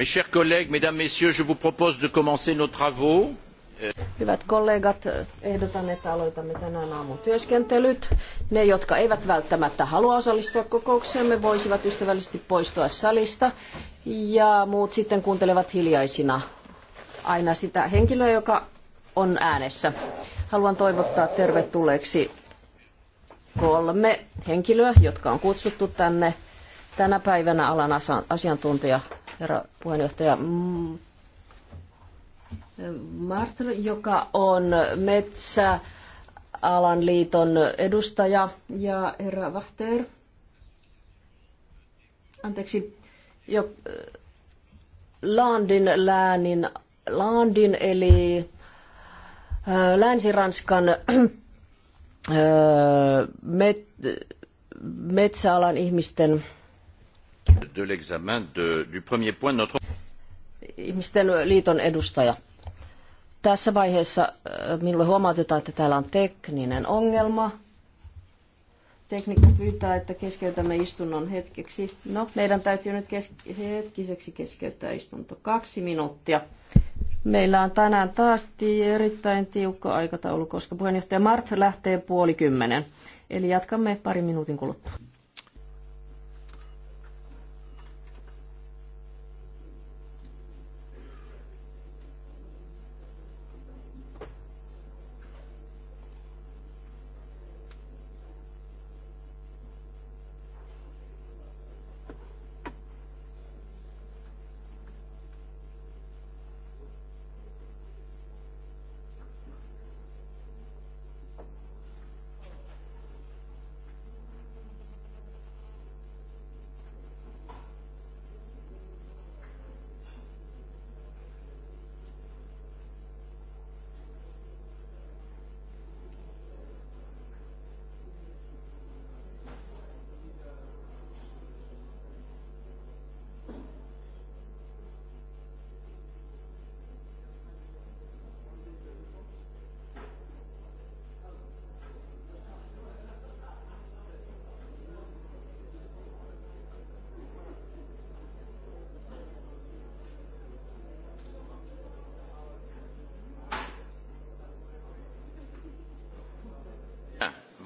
Mes chers collègues, mesdames, messieurs, je vous propose de commencer nos travaux. Hyvät kollegat, ehdotan, että aloitamme tänään aamun työskentelyt. Ne, jotka eivät välttämättä halua osallistua kokoukseemme, voisivat ystävällisesti poistua salista ja muut sitten kuuntelevat hiljaisina aina sitä henkilöä, joka on äänessä. Haluan toivottaa tervetulleeksi kolme henkilöä, jotka on kutsuttu tänne tänä päivänä alan asiantuntija herra puheenjohtaja. Mm, Martr, joka on metsäalan liiton edustaja, ja herra Vachter, anteeksi, jo, äh, Landin läänin, Landin eli äh, Länsi-Ranskan äh, met, metsäalan ihmisten de l'examen du premier point notre... Ihmisten liiton edustaja. Tässä vaiheessa äh, minulle huomautetaan, että täällä on tekninen ongelma. Teknikko pyytää, että keskeytämme istunnon hetkeksi. No, meidän täytyy nyt kes- hetkiseksi keskeyttää istunto kaksi minuuttia. Meillä on tänään taas erittäin tiukka aikataulu, koska puheenjohtaja Mart lähtee puoli kymmenen. Eli jatkamme pari minuutin kuluttua.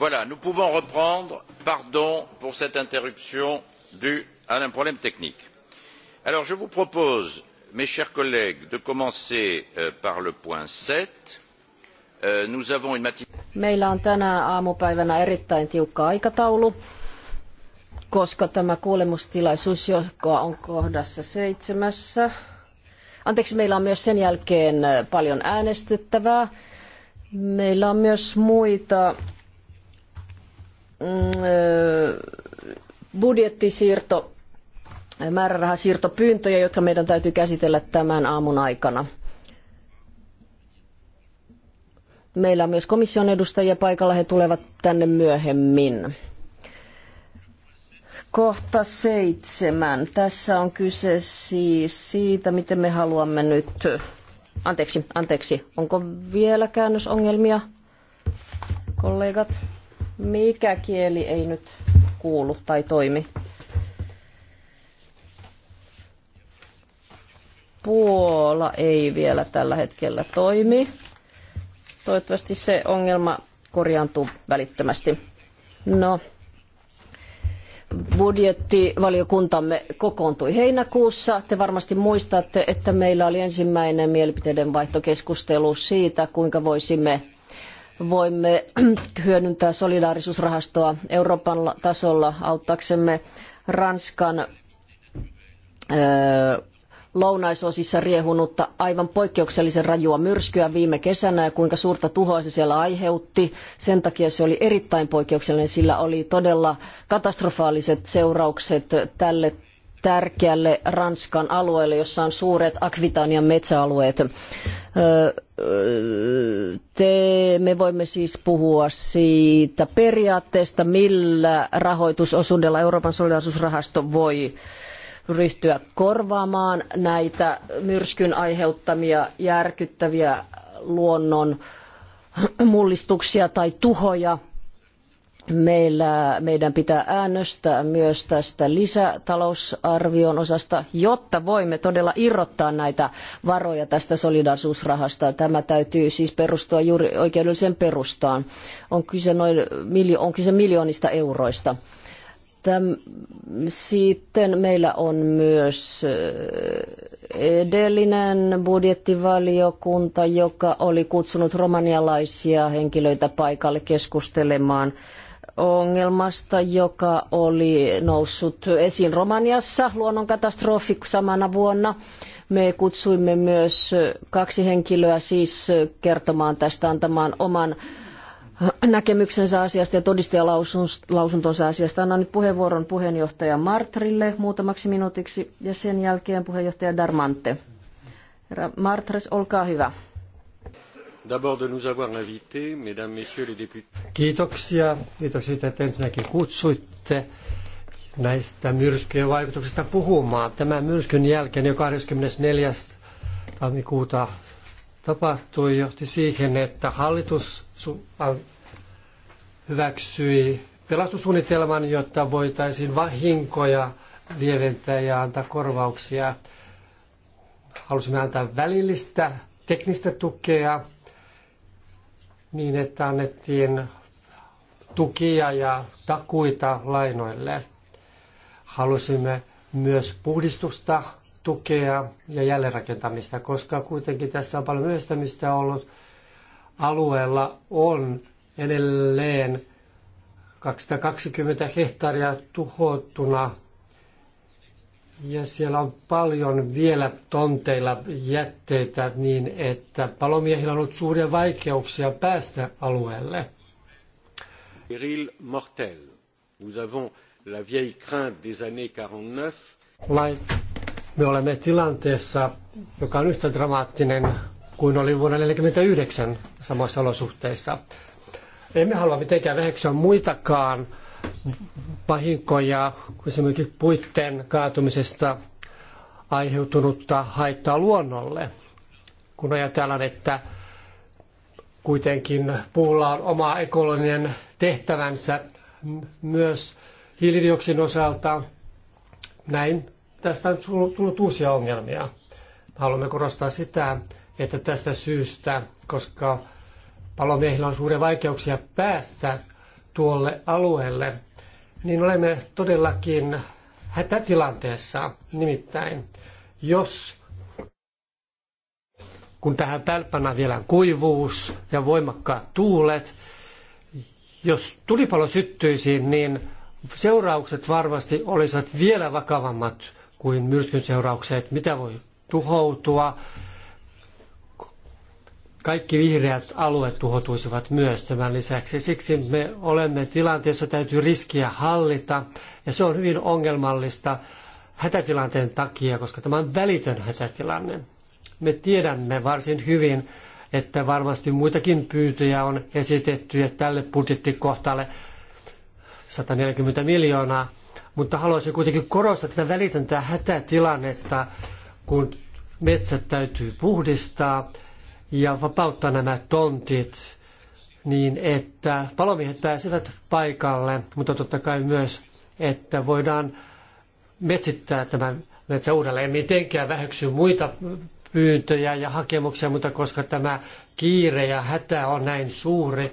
Voilà, nous pouvons reprendre. Pardon pour cette interruption due à un problème technique. Alors, je vous propose, mes chers collègues, de commencer euh, par le point sept euh, nous avons une matinée. Meillä on tänään aamupäivänä erittäin tiukka aikataulu, koska tämä kuulemustilaisuus, joka on kohdassa seitsemässä. Anteeksi, meillä on myös sen jälkeen äh, paljon äänestettävää. Meillä on myös muita Mm, budjettisiirto, määrärahasiirtopyyntöjä, jotka meidän täytyy käsitellä tämän aamun aikana. Meillä on myös komission edustajia paikalla, he tulevat tänne myöhemmin. Kohta seitsemän. Tässä on kyse siis siitä, miten me haluamme nyt... Anteeksi, anteeksi. Onko vielä käännösongelmia, kollegat? mikä kieli ei nyt kuulu tai toimi. Puola ei vielä tällä hetkellä toimi. Toivottavasti se ongelma korjaantuu välittömästi. No, budjettivaliokuntamme kokoontui heinäkuussa. Te varmasti muistatte, että meillä oli ensimmäinen mielipiteiden vaihtokeskustelu siitä, kuinka voisimme voimme hyödyntää solidaarisuusrahastoa Euroopan tasolla auttaaksemme Ranskan lounaisosissa riehunutta aivan poikkeuksellisen rajua myrskyä viime kesänä ja kuinka suurta tuhoa se siellä aiheutti. Sen takia se oli erittäin poikkeuksellinen, sillä oli todella katastrofaaliset seuraukset tälle tärkeälle Ranskan alueelle, jossa on suuret Akvitanian metsäalueet. Te, me voimme siis puhua siitä periaatteesta, millä rahoitusosuudella Euroopan solidaarisuusrahasto voi ryhtyä korvaamaan näitä myrskyn aiheuttamia järkyttäviä luonnon mullistuksia tai tuhoja – Meillä, meidän pitää äänestää myös tästä lisätalousarvion osasta, jotta voimme todella irrottaa näitä varoja tästä solidaarisuusrahasta. Tämä täytyy siis perustua juuri oikeudelliseen perustaan. On kyse, noin, on kyse miljoonista euroista. Täm, sitten meillä on myös eh, edellinen budjettivaliokunta, joka oli kutsunut romanialaisia henkilöitä paikalle keskustelemaan – ongelmasta, joka oli noussut esiin Romaniassa luonnonkatastrofi samana vuonna. Me kutsuimme myös kaksi henkilöä siis kertomaan tästä antamaan oman näkemyksensä asiasta ja todistajalausuntonsa asiasta. Annan nyt puheenvuoron puheenjohtaja Martrille muutamaksi minuutiksi ja sen jälkeen puheenjohtaja Darmante. Martres, olkaa hyvä d'abord de nous avoir invités, mesdames, messieurs les députés. Kiitoksia. Kiitoksia että ensinnäkin kutsuitte näistä myrskyjen vaikutuksista puhumaan. Tämän myrskyn jälkeen jo 24. tammikuuta tapahtui, johti siihen, että hallitus hyväksyi pelastussuunnitelman, jotta voitaisiin vahinkoja lieventää ja antaa korvauksia. Halusimme antaa välillistä teknistä tukea niin, että annettiin tukia ja takuita lainoille. Halusimme myös puhdistusta tukea ja jälleenrakentamista, koska kuitenkin tässä on paljon myöstämistä ollut. Alueella on edelleen 220 hehtaaria tuhottuna ja siellä on paljon vielä tonteilla jätteitä niin, että palomiehillä on ollut suuria vaikeuksia päästä alueelle. Peril mortel. Nous avons la vieille crainte des années 49. me olemme tilanteessa, joka on yhtä dramaattinen kuin oli vuonna 1949 samoissa olosuhteissa. Emme halua mitenkään väheksyä muitakaan vahinkoja, esimerkiksi puitten kaatumisesta aiheutunutta haittaa luonnolle. Kun ajatellaan, että kuitenkin puulla on oma ekologinen tehtävänsä myös hiilidioksin osalta, näin tästä on tullut uusia ongelmia. Haluamme korostaa sitä, että tästä syystä, koska palomiehillä on suuria vaikeuksia päästä tuolle alueelle, niin olemme todellakin hätätilanteessa. Nimittäin, jos kun tähän pälppänä vielä kuivuus ja voimakkaat tuulet, jos tulipalo syttyisi, niin seuraukset varmasti olisivat vielä vakavammat kuin myrskyn seuraukset, mitä voi tuhoutua, kaikki vihreät alueet tuhotuisivat myös tämän lisäksi. Siksi me olemme tilanteessa, täytyy riskiä hallita ja se on hyvin ongelmallista hätätilanteen takia, koska tämä on välitön hätätilanne. Me tiedämme varsin hyvin, että varmasti muitakin pyyntöjä on esitetty ja tälle budjettikohtalle 140 miljoonaa, mutta haluaisin kuitenkin korostaa tätä välitöntä hätätilannetta, kun metsät täytyy puhdistaa ja vapauttaa nämä tontit niin, että palomiehet pääsevät paikalle, mutta totta kai myös, että voidaan metsittää tämä metsä uudelleen. En mitenkään väheksy muita pyyntöjä ja hakemuksia, mutta koska tämä kiire ja hätä on näin suuri,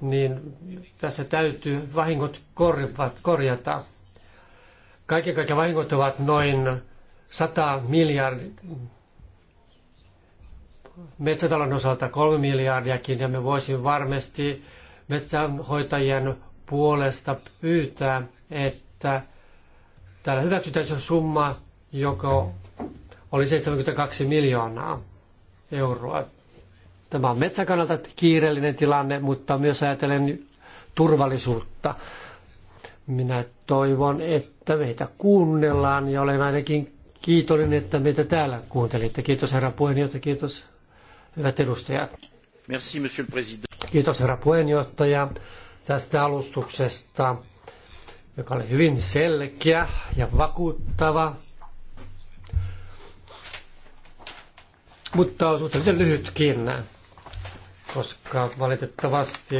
niin tässä täytyy vahingot korjata. Kaiken kaikkiaan vahingot ovat noin 100 miljardia metsätalouden osalta kolme miljardiakin ja me voisimme varmasti metsänhoitajien puolesta pyytää, että täällä hyväksytään se summa, joka oli 72 miljoonaa euroa. Tämä on metsän kannalta kiireellinen tilanne, mutta myös ajatellen turvallisuutta. Minä toivon, että meitä kuunnellaan ja olen ainakin kiitollinen, että meitä täällä kuuntelitte. Kiitos herra puheenjohtaja, kiitos hyvät edustajat. Merci, monsieur le président. Kiitos herra puheenjohtaja tästä alustuksesta, joka oli hyvin selkeä ja vakuuttava, mutta on suhteellisen lyhytkin, koska valitettavasti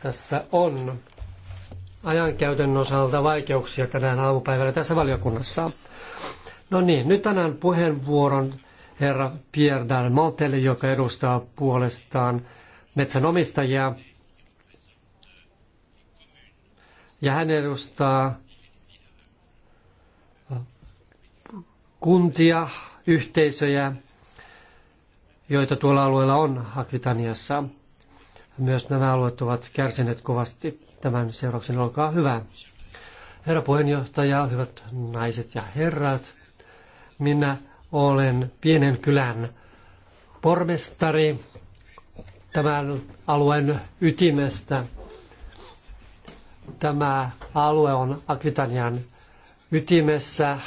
tässä on ajankäytön osalta vaikeuksia tänään aamupäivällä tässä valiokunnassa. No niin, nyt annan puheenvuoron herra Pierre Dalmontelle, joka edustaa puolestaan metsänomistajia. Ja hän edustaa kuntia, yhteisöjä, joita tuolla alueella on Akvitaniassa. Myös nämä alueet ovat kärsineet kovasti tämän seurauksen. Olkaa hyvä. Herra puheenjohtaja, hyvät naiset ja herrat, minä olen pienen kylän pormestari tämän alueen ytimestä. Tämä alue on Akvitanian ytimessä.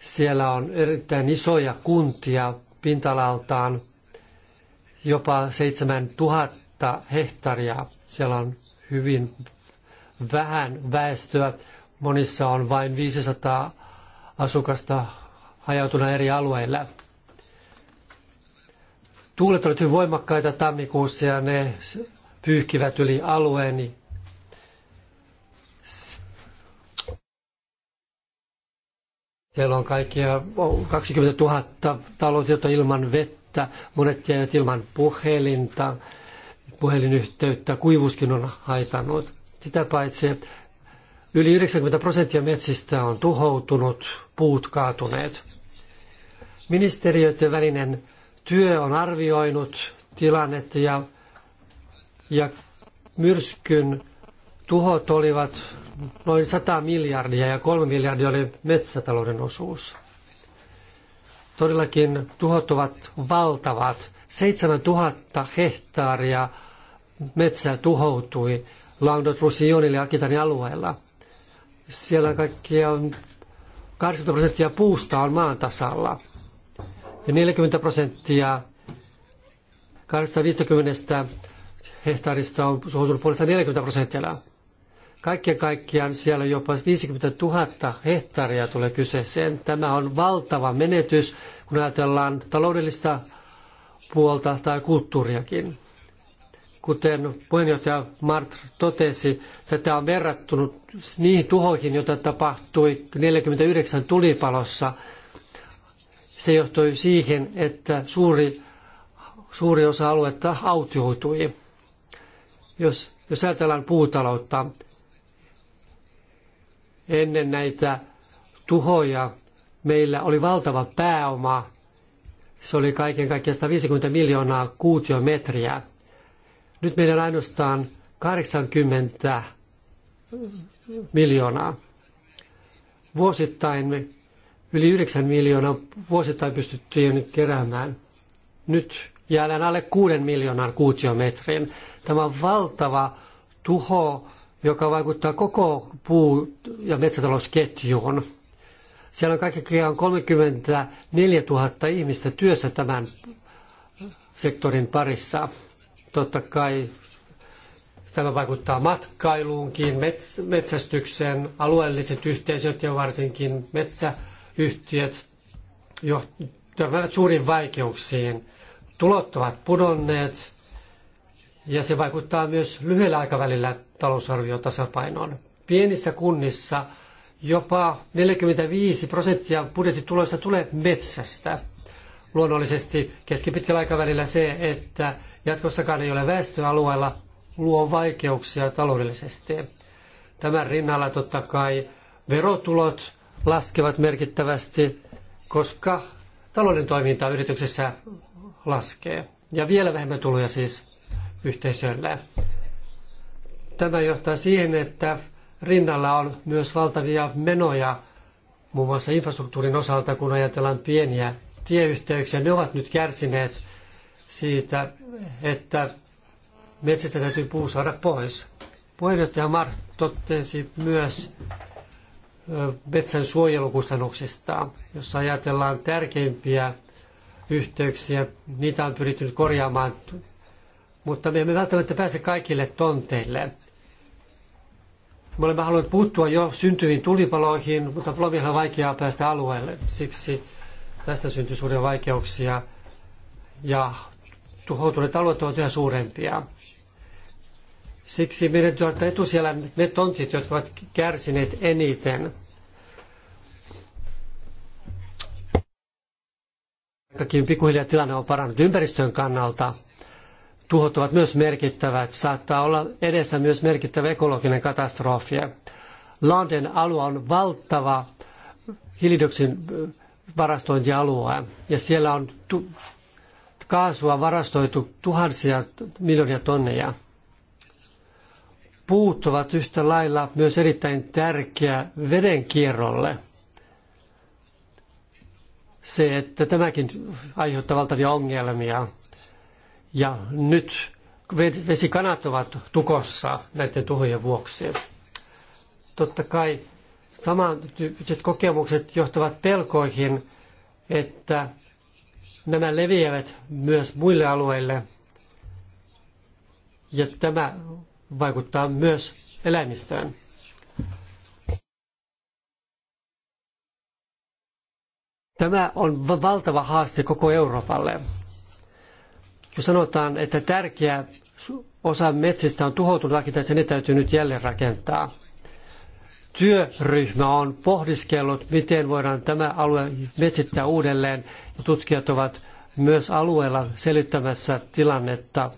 Siellä on erittäin isoja kuntia pinta-alaltaan, jopa 7000 hehtaaria. Siellä on hyvin vähän väestöä. Monissa on vain 500 asukasta hajautuna eri alueilla. Tuulet olivat hyvin voimakkaita tammikuussa ja ne pyyhkivät yli alueeni. Siellä on kaikkia 20 000 taloutta ilman vettä, monet jäivät ilman puhelinta, puhelinyhteyttä, kuivuskin on haitanut. Sitä paitsi yli 90 prosenttia metsistä on tuhoutunut, puut kaatuneet. Ministeriöiden välinen työ on arvioinut tilannetta ja, ja myrskyn tuhot olivat noin 100 miljardia ja 3 miljardia oli metsätalouden osuus. Todellakin tuhot ovat valtavat. 7000 hehtaaria metsää tuhoutui Laundot Rusionille ja Akitanin alueella. Siellä kaikkia 80 prosenttia puusta on maan tasalla ja 40 prosenttia 250 hehtaarista on suojeltu puolesta 40 prosenttia. Kaikkien kaikkiaan siellä jopa 50 000 hehtaaria tulee kyseeseen. Tämä on valtava menetys, kun ajatellaan taloudellista puolta tai kulttuuriakin. Kuten puheenjohtaja Mart totesi, tätä on verrattunut niihin tuhoihin, joita tapahtui 49 tulipalossa – se johtoi siihen, että suuri, suuri osa aluetta autioitui. Jos, jos ajatellaan puutaloutta, ennen näitä tuhoja meillä oli valtava pääoma. Se oli kaiken kaikkiaan 150 miljoonaa kuutiometriä. Nyt meillä on ainoastaan 80 miljoonaa. Vuosittain me Yli 9 miljoonaa vuosittain pystyttiin keräämään. Nyt jäädään alle 6 miljoonan kuutiometrin. Tämä on valtava tuho, joka vaikuttaa koko puu- ja metsätalousketjuun. Siellä on kaikkiaan 34 000 ihmistä työssä tämän sektorin parissa. Totta kai tämä vaikuttaa matkailuunkin, metsästykseen, alueelliset yhteisöt ja varsinkin metsä yhtiöt johtavat suuriin vaikeuksiin. Tulot ovat pudonneet ja se vaikuttaa myös lyhyellä aikavälillä talousarvion tasapainoon. Pienissä kunnissa jopa 45 prosenttia budjettituloista tulee metsästä. Luonnollisesti keskipitkällä aikavälillä se, että jatkossakaan ei ole väestöalueella, luo vaikeuksia taloudellisesti. Tämän rinnalla totta kai verotulot laskevat merkittävästi, koska talouden toiminta yrityksessä laskee. Ja vielä vähemmän tuloja siis yhteisöille. Tämä johtaa siihen, että rinnalla on myös valtavia menoja muun muassa infrastruktuurin osalta, kun ajatellaan pieniä tieyhteyksiä. Ne ovat nyt kärsineet siitä, että metsästä täytyy puu saada pois. Puheenjohtaja Mart totesi myös, metsän suojelukustannuksista. Jos ajatellaan tärkeimpiä yhteyksiä, niitä on pyritty korjaamaan, mutta me emme välttämättä pääse kaikille tonteille. Me olemme halunneet puuttua jo syntyviin tulipaloihin, mutta plomilla on vaikeaa päästä alueelle. Siksi tästä syntyy suuria vaikeuksia ja tuhoutuneet alueet ovat yhä suurempia. Siksi meidän täytyy ottaa etusijalla ne tontit, jotka ovat kärsineet eniten. Vaikkakin pikkuhiljaa tilanne on parannut ympäristön kannalta, tuhot ovat myös merkittävät. Saattaa olla edessä myös merkittävä ekologinen katastrofi. Landen alue on valtava hiilidioksidin varastointialue ja siellä on kaasua varastoitu tuhansia miljoonia tonneja puut ovat yhtä lailla myös erittäin tärkeä vedenkierrolle. Se, että tämäkin aiheuttaa valtavia ongelmia. Ja nyt vesikanat ovat tukossa näiden tuhojen vuoksi. Totta kai samantyyppiset kokemukset johtavat pelkoihin, että nämä leviävät myös muille alueille. Ja tämä vaikuttaa myös eläimistöön. Tämä on valtava haaste koko Euroopalle. Kun sanotaan, että tärkeä osa metsistä on tuhoutunut, vaikka ne täytyy nyt jälleen rakentaa. Työryhmä on pohdiskellut, miten voidaan tämä alue metsittää uudelleen. Ja tutkijat ovat myös alueella selittämässä tilannetta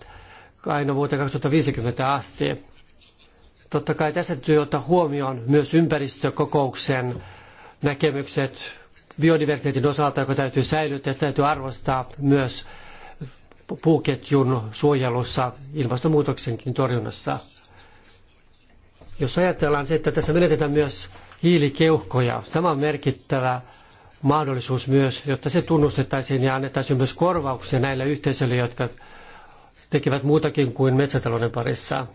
aina vuoteen 2050 asti. Totta kai tässä täytyy ottaa huomioon myös ympäristökokouksen näkemykset biodiversiteetin osalta, joka täytyy säilyttää. Sitä täytyy arvostaa myös puuketjun suojelussa, ilmastonmuutoksenkin torjunnassa. Jos ajatellaan se, että tässä menetetään myös hiilikeuhkoja, tämä on merkittävä mahdollisuus myös, jotta se tunnustettaisiin ja annettaisiin myös korvauksia näille yhteisöille, jotka tekevät muutakin kuin metsätalouden parissa.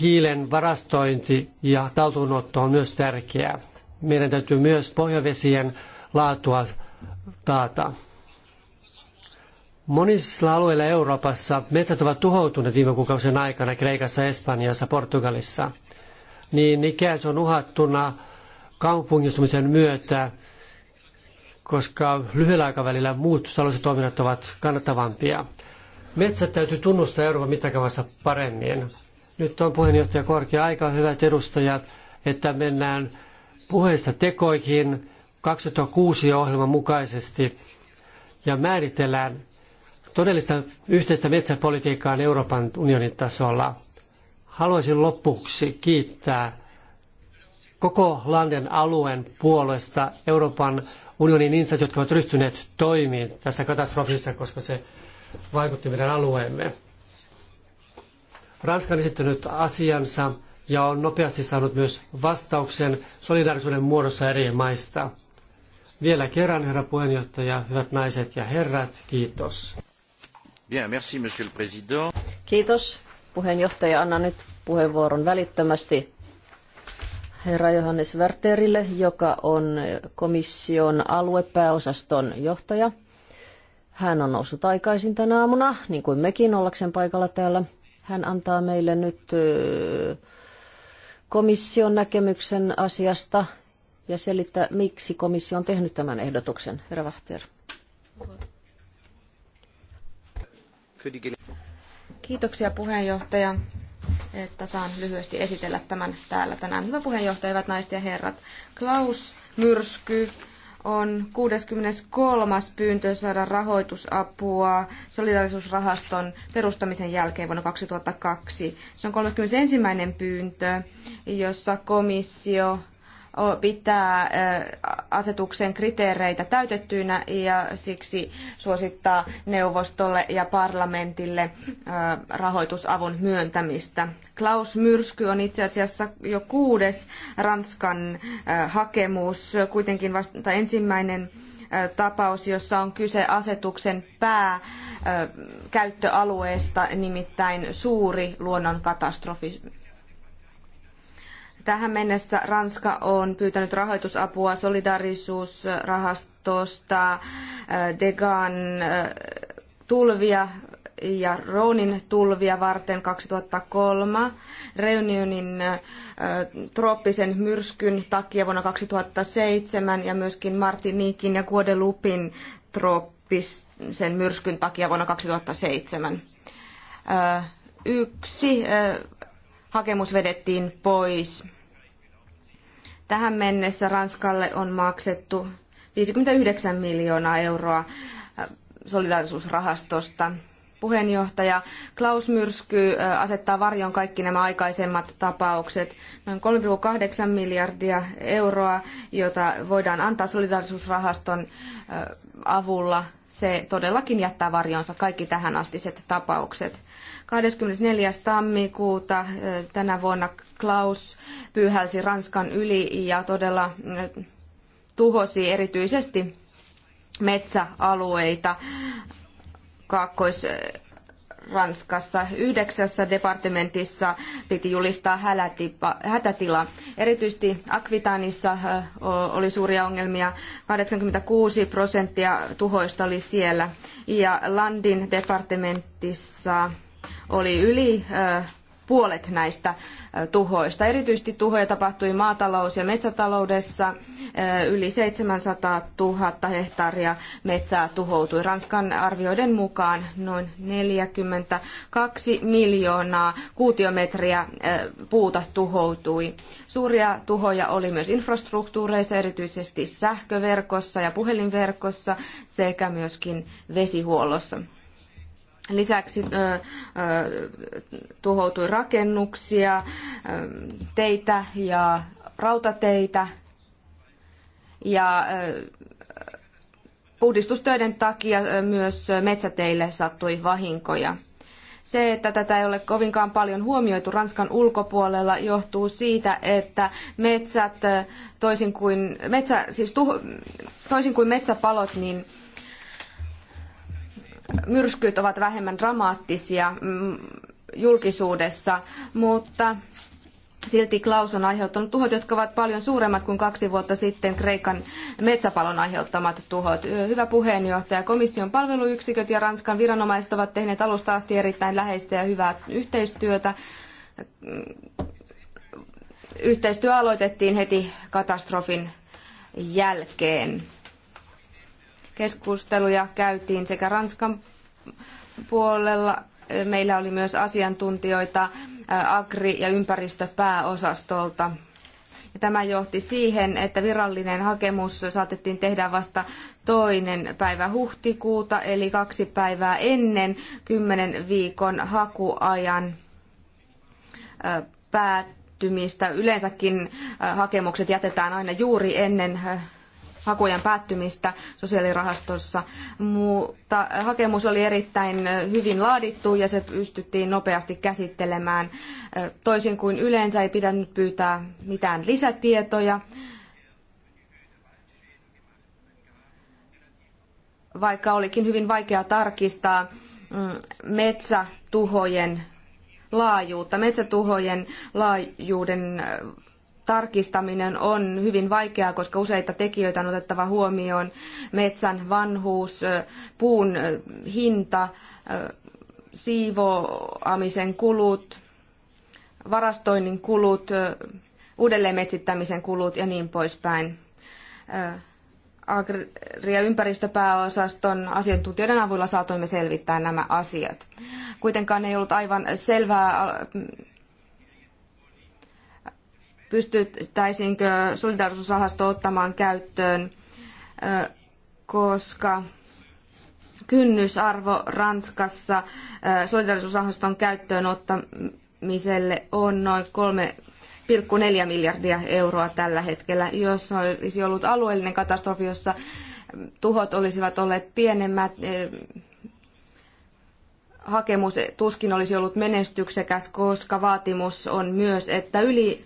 Hiilen varastointi ja taltuunotto on myös tärkeää. Meidän täytyy myös pohjavesien laatua taata. Monissa alueilla Euroopassa metsät ovat tuhoutuneet viime kuukausien aikana Kreikassa, Espanjassa, Portugalissa. Niin ikään se on uhattuna kaupungistumisen myötä koska lyhyellä aikavälillä muut taloudelliset toiminnat ovat kannattavampia. Metsät täytyy tunnustaa Euroopan mittakaavassa paremmin. Nyt on puheenjohtaja Korkea aika, hyvät edustajat, että mennään puheista tekoihin 2006 ohjelman mukaisesti ja määritellään todellista yhteistä metsäpolitiikkaa Euroopan unionin tasolla. Haluaisin lopuksi kiittää koko Landen alueen puolesta Euroopan unionin insat, jotka ovat ryhtyneet toimiin tässä katastrofissa, koska se vaikutti meidän alueemme. Ranska on esittänyt asiansa ja on nopeasti saanut myös vastauksen solidaarisuuden muodossa eri maista. Vielä kerran, herra puheenjohtaja, hyvät naiset ja herrat, kiitos. Bien, merci, monsieur le président. Kiitos, puheenjohtaja. Annan nyt puheenvuoron välittömästi herra Johannes Werterille, joka on komission aluepääosaston johtaja. Hän on noussut aikaisin tänä aamuna, niin kuin mekin ollakseen paikalla täällä. Hän antaa meille nyt komission näkemyksen asiasta ja selittää, miksi komissio on tehnyt tämän ehdotuksen. Herra Vahter. Kiitoksia puheenjohtaja että saan lyhyesti esitellä tämän täällä tänään. Hyvä puheenjohtaja, hyvät naiset ja herrat. Klaus Myrsky on 63. pyyntö saada rahoitusapua solidarisuusrahaston perustamisen jälkeen vuonna 2002. Se on 31. pyyntö, jossa komissio pitää asetuksen kriteereitä täytettyinä ja siksi suosittaa neuvostolle ja parlamentille rahoitusavun myöntämistä. Klaus Myrsky on itse asiassa jo kuudes Ranskan hakemus, kuitenkin vasta ensimmäinen tapaus, jossa on kyse asetuksen pääkäyttöalueesta, nimittäin suuri luonnonkatastrofi Tähän mennessä Ranska on pyytänyt rahoitusapua solidarisuusrahastosta, äh, Degan äh, tulvia ja Ronin tulvia varten 2003, Reunionin äh, trooppisen myrskyn takia vuonna 2007 ja myöskin Martinikin ja Guadelupin trooppisen myrskyn takia vuonna 2007. Yksi hakemus vedettiin pois. Tähän mennessä Ranskalle on maksettu 59 miljoonaa euroa solidaarisuusrahastosta puheenjohtaja Klaus Myrsky asettaa varjon kaikki nämä aikaisemmat tapaukset. Noin 3,8 miljardia euroa, jota voidaan antaa solidaarisuusrahaston avulla. Se todellakin jättää varjonsa kaikki tähän astiset tapaukset. 24. tammikuuta tänä vuonna Klaus pyyhälsi Ranskan yli ja todella tuhosi erityisesti metsäalueita Kaakkois-Ranskassa yhdeksässä departementissa piti julistaa hätätila. Erityisesti Akvitanissa oli suuria ongelmia. 86 prosenttia tuhoista oli siellä. Ja Landin departementissa oli yli puolet näistä tuhoista. Erityisesti tuhoja tapahtui maatalous- ja metsätaloudessa. Yli 700 000 hehtaaria metsää tuhoutui. Ranskan arvioiden mukaan noin 42 miljoonaa kuutiometriä puuta tuhoutui. Suuria tuhoja oli myös infrastruktuureissa, erityisesti sähköverkossa ja puhelinverkossa sekä myöskin vesihuollossa. Lisäksi ö, ö, tuhoutui rakennuksia, teitä ja rautateitä. Ja ö, puhdistustöiden takia myös metsäteille sattui vahinkoja. Se, että tätä ei ole kovinkaan paljon huomioitu Ranskan ulkopuolella, johtuu siitä, että metsät, toisin kuin, metsä, siis tuho, toisin kuin metsäpalot, niin myrskyt ovat vähemmän dramaattisia mm, julkisuudessa, mutta silti Klaus on aiheuttanut tuhot, jotka ovat paljon suuremmat kuin kaksi vuotta sitten Kreikan metsäpalon aiheuttamat tuhot. Hyvä puheenjohtaja, komission palveluyksiköt ja Ranskan viranomaiset ovat tehneet alusta asti erittäin läheistä ja hyvää yhteistyötä. Yhteistyö aloitettiin heti katastrofin jälkeen. Keskusteluja käytiin sekä Ranskan puolella. Meillä oli myös asiantuntijoita agri- ja ympäristöpääosastolta. Ja tämä johti siihen, että virallinen hakemus saatettiin tehdä vasta toinen päivä huhtikuuta, eli kaksi päivää ennen kymmenen viikon hakuajan päättymistä. Yleensäkin hakemukset jätetään aina juuri ennen hakujen päättymistä sosiaalirahastossa, mutta hakemus oli erittäin hyvin laadittu ja se pystyttiin nopeasti käsittelemään. Toisin kuin yleensä ei pitänyt pyytää mitään lisätietoja. Vaikka olikin hyvin vaikea tarkistaa mm, metsätuhojen laajuutta. Metsätuhojen laajuuden tarkistaminen on hyvin vaikeaa, koska useita tekijöitä on otettava huomioon. Metsän vanhuus, puun hinta, siivoamisen kulut, varastoinnin kulut, uudelleenmetsittämisen kulut ja niin poispäin. Agri- ja ympäristöpääosaston asiantuntijoiden avulla saatoimme selvittää nämä asiat. Kuitenkaan ei ollut aivan selvää pystyttäisiinkö solidarisuusrahasto ottamaan käyttöön, koska kynnysarvo Ranskassa solidarisuusrahaston käyttöön ottamiselle on noin kolme 1,4 miljardia euroa tällä hetkellä. Jos olisi ollut alueellinen katastrofi, jossa tuhot olisivat olleet pienemmät, hakemus tuskin olisi ollut menestyksekäs, koska vaatimus on myös, että yli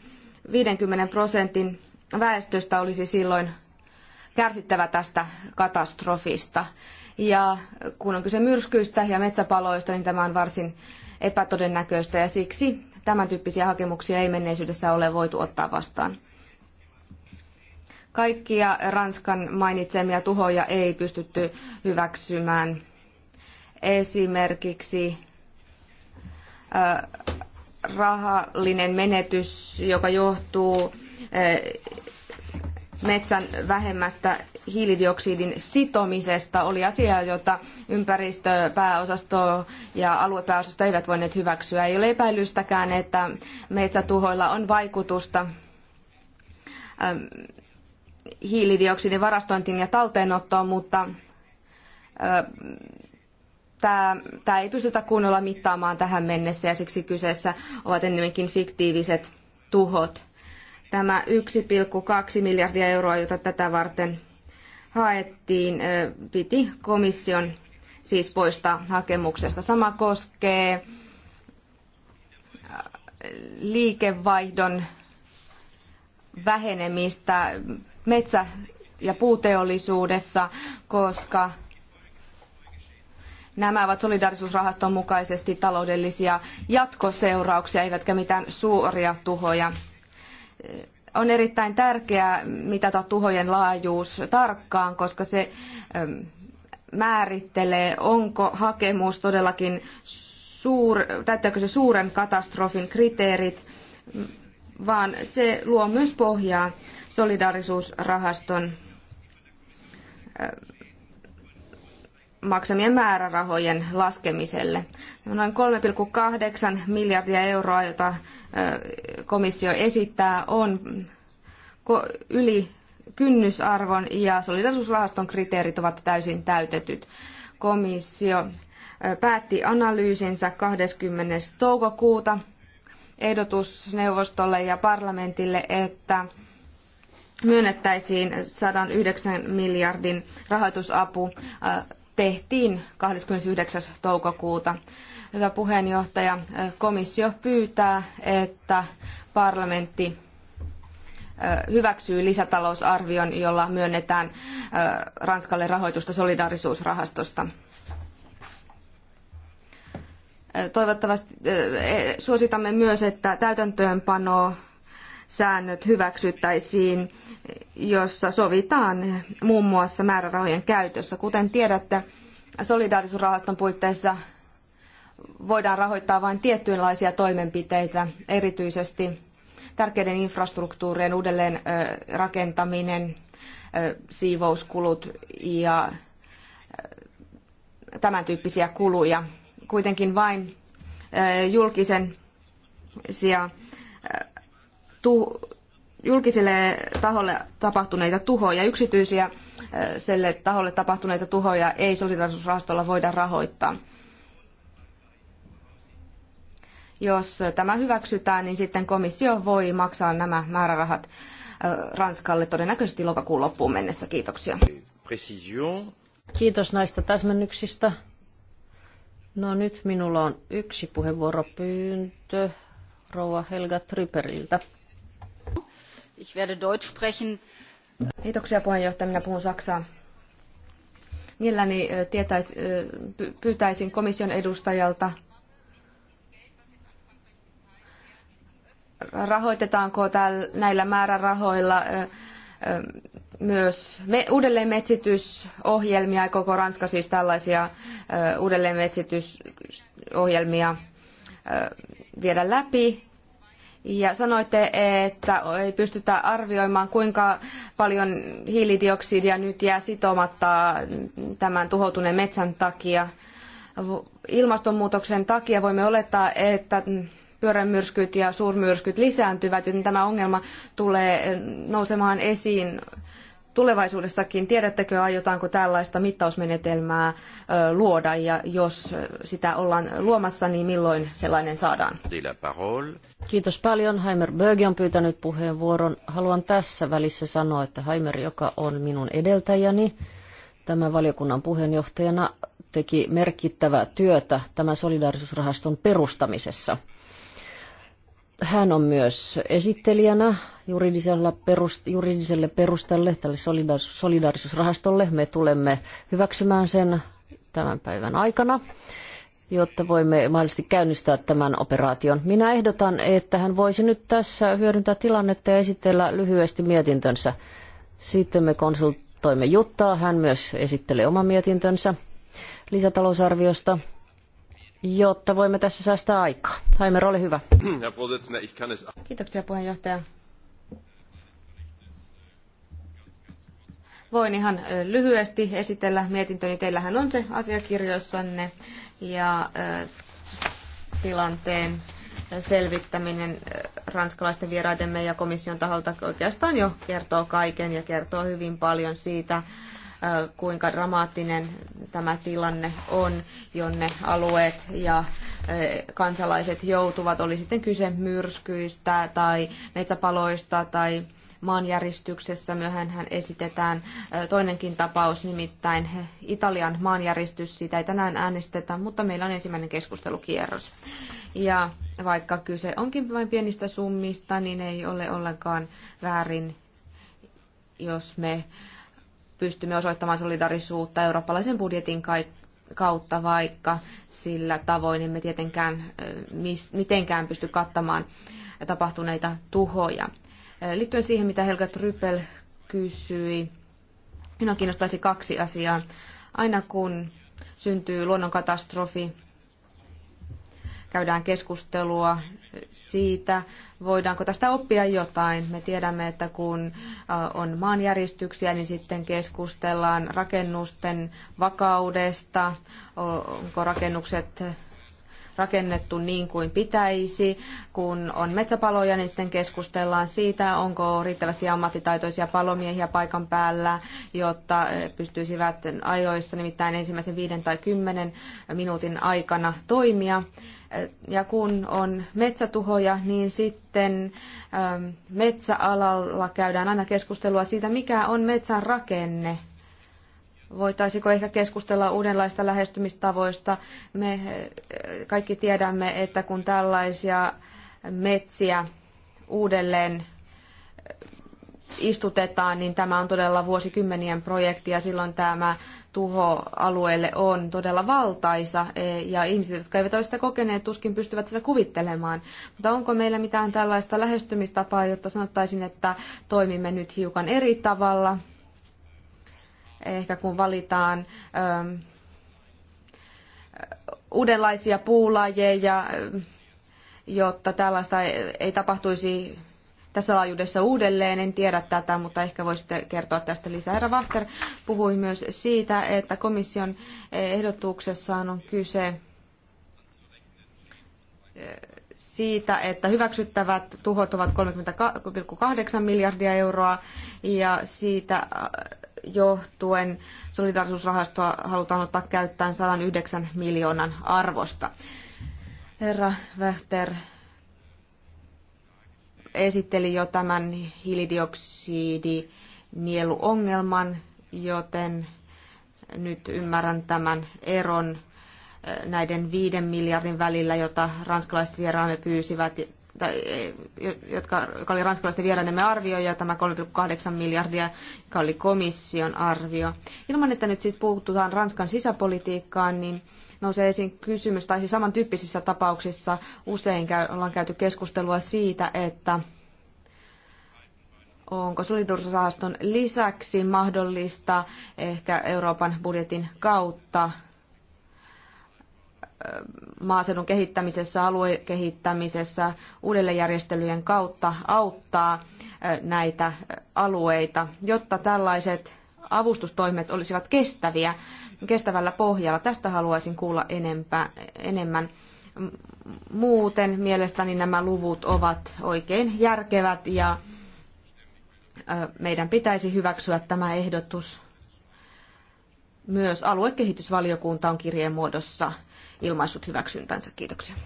50 prosentin väestöstä olisi silloin kärsittävä tästä katastrofista. Ja kun on kyse myrskyistä ja metsäpaloista, niin tämä on varsin epätodennäköistä ja siksi tämän tyyppisiä hakemuksia ei menneisyydessä ole voitu ottaa vastaan. Kaikkia Ranskan mainitsemia tuhoja ei pystytty hyväksymään. Esimerkiksi rahallinen menetys, joka johtuu eh, metsän vähemmästä hiilidioksidin sitomisesta oli asia, jota ympäristöpääosasto ja aluepääosasto eivät voineet hyväksyä. Ei ole epäilystäkään, että metsätuhoilla on vaikutusta eh, hiilidioksidin varastointiin ja talteenottoon, mutta eh, tämä ei pystytä kunnolla mittaamaan tähän mennessä ja siksi kyseessä ovat ennemminkin fiktiiviset tuhot. Tämä 1,2 miljardia euroa, jota tätä varten haettiin, piti komission siis poistaa hakemuksesta. Sama koskee liikevaihdon vähenemistä metsä- ja puuteollisuudessa, koska Nämä ovat solidarisuusrahaston mukaisesti taloudellisia jatkoseurauksia, eivätkä mitään suoria tuhoja. On erittäin tärkeää mitata tuhojen laajuus tarkkaan, koska se ähm, määrittelee, onko hakemus todellakin suur, täyttääkö se suuren katastrofin kriteerit, vaan se luo myös pohjaa solidaarisuusrahaston äh, maksamien määrärahojen laskemiselle. Noin 3,8 miljardia euroa, jota komissio esittää, on yli kynnysarvon ja solidarisuusrahaston kriteerit ovat täysin täytetyt. Komissio päätti analyysinsä 20. toukokuuta ehdotus neuvostolle ja parlamentille, että myönnettäisiin 109 miljardin rahoitusapu tehtiin 29. toukokuuta. Hyvä puheenjohtaja, komissio pyytää, että parlamentti hyväksyy lisätalousarvion, jolla myönnetään Ranskalle rahoitusta solidaarisuusrahastosta. Toivottavasti e, suositamme myös, että täytäntöönpano säännöt hyväksyttäisiin, jossa sovitaan muun muassa määrärahojen käytössä. Kuten tiedätte, solidaarisuusrahaston puitteissa voidaan rahoittaa vain tiettyynlaisia toimenpiteitä, erityisesti tärkeiden infrastruktuurien uudelleen rakentaminen, siivouskulut ja tämän tyyppisiä kuluja. Kuitenkin vain julkisen tu- julkiselle taholle tapahtuneita tuhoja, yksityisiä selle taholle tapahtuneita tuhoja ei solidarisuusrahastolla voida rahoittaa. Jos tämä hyväksytään, niin sitten komissio voi maksaa nämä määrärahat Ranskalle todennäköisesti lokakuun loppuun mennessä. Kiitoksia. Kiitos näistä täsmennyksistä. No nyt minulla on yksi puheenvuoropyyntö rouva Helga Tryperiltä. Ich werde Deutsch sprechen. Kiitoksia puheenjohtaja, minä puhun saksaa. Mielelläni tietäis, pyytäisin komission edustajalta, rahoitetaanko täällä näillä määrärahoilla myös me, uudelleenmetsitysohjelmia, ja koko Ranska siis tällaisia uudelleenmetsitysohjelmia viedä läpi ja sanoitte, että ei pystytä arvioimaan, kuinka paljon hiilidioksidia nyt jää sitomatta tämän tuhoutuneen metsän takia. Ilmastonmuutoksen takia voimme olettaa, että pyörämyrskyt ja suurmyrskyt lisääntyvät, joten tämä ongelma tulee nousemaan esiin tulevaisuudessakin, tiedättekö, aiotaanko tällaista mittausmenetelmää luoda ja jos sitä ollaan luomassa, niin milloin sellainen saadaan? Kiitos paljon. Heimer Böge on pyytänyt puheenvuoron. Haluan tässä välissä sanoa, että Heimer, joka on minun edeltäjäni, tämän valiokunnan puheenjohtajana teki merkittävää työtä tämän solidaarisuusrahaston perustamisessa. Hän on myös esittelijänä juridisella perust, juridiselle perustalle, tälle solidaarisuusrahastolle. Me tulemme hyväksymään sen tämän päivän aikana jotta voimme mahdollisesti käynnistää tämän operaation. Minä ehdotan, että hän voisi nyt tässä hyödyntää tilannetta ja esitellä lyhyesti mietintönsä. Sitten me konsultoimme Juttaa, hän myös esittelee oman mietintönsä lisätalousarviosta, jotta voimme tässä säästää aikaa. Haimer, ole hyvä. Kiitoksia puheenjohtaja. Voin ihan lyhyesti esitellä mietintöni. Teillähän on se asiakirjoissanne ja tilanteen selvittäminen ranskalaisten vieraidemme ja komission taholta oikeastaan jo kertoo kaiken ja kertoo hyvin paljon siitä, kuinka dramaattinen tämä tilanne on, jonne alueet ja kansalaiset joutuvat, oli sitten kyse myrskyistä tai metsäpaloista tai maanjäristyksessä. Myöhänhän esitetään toinenkin tapaus, nimittäin Italian maanjäristys. Siitä ei tänään äänestetä, mutta meillä on ensimmäinen keskustelukierros. Ja vaikka kyse onkin vain pienistä summista, niin ei ole ollenkaan väärin, jos me pystymme osoittamaan solidarisuutta eurooppalaisen budjetin kautta, vaikka sillä tavoin emme tietenkään mitenkään pysty kattamaan tapahtuneita tuhoja. Äh, liittyen siihen, mitä Helga Rypel kysyi, minua kiinnostaisi kaksi asiaa. Aina kun syntyy luonnonkatastrofi, käydään keskustelua siitä, voidaanko tästä oppia jotain. Me tiedämme, että kun äh, on maanjäristyksiä, niin sitten keskustellaan rakennusten vakaudesta, onko rakennukset rakennettu niin kuin pitäisi. Kun on metsäpaloja, niin sitten keskustellaan siitä, onko riittävästi ammattitaitoisia palomiehiä paikan päällä, jotta eh, pystyisivät ajoissa, nimittäin ensimmäisen viiden tai kymmenen minuutin aikana toimia. Eh, ja kun on metsätuhoja, niin sitten eh, metsäalalla käydään aina keskustelua siitä, mikä on metsän rakenne Voitaisiko ehkä keskustella uudenlaista lähestymistavoista? Me eh, kaikki tiedämme, että kun tällaisia metsiä uudelleen eh, istutetaan, niin tämä on todella vuosikymmenien projekti ja silloin tämä tuho alueelle on todella valtaisa eh, ja ihmiset, jotka eivät ole sitä kokeneet, tuskin pystyvät sitä kuvittelemaan. Mutta onko meillä mitään tällaista lähestymistapaa, jotta sanottaisin, että toimimme nyt hiukan eri tavalla? ehkä kun valitaan ähm, uudenlaisia puulajeja, äh, jotta tällaista ei tapahtuisi tässä laajuudessa uudelleen. En tiedä tätä, mutta ehkä voisitte kertoa tästä lisää. Herra Wachter puhui myös siitä, että komission ehdotuksessaan on kyse äh, siitä, että hyväksyttävät tuhot ovat 38 miljardia euroa ja siitä äh, johtuen solidarisuusrahastoa halutaan ottaa käyttöön 109 miljoonan arvosta. Herra Vähter esitteli jo tämän hiilidioksidinieluongelman, joten nyt ymmärrän tämän eron eh, näiden viiden miljardin välillä, jota ranskalaiset vieraamme pyysivät tai, e, jotka, joka oli ranskalaisten vieraidemme arvio ja tämä 3,8 miljardia, joka oli komission arvio. Ilman, että nyt siis puututaan Ranskan sisäpolitiikkaan, niin nousee esiin kysymys, tai siis samantyyppisissä tapauksissa usein käy, ollaan käyty keskustelua siitä, että onko solidarisuusrahaston lisäksi mahdollista ehkä Euroopan budjetin kautta maaseudun kehittämisessä, aluekehittämisessä, uudelleenjärjestelyjen kautta auttaa näitä alueita, jotta tällaiset avustustoimet olisivat kestäviä, kestävällä pohjalla. Tästä haluaisin kuulla enempää, enemmän. Muuten mielestäni nämä luvut ovat oikein järkevät ja meidän pitäisi hyväksyä tämä ehdotus myös aluekehitysvaliokunta on kirjeen muodossa ilmaissut hyväksyntänsä. Kiitoksia.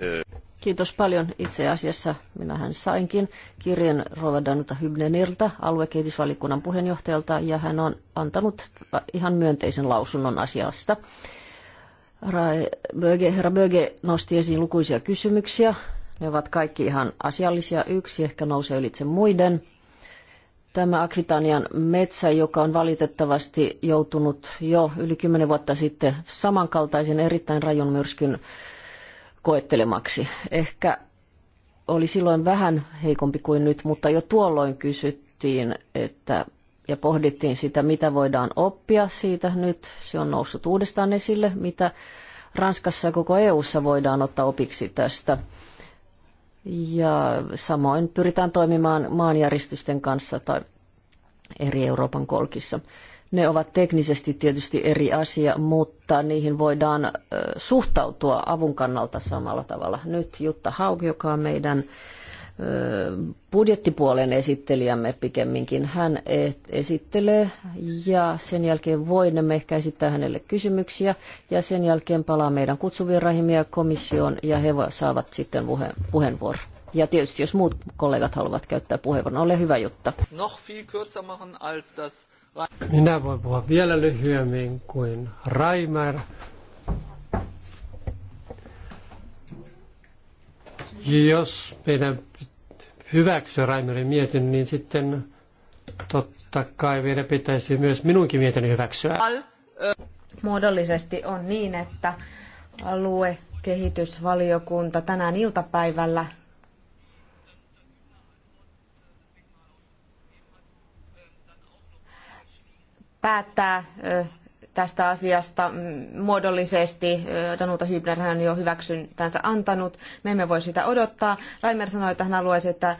Euh, Kiitos paljon. Itse asiassa minähän sainkin kirjeen Rova Danuta Hybneriltä, aluekehitysvaliokunnan puheenjohtajalta, ja hän on antanut ihan myönteisen lausunnon asiasta. Herra Böge nosti esiin lukuisia kysymyksiä. Ne ovat kaikki ihan asiallisia. Yksi ehkä nousee ylitse muiden. Tämä Akvitanian metsä, joka on valitettavasti joutunut jo yli kymmenen vuotta sitten samankaltaisen erittäin rajun myrskyn koettelemaksi. Ehkä oli silloin vähän heikompi kuin nyt, mutta jo tuolloin kysyttiin, että ja pohdittiin sitä, mitä voidaan oppia siitä nyt. Se on noussut uudestaan esille, mitä Ranskassa ja koko EU:ssa voidaan ottaa opiksi tästä ja samoin pyritään toimimaan maanjäristysten kanssa tai eri Euroopan kolkissa. Ne ovat teknisesti tietysti eri asia, mutta niihin voidaan suhtautua avun kannalta samalla tavalla. Nyt Jutta Haug, joka on meidän budjettipuolen esittelijämme pikemminkin. Hän esittelee ja sen jälkeen voimme ehkä esittää hänelle kysymyksiä ja sen jälkeen palaa meidän kutsuvirahimia ja komissioon ja he saavat sitten puheenvuoron. Ja tietysti jos muut kollegat haluavat käyttää puheenvuoron, ole hyvä Jutta. Minä voin puhua vielä lyhyemmin kuin Raimer. Jos meidän hyväksyä Raimerin mietin, niin sitten totta kai vielä pitäisi myös minunkin mietin hyväksyä. Muodollisesti on niin, että aluekehitysvaliokunta tänään iltapäivällä päättää tästä asiasta muodollisesti. Danuta Hybner hän on jo hyväksyntänsä antanut. Me emme voi sitä odottaa. Raimer sanoi, että hän haluaisi, että äh,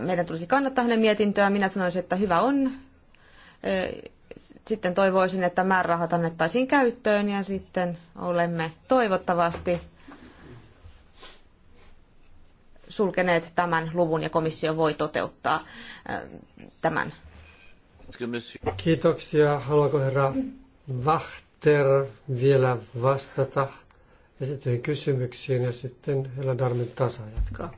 meidän tulisi kannattaa hänen mietintöään. Minä sanoisin, että hyvä on. Äh, sitten toivoisin, että määrärahat annettaisiin käyttöön ja sitten olemme toivottavasti sulkeneet tämän luvun ja komissio voi toteuttaa äh, tämän. Kiitoksia. Haluaako herra Vahter vielä vastata esitettyihin kysymyksiin ja sitten Hela Darmin tasa jatkaa.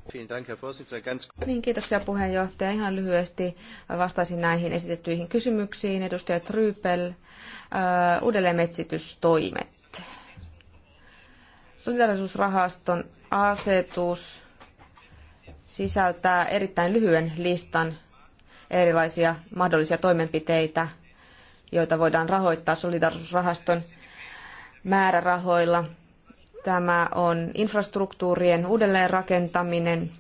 Niin, kiitoksia puheenjohtaja. Ihan lyhyesti vastaisin näihin esitettyihin kysymyksiin. Edustaja Trypel, uudelleenmetsitystoimet. Solidarisuusrahaston asetus sisältää erittäin lyhyen listan erilaisia mahdollisia toimenpiteitä, joita voidaan rahoittaa solidarisuusrahaston määrärahoilla. Tämä on infrastruktuurien uudelleenrakentaminen,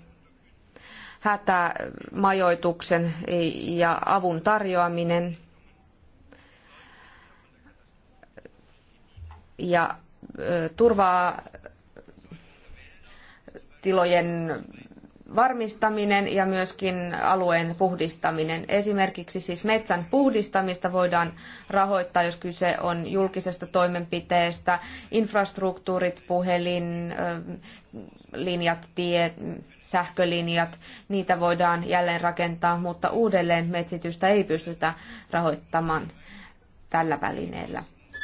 hätämajoituksen ja avun tarjoaminen ja turvaa tilojen varmistaminen ja myöskin alueen puhdistaminen. Esimerkiksi siis metsän puhdistamista voidaan rahoittaa, jos kyse on julkisesta toimenpiteestä, infrastruktuurit, puhelin, linjat, tiet, sähkölinjat, niitä voidaan jälleen rakentaa, mutta uudelleen metsitystä ei pystytä rahoittamaan tällä välineellä.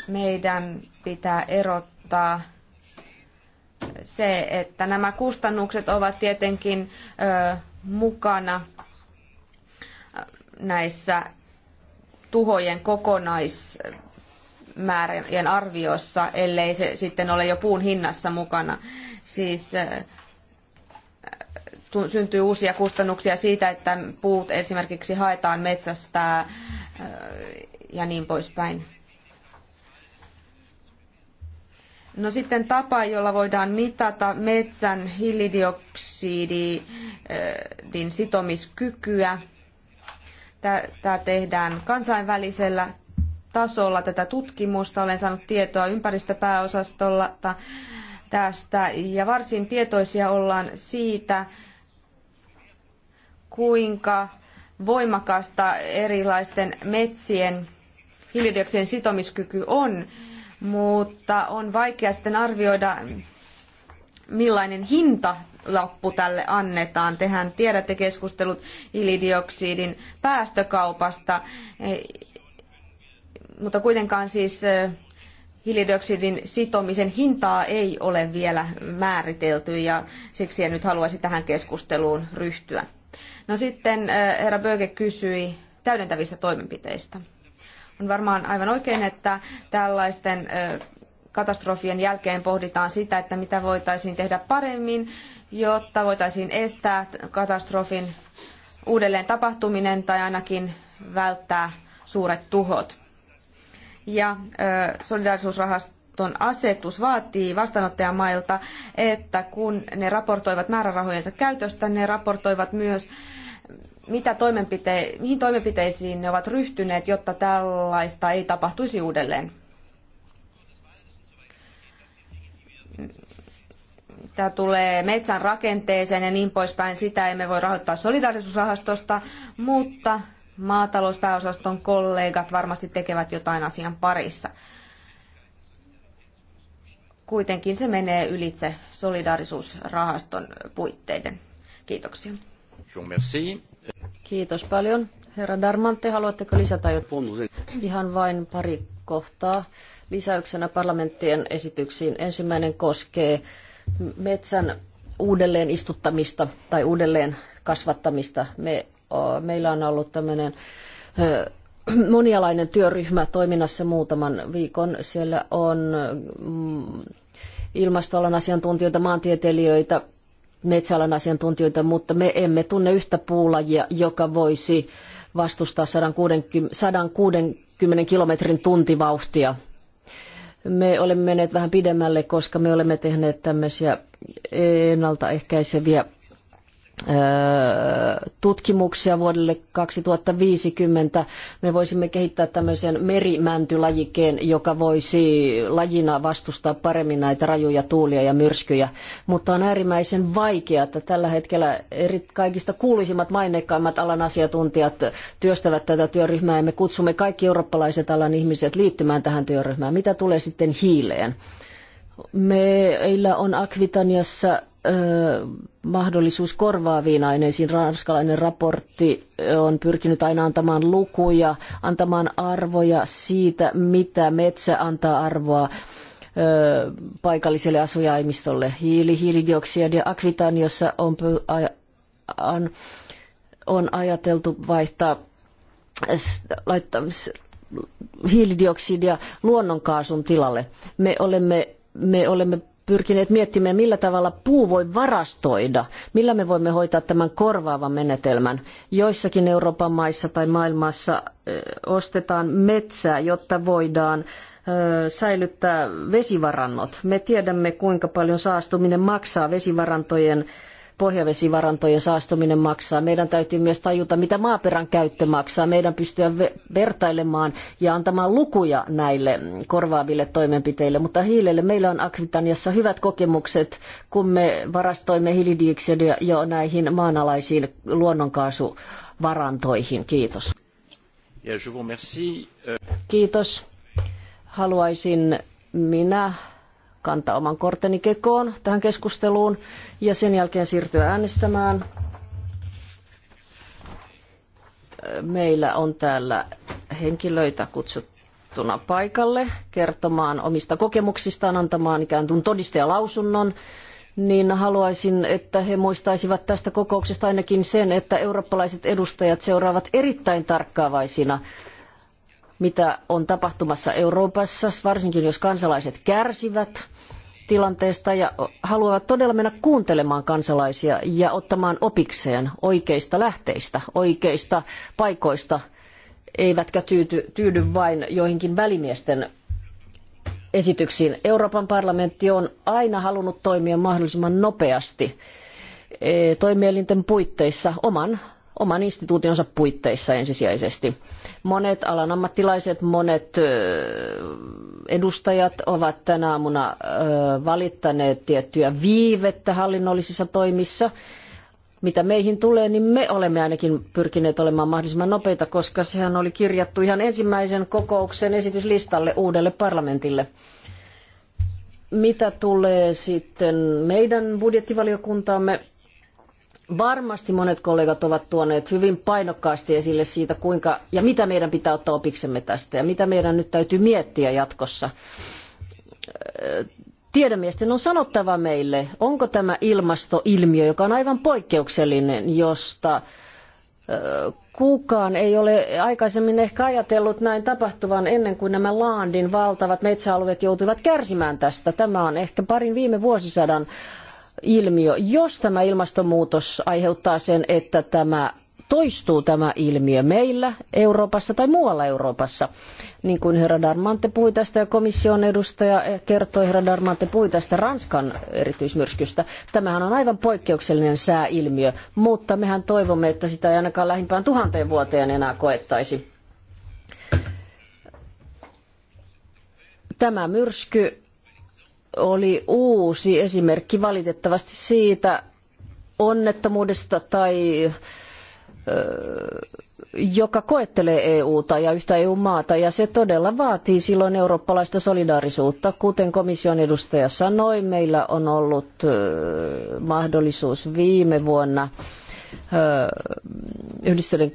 Meidän pitää erottaa se, että nämä kustannukset ovat tietenkin mukana näissä tuhojen kokonaismäärien arviossa, ellei se sitten ole jo puun hinnassa mukana. Siis syntyy uusia kustannuksia siitä, että puut esimerkiksi haetaan metsästä ja niin poispäin. No sitten tapa, jolla voidaan mitata metsän hiilidioksidin sitomiskykyä. Tämä tehdään kansainvälisellä tasolla tätä tutkimusta. Olen saanut tietoa ympäristöpääosastolla tästä ja varsin tietoisia ollaan siitä, kuinka voimakasta erilaisten metsien hiilidioksidin sitomiskyky on mutta on vaikea sitten arvioida, millainen hinta lappu tälle annetaan. Tehän tiedätte keskustelut hiilidioksidin päästökaupasta, mutta kuitenkaan siis hiilidioksidin sitomisen hintaa ei ole vielä määritelty ja siksi en nyt haluaisi tähän keskusteluun ryhtyä. No sitten herra Böge kysyi täydentävistä toimenpiteistä. On varmaan aivan oikein, että tällaisten katastrofien jälkeen pohditaan sitä, että mitä voitaisiin tehdä paremmin, jotta voitaisiin estää katastrofin uudelleen tapahtuminen tai ainakin välttää suuret tuhot. Ja solidaarisuusrahasto asetus vaatii vastaanottajamailta, että kun ne raportoivat määrärahojensa käytöstä, ne raportoivat myös mitä toimenpite- mihin toimenpiteisiin ne ovat ryhtyneet, jotta tällaista ei tapahtuisi uudelleen? Tämä tulee metsän rakenteeseen ja niin poispäin. Sitä emme voi rahoittaa solidaarisuusrahastosta, mutta maatalouspääosaston kollegat varmasti tekevät jotain asian parissa. Kuitenkin se menee ylitse solidaarisuusrahaston puitteiden. Kiitoksia. Merci. Kiitos paljon. Herra Darmante, haluatteko lisätä jotain? Ihan vain pari kohtaa lisäyksenä parlamenttien esityksiin. Ensimmäinen koskee metsän uudelleen istuttamista tai uudelleen kasvattamista. Me, meillä on ollut tämmöinen monialainen työryhmä toiminnassa muutaman viikon. Siellä on mm, ilmastoalan asiantuntijoita, maantieteilijöitä, metsäalan asiantuntijoita, mutta me emme tunne yhtä puulajia, joka voisi vastustaa 160, 160 kilometrin tuntivauhtia. Me olemme menneet vähän pidemmälle, koska me olemme tehneet tämmöisiä ennaltaehkäiseviä tutkimuksia vuodelle 2050. Me voisimme kehittää tämmöisen merimäntylajikeen, joka voisi lajina vastustaa paremmin näitä rajuja tuulia ja myrskyjä. Mutta on äärimmäisen vaikeaa, että tällä hetkellä eri, kaikista kuuluisimmat maineikkaimmat alan asiantuntijat työstävät tätä työryhmää ja me kutsumme kaikki eurooppalaiset alan ihmiset liittymään tähän työryhmään. Mitä tulee sitten hiileen? Meillä on Akvitaniassa mahdollisuus korvaaviin aineisiin. Ranskalainen raportti on pyrkinyt aina antamaan lukuja, antamaan arvoja siitä, mitä metsä antaa arvoa paikalliselle asujaimistolle. Hiili, hiilidioksidia Akvitaniossa on, on, on ajateltu vaihtaa laittaa hiilidioksidia luonnonkaasun tilalle. Me olemme, me olemme pyrkineet miettimään, millä tavalla puu voi varastoida, millä me voimme hoitaa tämän korvaavan menetelmän. Joissakin Euroopan maissa tai maailmassa ostetaan metsää, jotta voidaan säilyttää vesivarannot. Me tiedämme, kuinka paljon saastuminen maksaa vesivarantojen pohjavesivarantojen saastuminen maksaa. Meidän täytyy myös tajuta, mitä maaperän käyttö maksaa. Meidän pystyä vertailemaan ja antamaan lukuja näille korvaaville toimenpiteille. Mutta hiilelle meillä on Akvitaniassa hyvät kokemukset, kun me varastoimme hiilidioksidia jo näihin maanalaisiin luonnonkaasuvarantoihin. Kiitos. Kiitos. Haluaisin minä kantaa oman korteni kekoon tähän keskusteluun ja sen jälkeen siirtyä äänestämään. Meillä on täällä henkilöitä kutsuttuna paikalle kertomaan omista kokemuksistaan, antamaan ikään kuin todistajalausunnon niin haluaisin, että he muistaisivat tästä kokouksesta ainakin sen, että eurooppalaiset edustajat seuraavat erittäin tarkkaavaisina, mitä on tapahtumassa Euroopassa, varsinkin jos kansalaiset kärsivät tilanteesta ja haluavat todella mennä kuuntelemaan kansalaisia ja ottamaan opikseen oikeista lähteistä, oikeista paikoista, eivätkä tyyty, tyydy vain joihinkin välimiesten esityksiin. Euroopan parlamentti on aina halunnut toimia mahdollisimman nopeasti eh, toimielinten puitteissa oman oman instituutionsa puitteissa ensisijaisesti. Monet alan ammattilaiset, monet edustajat ovat tänä aamuna valittaneet tiettyä viivettä hallinnollisissa toimissa. Mitä meihin tulee, niin me olemme ainakin pyrkineet olemaan mahdollisimman nopeita, koska sehän oli kirjattu ihan ensimmäisen kokouksen esityslistalle uudelle parlamentille mitä tulee sitten meidän budjettivaliokuntaamme, Varmasti monet kollegat ovat tuoneet hyvin painokkaasti esille siitä, kuinka ja mitä meidän pitää ottaa opiksemme tästä ja mitä meidän nyt täytyy miettiä jatkossa. Tiedemiesten on sanottava meille, onko tämä ilmastoilmiö, joka on aivan poikkeuksellinen, josta kukaan ei ole aikaisemmin ehkä ajatellut näin tapahtuvan ennen kuin nämä Laandin valtavat metsäalueet joutuivat kärsimään tästä. Tämä on ehkä parin viime vuosisadan ilmiö, jos tämä ilmastonmuutos aiheuttaa sen, että tämä toistuu tämä ilmiö meillä Euroopassa tai muualla Euroopassa. Niin kuin herra Darmante puhui tästä ja komission edustaja kertoi, herra Darmante puhui tästä Ranskan erityismyrskystä. Tämähän on aivan poikkeuksellinen sääilmiö, mutta mehän toivomme, että sitä ei ainakaan lähimpään tuhanteen vuoteen enää koettaisi. Tämä myrsky oli uusi esimerkki valitettavasti siitä onnettomuudesta tai joka koettelee EUta ja yhtä EU-maata, ja se todella vaatii silloin eurooppalaista solidaarisuutta. Kuten komission edustaja sanoi, meillä on ollut mahdollisuus viime vuonna äh, yhdistyneen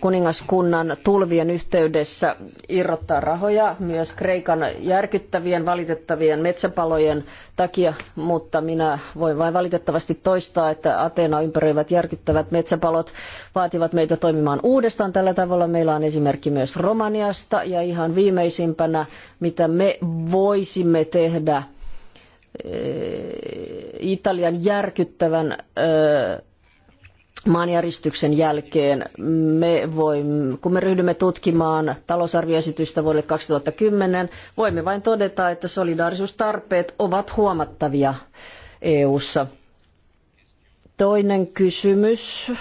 kuningaskunnan tulvien yhteydessä irrottaa rahoja myös Kreikan järkyttävien valitettavien metsäpalojen takia, mutta minä voin vain valitettavasti toistaa, että Ateena ympäröivät järkyttävät metsäpalot vaativat meitä toimimaan uudestaan tällä tavalla. Meillä on esimerkki myös Romaniasta ja ihan viimeisimpänä, mitä me voisimme tehdä e, Italian järkyttävän maanjäristyksen jälkeen me voimme, kun me ryhdymme tutkimaan talousarvioesitystä vuodelle 2010, voimme vain todeta, että solidaarisuustarpeet ovat huomattavia EU:ssa. Toinen kysymys,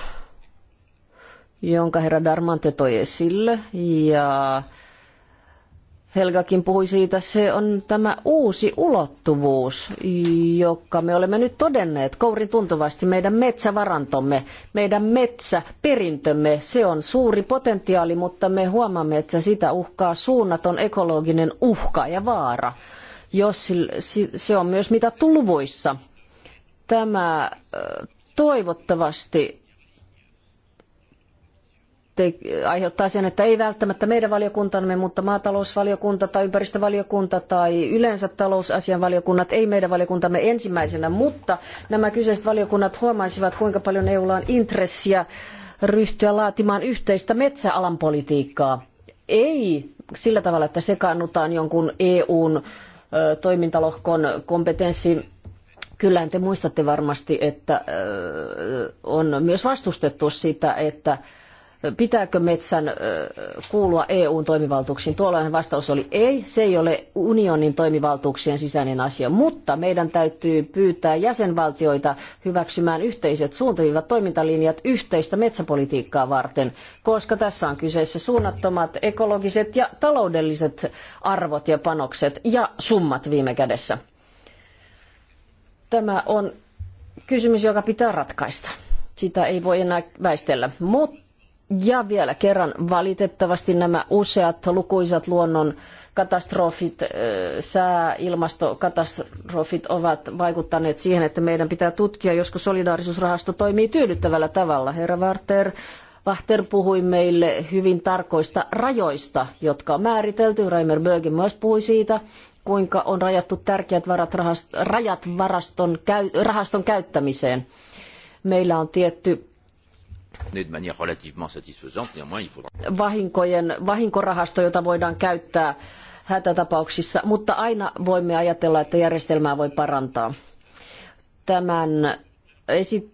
jonka herra Darmante toi esille, ja Helgakin puhui siitä, se on tämä uusi ulottuvuus, joka me olemme nyt todenneet kourin tuntuvasti. Meidän metsävarantomme, meidän metsäperintömme, se on suuri potentiaali, mutta me huomaamme, että sitä uhkaa suunnaton ekologinen uhka ja vaara. Jos se on myös mitattu luvuissa. Tämä toivottavasti te- aiheuttaa sen, että ei välttämättä meidän valiokuntamme, mutta maatalousvaliokunta tai ympäristövaliokunta tai yleensä talousasianvaliokunnat, ei meidän valiokuntamme ensimmäisenä, mutta nämä kyseiset valiokunnat huomaisivat, kuinka paljon EUlla on intressiä ryhtyä laatimaan yhteistä metsäalan politiikkaa. Ei sillä tavalla, että sekaannutaan jonkun EUn toimintalohkon kompetenssi Kyllähän te muistatte varmasti, että on myös vastustettu sitä, että pitääkö metsän kuulua EUn toimivaltuuksiin? Tuollainen vastaus oli ei, se ei ole unionin toimivaltuuksien sisäinen asia, mutta meidän täytyy pyytää jäsenvaltioita hyväksymään yhteiset suuntaviivat toimintalinjat yhteistä metsäpolitiikkaa varten, koska tässä on kyseessä suunnattomat ekologiset ja taloudelliset arvot ja panokset ja summat viime kädessä. Tämä on kysymys, joka pitää ratkaista. Sitä ei voi enää väistellä. Mutta ja vielä kerran valitettavasti nämä useat lukuisat luonnon katastrofit, sää, ilmastokatastrofit ovat vaikuttaneet siihen, että meidän pitää tutkia, josko solidaarisuusrahasto toimii tyydyttävällä tavalla. Herra Warter, Vahter puhui meille hyvin tarkoista rajoista, jotka on määritelty. Reimer Böge myös puhui siitä, kuinka on rajattu tärkeät varat rahast, rajat varaston, rahaston käyttämiseen. Meillä on tietty Vahinkojen, vahinkorahasto, jota voidaan käyttää hätätapauksissa, mutta aina voimme ajatella, että järjestelmää voi parantaa. Tämän esi-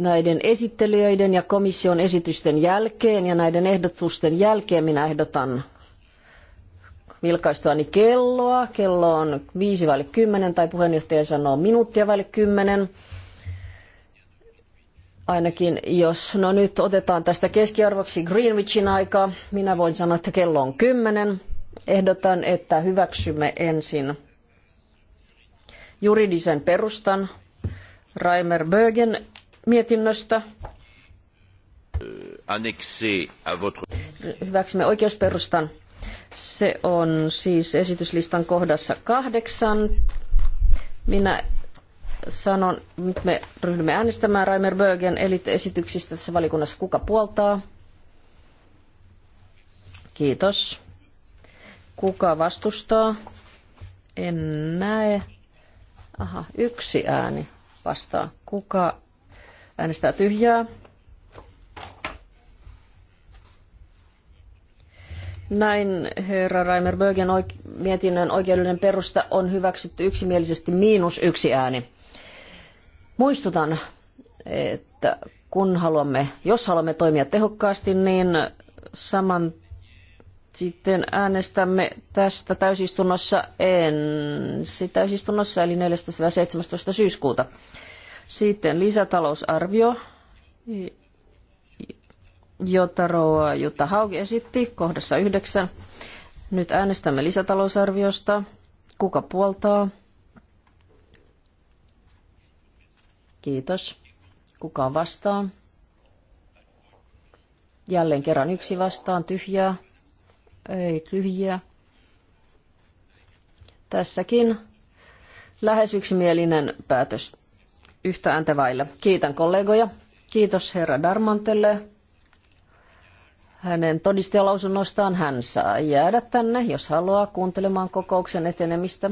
näiden esittelijöiden ja komission esitysten jälkeen ja näiden ehdotusten jälkeen minä ehdotan vilkaistuani kelloa. Kello on viisi vaille kymmenen tai puheenjohtaja sanoo minuuttia vaille kymmenen ainakin jos, no nyt otetaan tästä keskiarvoksi Greenwichin aika, minä voin sanoa, että kello on kymmenen. Ehdotan, että hyväksymme ensin juridisen perustan Reimer Bögen mietinnöstä. Euh, hyväksymme oikeusperustan. Se on siis esityslistan kohdassa kahdeksan. Minä sanon, nyt me ryhdymme äänestämään Raimer Bögen eli esityksistä tässä valikunnassa. Kuka puoltaa? Kiitos. Kuka vastustaa? En näe. Aha, yksi ääni vastaa. Kuka äänestää tyhjää? Näin herra Raimer Bögen mietinnön oikeudellinen perusta on hyväksytty yksimielisesti miinus yksi ääni. Muistutan, että kun haluamme, jos haluamme toimia tehokkaasti, niin saman sitten äänestämme tästä täysistunnossa ensi täysistunnossa, eli 14. ja 17. syyskuuta. Sitten lisätalousarvio, jota Roa Jutta Hauki esitti kohdassa 9. Nyt äänestämme lisätalousarviosta. Kuka puoltaa? Kiitos. Kuka vastaan? Jälleen kerran yksi vastaan. Tyhjää. Ei tyhjää. Tässäkin lähes yksimielinen päätös yhtä ääntä vailla. Kiitän kollegoja. Kiitos herra Darmantelle hänen todistajalausunnostaan. Hän saa jäädä tänne, jos haluaa, kuuntelemaan kokouksen etenemistä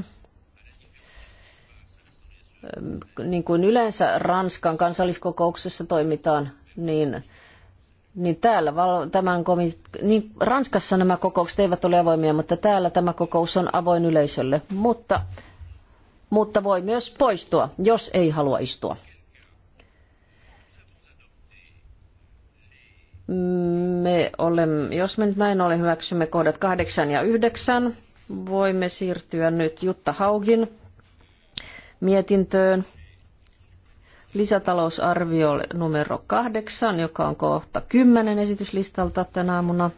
niin kuin yleensä Ranskan kansalliskokouksessa toimitaan, niin, niin täällä tämän komis- niin Ranskassa nämä kokoukset eivät ole avoimia, mutta täällä tämä kokous on avoin yleisölle. Mutta, mutta voi myös poistua, jos ei halua istua. Me olemme, jos me nyt näin ole, hyväksymme kohdat 8 ja 9, voimme siirtyä nyt Jutta Haugin mietintöön lisätalousarvio numero kahdeksan, joka on kohta kymmenen esityslistalta tänä aamuna.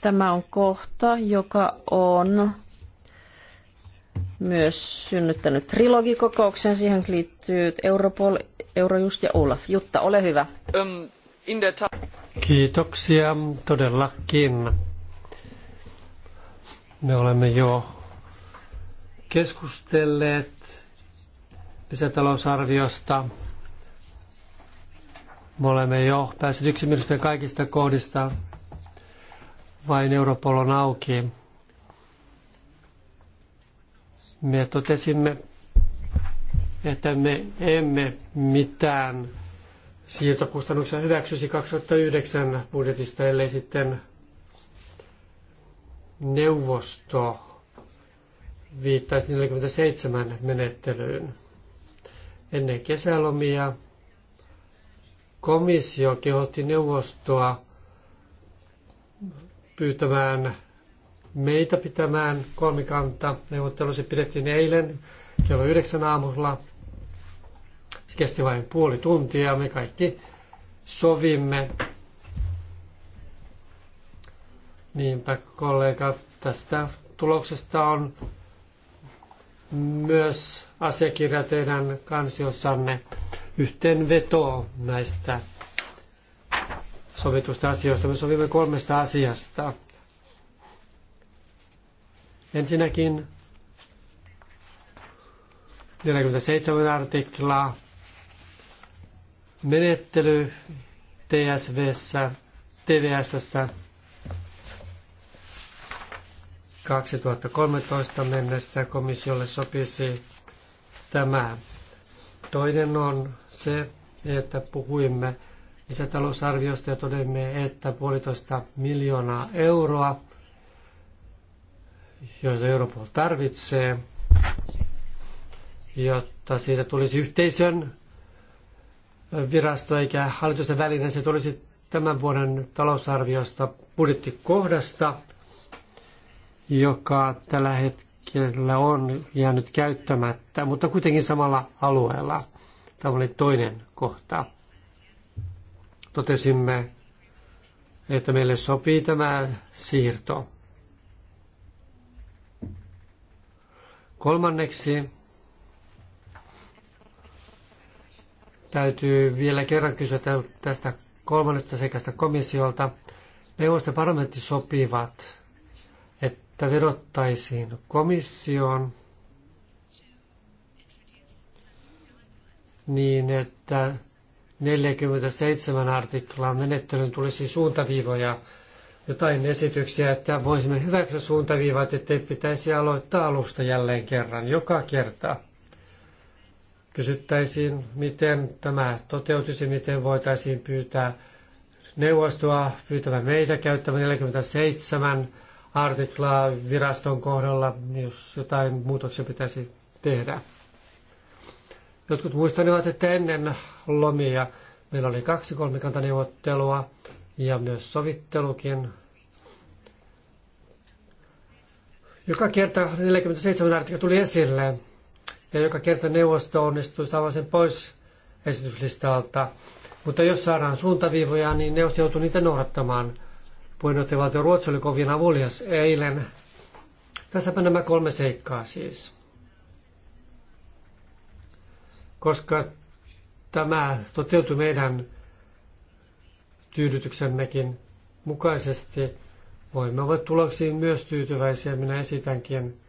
Tämä on kohta, joka on myös synnyttänyt trilogikokouksen. Siihen liittyy Europol, Eurojust ja Olaf. Jutta, ole hyvä. Um, Kiitoksia todellakin. Me olemme jo keskustelleet lisätalousarviosta. Me olemme jo päässeet yksimielisyyteen kaikista kohdista. Vain Europol on auki. Me totesimme, että me emme mitään siirtokustannuksia hyväksyisi 2009 budjetista, ellei sitten neuvosto viittaisi 47 menettelyyn. Ennen kesälomia komissio kehotti neuvostoa pyytämään meitä pitämään kolmikanta. Neuvottelu se pidettiin eilen kello yhdeksän aamulla. Se kesti vain puoli tuntia. Me kaikki sovimme Niinpä kollegat, tästä tuloksesta on myös asiakirja teidän kansiossanne yhteenveto näistä sovitusta asioista. Me sovimme kolmesta asiasta. Ensinnäkin 47 artiklaa menettely TSVssä, TVSssä 2013 mennessä komissiolle sopisi tämä. Toinen on se, että puhuimme lisätalousarviosta ja todemme, että puolitoista miljoonaa euroa, joita Europol tarvitsee, jotta siitä tulisi yhteisön virasto eikä hallitusten välinen, se tulisi tämän vuoden talousarviosta budjettikohdasta – joka tällä hetkellä on jäänyt käyttämättä, mutta kuitenkin samalla alueella. Tämä oli toinen kohta. Totesimme, että meille sopii tämä siirto. Kolmanneksi täytyy vielä kerran kysyä tästä kolmannesta sekästä komissiolta. Neuvoston parlamentti sopivat että vedottaisiin komissioon niin, että 47 artiklaan menettelyn tulisi suuntaviivoja, jotain esityksiä, että voisimme hyväksyä suuntaviivat, ettei pitäisi aloittaa alusta jälleen kerran, joka kerta. Kysyttäisiin, miten tämä toteutuisi, miten voitaisiin pyytää neuvostoa pyytävä meitä käyttämään 47 artiklaa viraston kohdalla, jos jotain muutoksia pitäisi tehdä. Jotkut muistanevat, että ennen lomia meillä oli kaksi kolmikantaneuvottelua ja myös sovittelukin. Joka kerta 47 artikla tuli esille ja joka kerta neuvosto onnistui saamaan sen pois esityslistalta. Mutta jos saadaan suuntaviivoja, niin neuvosto joutuu niitä noudattamaan – Puheenjohtajavaltio Ruotsi oli kovin avulias eilen. Tässäpä nämä kolme seikkaa siis. Koska tämä toteutui meidän tyydytyksemmekin mukaisesti, voimme olla tuloksiin myös tyytyväisiä. Minä esitänkin,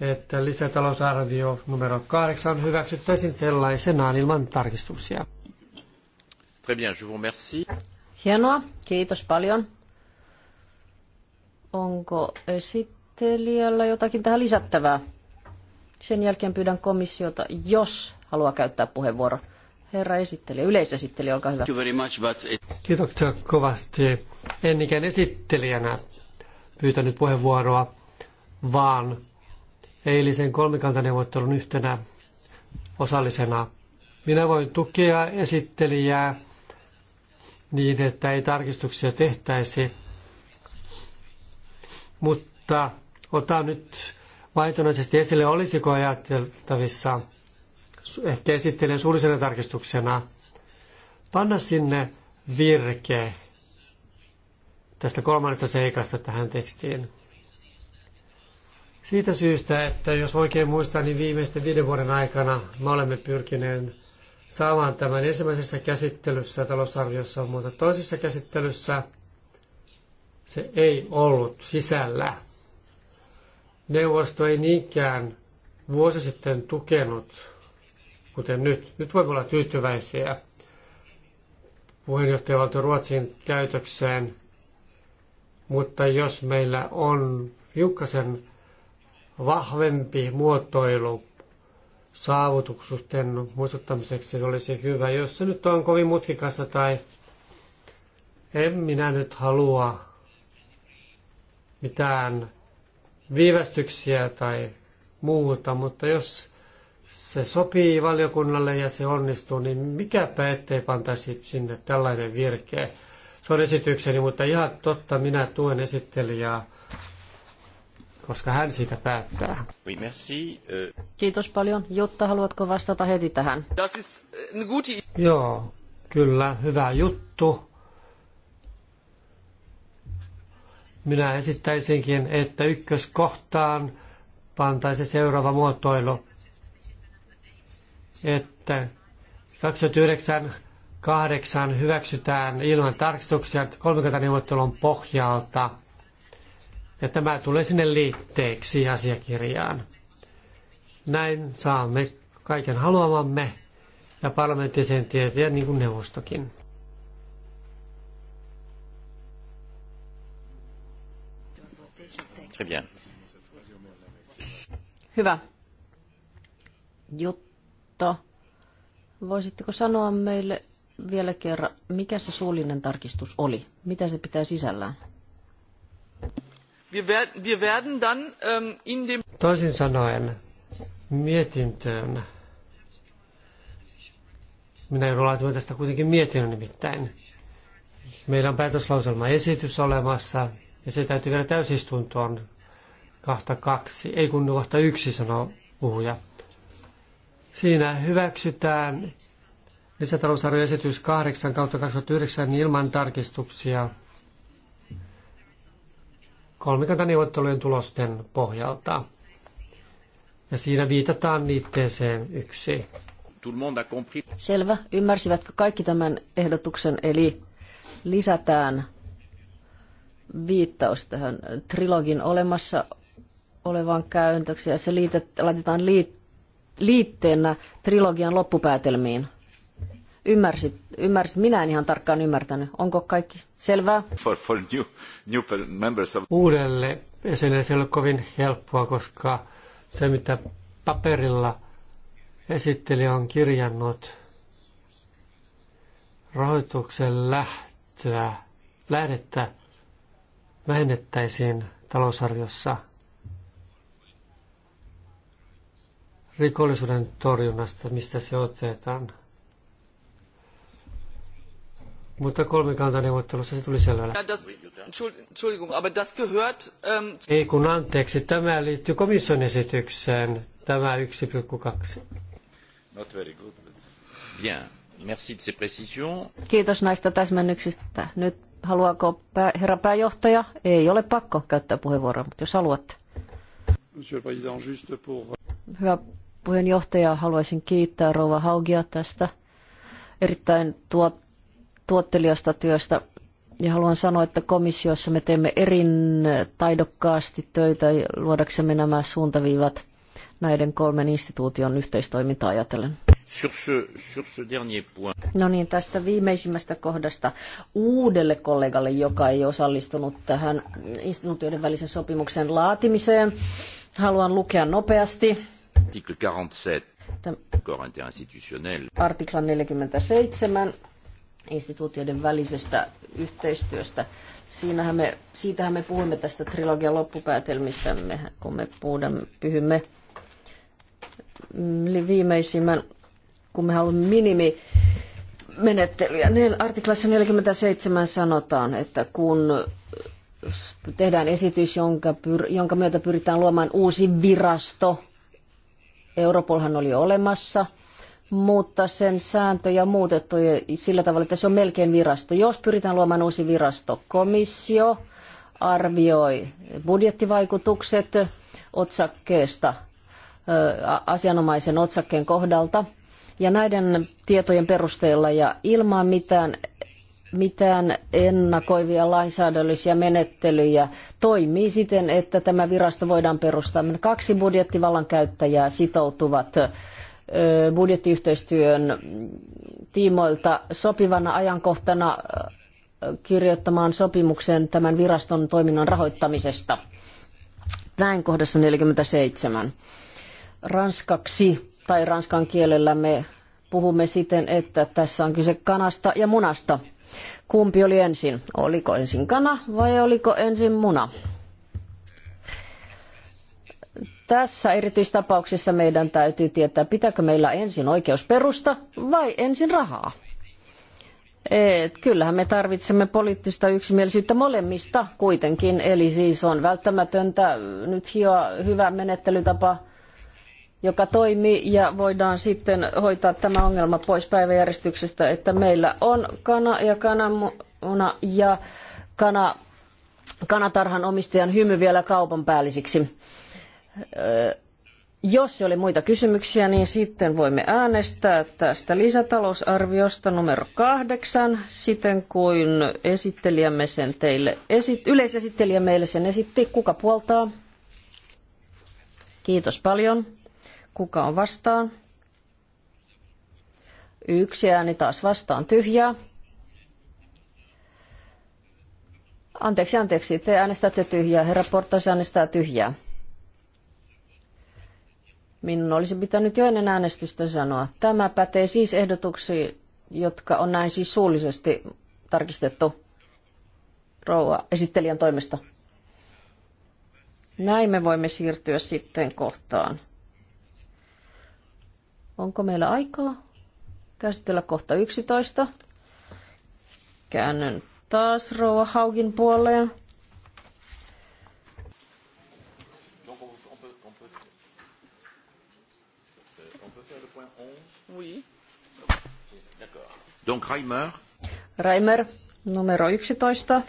että lisätalousarvio numero kahdeksan hyväksyttäisiin sellaisenaan ilman tarkistuksia. Très bien, je vous remercie. Hienoa, kiitos paljon. Onko esittelijällä jotakin tähän lisättävää? Sen jälkeen pyydän komissiota, jos haluaa käyttää puheenvuoro. Herra esittelijä, yleisesittelijä, olkaa hyvä. Kiitoksia kovasti. En ikään esittelijänä pyytänyt puheenvuoroa, vaan eilisen kolmikantaneuvottelun yhtenä osallisena. Minä voin tukea esittelijää niin, että ei tarkistuksia tehtäisi. Mutta otan nyt vaitonaisesti esille, olisiko ajateltavissa, ehkä esittelen suullisena tarkistuksena, panna sinne virke tästä kolmannesta seikasta tähän tekstiin. Siitä syystä, että jos oikein muistan, niin viimeisten viiden vuoden aikana me olemme pyrkineet saamaan tämän ensimmäisessä käsittelyssä talousarviossa, mutta toisessa käsittelyssä se ei ollut sisällä. Neuvosto ei niinkään vuosi sitten tukenut, kuten nyt. Nyt voi olla tyytyväisiä puheenjohtajavaltio Ruotsin käytökseen, mutta jos meillä on hiukkasen vahvempi muotoilu saavutuksusten muistuttamiseksi olisi hyvä. Jos se nyt on kovin mutkikasta tai en minä nyt halua mitään viivästyksiä tai muuta, mutta jos se sopii valiokunnalle ja se onnistuu, niin mikäpä ettei pantaisi sinne tällainen virke. Se on esitykseni, mutta ihan totta, minä tuen esittelijää koska hän siitä päättää. Oui, merci. Euh, Kiitos paljon. Jutta, haluatko vastata heti tähän? Das ist uh, gute... Joo, kyllä, hyvä juttu. Minä esittäisinkin, että ykköskohtaan pantaisi seuraava muotoilu, että 29 kahdeksan hyväksytään ilman tarkistuksia 30 neuvottelun pohjalta – ja tämä tulee sinne liitteeksi asiakirjaan. Näin saamme kaiken haluamamme ja parlamenttisen tieteen niin kuin neuvostokin. Hyvä. Jutta, voisitteko sanoa meille vielä kerran, mikä se suullinen tarkistus oli? Mitä se pitää sisällään? Wir werden dann ähm, in dem... Toisin sanoen mietintöön. Minä joudun laatimaan tästä kuitenkin mietinnön nimittäin. Meillä on päätöslauselma esitys olemassa ja se täytyy vielä täysistuntoon kahta kaksi, ei kun kohta yksi sanoo puhuja. Siinä hyväksytään lisätalousarvioesitys 8 kautta 2009 ilman tarkistuksia kolmikantaneuvottelujen tulosten pohjalta. Ja siinä viitataan liitteeseen yksi. Selvä. Ymmärsivätkö kaikki tämän ehdotuksen? Eli lisätään viittaus tähän trilogin olemassa olevaan käyntöksi ja se liitet, laitetaan liit, liitteenä trilogian loppupäätelmiin ymmärsit, ymmärsit, minä en ihan tarkkaan ymmärtänyt. Onko kaikki selvää? For, for new, new members of... Uudelle jäsenelle se ei ollut kovin helppoa, koska se mitä paperilla esitteli on kirjannut rahoituksen lähtöä, lähdettä vähennettäisiin talousarviossa rikollisuuden torjunnasta, mistä se otetaan. Mutta kolmikantaneuvottelussa se tuli selvällä. Ähm, Ei kun anteeksi, tämä liittyy komission esitykseen, tämä 1,2. Kiitos näistä täsmennyksistä. Nyt haluaako pää, herra pääjohtaja? Ei ole pakko käyttää puheenvuoroa, mutta jos haluatte. Hyvä puheenjohtaja, haluaisin kiittää rouva Haugia tästä erittäin tuot tuottelijasta työstä. Ja haluan sanoa, että komissiossa me teemme erin taidokkaasti töitä luodaksemme nämä suuntaviivat näiden kolmen instituution yhteistoimintaa ajatellen. No niin, tästä viimeisimmästä kohdasta uudelle kollegalle, joka ei osallistunut tähän instituutioiden välisen sopimuksen laatimiseen. Haluan lukea nopeasti. Artikla 47. Artikla 47 instituutioiden välisestä yhteistyöstä. Siinähän me, siitähän me puhumme tästä trilogian loppupäätelmistä kun me puhumme, pyhymme viimeisimmän, kun me haluamme minimi menettelyjä. Artiklassa 47 sanotaan, että kun tehdään esitys, jonka, pyr, jonka myötä pyritään luomaan uusi virasto, Europolhan oli olemassa – muuttaa sen sääntöjä muutettu sillä tavalla, että se on melkein virasto. Jos pyritään luomaan uusi virasto, komissio arvioi budjettivaikutukset otsakkeesta asianomaisen otsakkeen kohdalta. Ja näiden tietojen perusteella ja ilman mitään, mitään ennakoivia lainsäädännöllisiä menettelyjä toimii siten, että tämä virasto voidaan perustaa. Kaksi budjettivallan käyttäjää sitoutuvat budjettiyhteistyön tiimoilta sopivana ajankohtana kirjoittamaan sopimuksen tämän viraston toiminnan rahoittamisesta. Näin kohdassa 47. Ranskaksi tai ranskan kielellä me puhumme siten, että tässä on kyse kanasta ja munasta. Kumpi oli ensin? Oliko ensin kana vai oliko ensin muna? Tässä erityistapauksessa meidän täytyy tietää, pitääkö meillä ensin oikeusperusta vai ensin rahaa. Et kyllähän me tarvitsemme poliittista yksimielisyyttä molemmista kuitenkin, eli siis on välttämätöntä nyt hioa hyvä menettelytapa, joka toimii ja voidaan sitten hoitaa tämä ongelma pois päiväjärjestyksestä, että meillä on kana ja kananmuna ja kana, kanatarhan omistajan hymy vielä kaupan päällisiksi jos ei ole muita kysymyksiä, niin sitten voimme äänestää tästä lisätalousarviosta numero kahdeksan, siten kuin esittelijämme sen teille, esit, yleisesittelijä meille sen esitti. Kuka puoltaa? Kiitos paljon. Kuka on vastaan? Yksi ääni taas vastaan tyhjää. Anteeksi, anteeksi, te äänestätte tyhjää. Herra Portas äänestää tyhjää. Minun olisi pitänyt jo ennen äänestystä sanoa. Tämä pätee siis ehdotuksi, jotka on näin siis suullisesti tarkistettu rouva esittelijän toimesta. Näin me voimme siirtyä sitten kohtaan. Onko meillä aikaa käsitellä kohta 11? Käännyn taas rouva Haugin puoleen. Donc Reimer. Reimer, numero 11,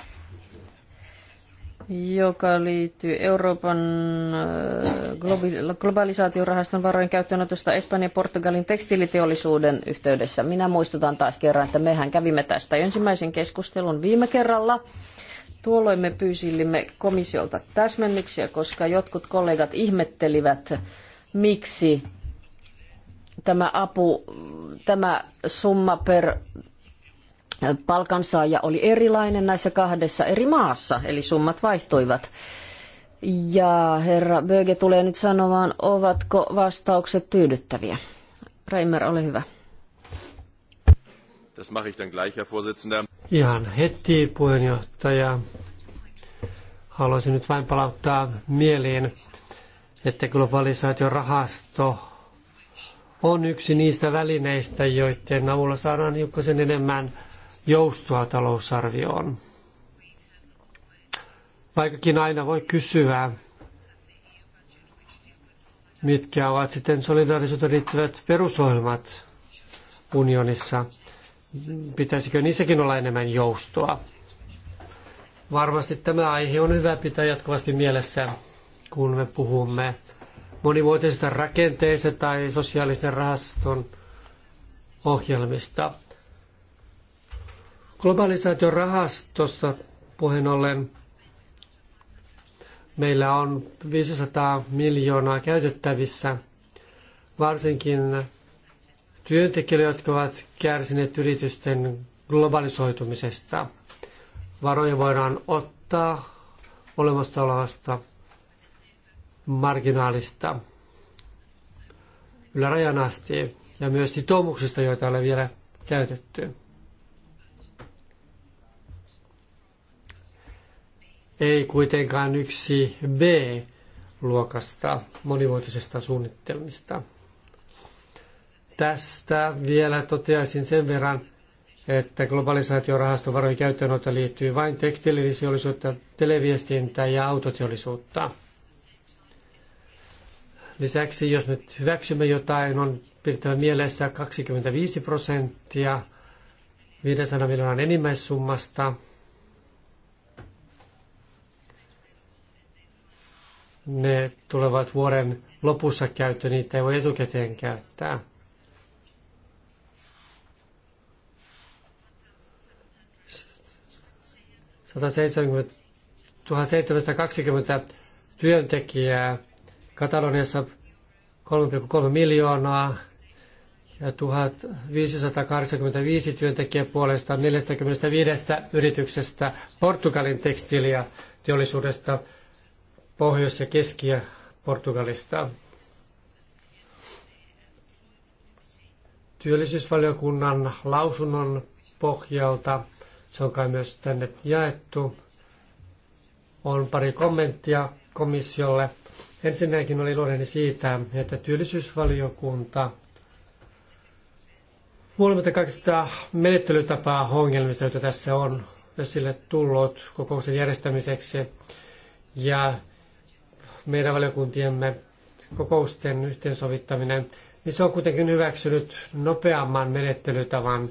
joka liittyy Euroopan äh, globalisaatiorahaston varojen käyttöönotosta Espanjan ja Portugalin tekstiiliteollisuuden yhteydessä. Minä muistutan taas kerran, että mehän kävimme tästä ensimmäisen keskustelun viime kerralla. Tuolloin me pyysilimme komissiolta täsmennyksiä, koska jotkut kollegat ihmettelivät, miksi tämä apu, tämä summa per palkansaaja oli erilainen näissä kahdessa eri maassa, eli summat vaihtoivat. Ja herra Böge tulee nyt sanomaan, ovatko vastaukset tyydyttäviä. Reimer, ole hyvä. Das mache ich dann gleich, Herr Vorsitzender. Ihan heti, puheenjohtaja. Haluaisin nyt vain palauttaa mieliin, että globalisaatiorahasto on yksi niistä välineistä, joiden avulla saadaan hiukkasen enemmän joustua talousarvioon. Vaikkakin aina voi kysyä, mitkä ovat sitten solidaarisuuteen liittyvät perusohjelmat unionissa. Pitäisikö niissäkin olla enemmän joustoa? Varmasti tämä aihe on hyvä pitää jatkuvasti mielessä, kun me puhumme Monivuotisesta rakenteista tai sosiaalisen rahaston ohjelmista. Globalisaation rahastosta puheen ollen meillä on 500 miljoonaa käytettävissä, varsinkin työntekijöille, jotka ovat kärsineet yritysten globalisoitumisesta. Varoja voidaan ottaa olemassa olevasta marginaalista ylärajan asti ja myös sitoumuksista, joita ei ole vielä käytetty. Ei kuitenkaan yksi B-luokasta monivuotisesta suunnittelmista. Tästä vielä toteaisin sen verran, että globalisaatiorahaston varojen käyttöönotto liittyy vain tekstiiliteollisuutta, televiestintä ja autoteollisuutta. Lisäksi, jos me hyväksymme jotain, on pidettävä mielessä 25 prosenttia 500 miljoonan enimmäissummasta. Ne tulevat vuoden lopussa käyttöön, niitä ei voi etukäteen käyttää. – 1720 työntekijää Kataloniassa 3,3 miljoonaa ja 1585 työntekijä puolesta 45 yrityksestä Portugalin tekstiiliä teollisuudesta Pohjois- ja Keski- ja Portugalista. Työllisyysvaliokunnan lausunnon pohjalta, se on kai myös tänne jaettu, on pari kommenttia komissiolle – Ensinnäkin oli iloinen siitä, että työllisyysvaliokunta huolimatta kaikista menettelytapaa ongelmista, joita tässä on esille tullut kokouksen järjestämiseksi ja meidän valiokuntiemme kokousten yhteensovittaminen, niin se on kuitenkin hyväksynyt nopeamman menettelytavan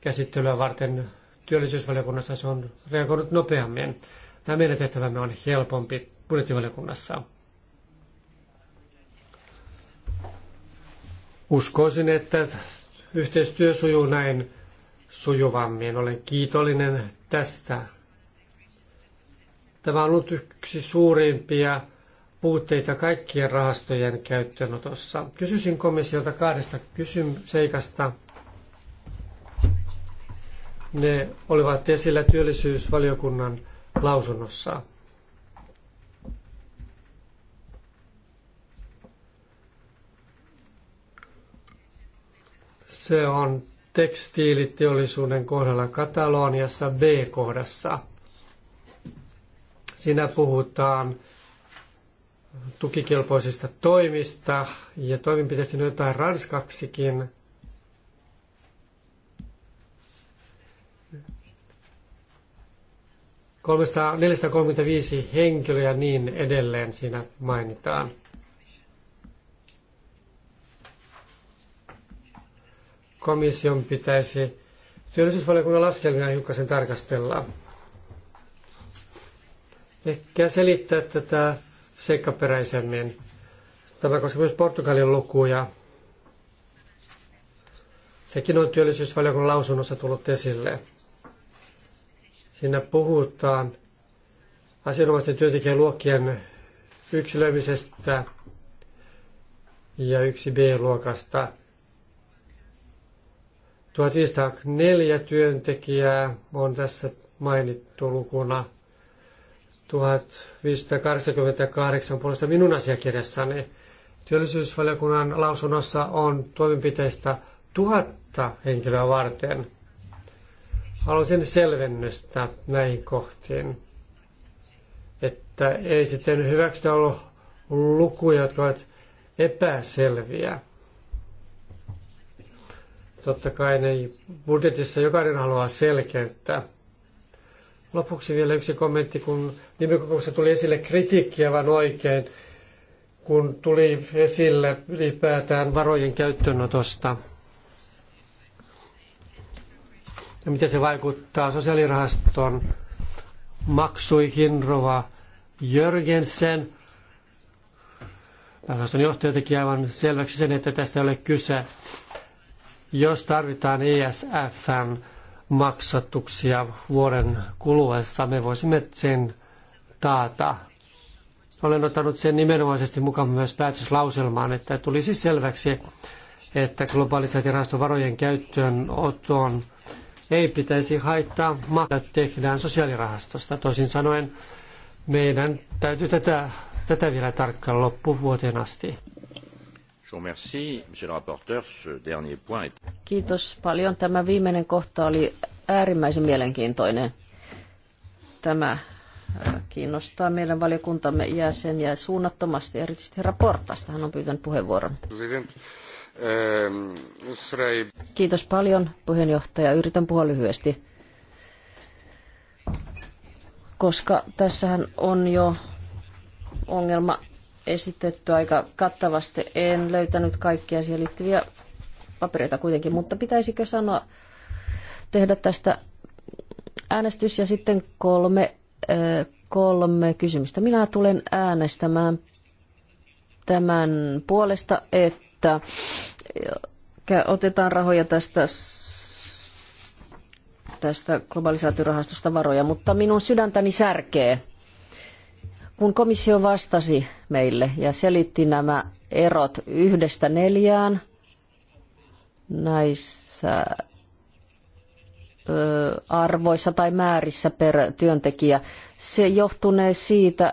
käsittelyä varten työllisyysvaliokunnassa se on reagoinut nopeammin. Nämä meidän tehtävämme on helpompi budjettivaliokunnassa. Uskoisin, että yhteistyö sujuu näin sujuvammin. Olen kiitollinen tästä. Tämä on ollut yksi suurimpia puutteita kaikkien rahastojen käyttöönotossa. Kysyisin komissiolta kahdesta kysym- seikasta. Ne olivat esillä työllisyysvaliokunnan lausunnossa. Se on tekstiiliteollisuuden kohdalla Kataloniassa B-kohdassa. Siinä puhutaan tukikelpoisista toimista ja toimenpiteistä jotain ranskaksikin. kolmesta 435 henkilöä ja niin edelleen siinä mainitaan. komission pitäisi työllisyysvaliokunnan laskelmia hiukkasen tarkastella. Ehkä selittää tätä seikkaperäisemmin. Tämä koskee myös Portugalin lukuja. Sekin on työllisyysvaliokunnan lausunnossa tullut esille. Siinä puhutaan asianomaisten luokkien yksilöimisestä ja yksi B-luokasta – 1504 työntekijää on tässä mainittu lukuna. 1588 puolesta minun asiakirjassani. Työllisyysvaliokunnan lausunnossa on toimenpiteistä tuhatta henkilöä varten. Haluaisin selvennystä näihin kohtiin, että ei sitten hyväksytä ollut lukuja, jotka ovat epäselviä. Totta kai ne budjetissa jokainen haluaa selkeyttää. Lopuksi vielä yksi kommentti, kun kokouksessa tuli esille kritiikkiä vaan oikein, kun tuli esille ylipäätään varojen käyttöönotosta. Ja miten se vaikuttaa sosiaalirahaston maksuihin, Rova Jörgensen. Rahaston johtaja teki aivan selväksi sen, että tästä ei ole kyse jos tarvitaan ESFn maksatuksia vuoden kuluessa, me voisimme sen taata. Olen ottanut sen nimenomaisesti mukaan myös päätöslauselmaan, että tulisi selväksi, että globalisaatiorahasto varojen käyttöönoton ei pitäisi haittaa maata tehdään sosiaalirahastosta. Toisin sanoen meidän täytyy tätä, tätä vielä tarkkaan loppuvuoteen asti. Kiitos paljon. Tämä viimeinen kohta oli äärimmäisen mielenkiintoinen. Tämä äh, kiinnostaa meidän valiokuntamme jäseniä suunnattomasti, erityisesti herra Hän on pyytänyt puheenvuoron. Kiitos paljon, puheenjohtaja. Yritän puhua lyhyesti, koska tässähän on jo ongelma esitetty aika kattavasti. En löytänyt kaikkia siihen liittyviä papereita kuitenkin, mutta pitäisikö sanoa tehdä tästä äänestys ja sitten kolme, eh, kolme kysymystä. Minä tulen äänestämään tämän puolesta, että otetaan rahoja tästä tästä globalisaatiorahastosta varoja, mutta minun sydäntäni särkee kun komissio vastasi meille ja selitti nämä erot yhdestä neljään näissä arvoissa tai määrissä per työntekijä. Se johtunee siitä,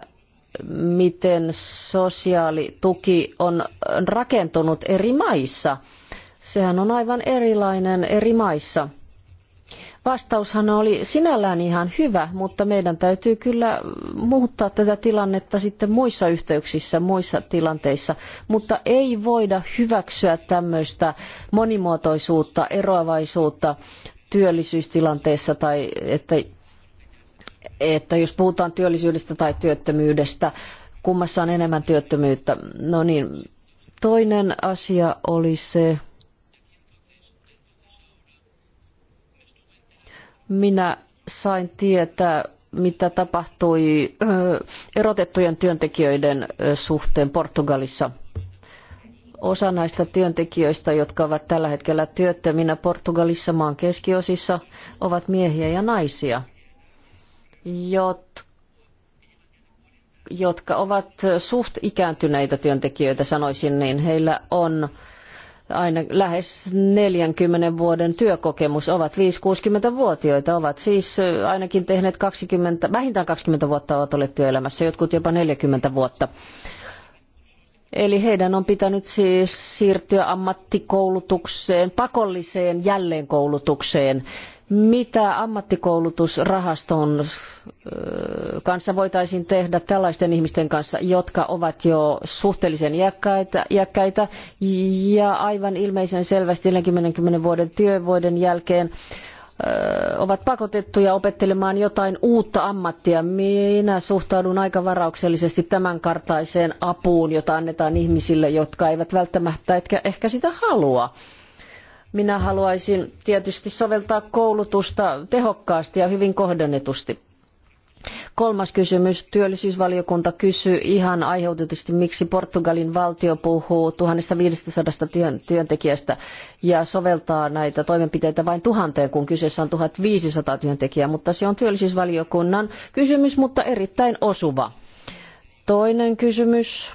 miten sosiaalituki on rakentunut eri maissa. Sehän on aivan erilainen eri maissa – Vastaushan oli sinällään ihan hyvä, mutta meidän täytyy kyllä muuttaa tätä tilannetta sitten muissa yhteyksissä, muissa tilanteissa. Mutta ei voida hyväksyä tämmöistä monimuotoisuutta, eroavaisuutta työllisyystilanteessa tai että, että jos puhutaan työllisyydestä tai työttömyydestä, kummassa on enemmän työttömyyttä. No niin, toinen asia oli se, minä sain tietää, mitä tapahtui erotettujen työntekijöiden suhteen Portugalissa. Osa näistä työntekijöistä, jotka ovat tällä hetkellä työttöminä Portugalissa maan keskiosissa, ovat miehiä ja naisia, jotka jotka ovat suht ikääntyneitä työntekijöitä, sanoisin niin. Heillä on aina lähes 40 vuoden työkokemus, ovat 5-60-vuotiaita, ovat siis ainakin tehneet 20, vähintään 20 vuotta ovat olleet työelämässä, jotkut jopa 40 vuotta. Eli heidän on pitänyt siis siirtyä ammattikoulutukseen, pakolliseen jälleenkoulutukseen, mitä ammattikoulutusrahaston kanssa voitaisiin tehdä tällaisten ihmisten kanssa, jotka ovat jo suhteellisen iäkkäitä, iäkkäitä ja aivan ilmeisen selvästi 40 vuoden työvuoden jälkeen ovat pakotettuja opettelemaan jotain uutta ammattia. Minä suhtaudun aika varauksellisesti tämän kartaiseen apuun, jota annetaan ihmisille, jotka eivät välttämättä etkä ehkä sitä halua. Minä haluaisin tietysti soveltaa koulutusta tehokkaasti ja hyvin kohdennetusti. Kolmas kysymys. Työllisyysvaliokunta kysyy ihan aiheutetusti, miksi Portugalin valtio puhuu 1500 työntekijästä ja soveltaa näitä toimenpiteitä vain tuhanteen, kun kyseessä on 1500 työntekijää. Mutta se on työllisyysvaliokunnan kysymys, mutta erittäin osuva. Toinen kysymys.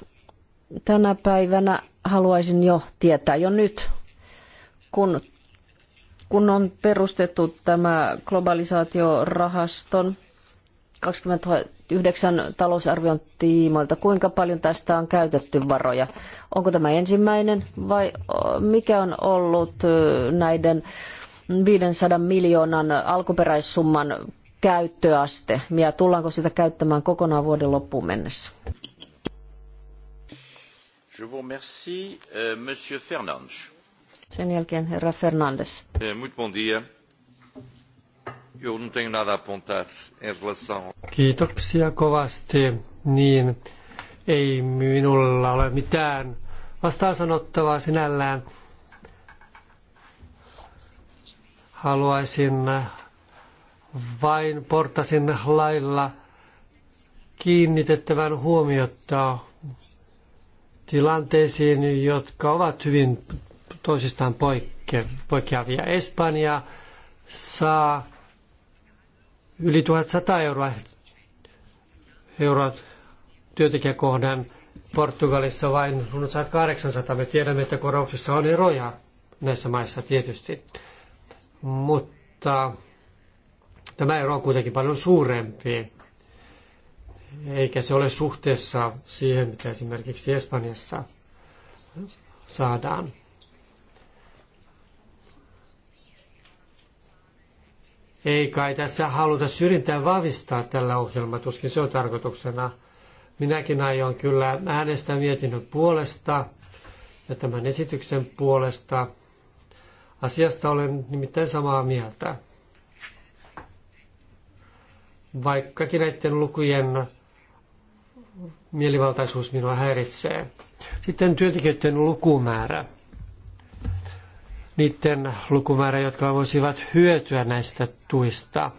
Tänä päivänä haluaisin jo tietää jo nyt, kun, kun on perustettu tämä globalisaatiorahaston 29 talousarvion tiimoilta, kuinka paljon tästä on käytetty varoja? Onko tämä ensimmäinen vai mikä on ollut näiden 500 miljoonan alkuperäissumman käyttöaste ja tullaanko sitä käyttämään kokonaan vuoden loppuun mennessä? Je vous remercie, euh, Monsieur Fernandes. Sen jälkeen herra Fernandes. Eh, Kiitoksia kovasti. Niin, ei minulla ole mitään vastaan sanottavaa sinällään. Haluaisin vain portasin lailla kiinnitettävän huomiota tilanteisiin, jotka ovat hyvin toisistaan poikke, poikkeavia. Espanja saa yli 1100 euroa, euroa työntekijäkohdan, Portugalissa vain runsaat 800. Me tiedämme, että korouksissa on eroja näissä maissa tietysti, mutta tämä ero on kuitenkin paljon suurempi, eikä se ole suhteessa siihen, mitä esimerkiksi Espanjassa saadaan. Ei kai tässä haluta syrjintää vahvistaa tällä ohjelmalla, tuskin se on tarkoituksena. Minäkin aion kyllä äänestää mietinnön puolesta ja tämän esityksen puolesta. Asiasta olen nimittäin samaa mieltä. Vaikkakin näiden lukujen mielivaltaisuus minua häiritsee. Sitten työntekijöiden lukumäärä niiden lukumäärä, jotka voisivat hyötyä näistä tuista.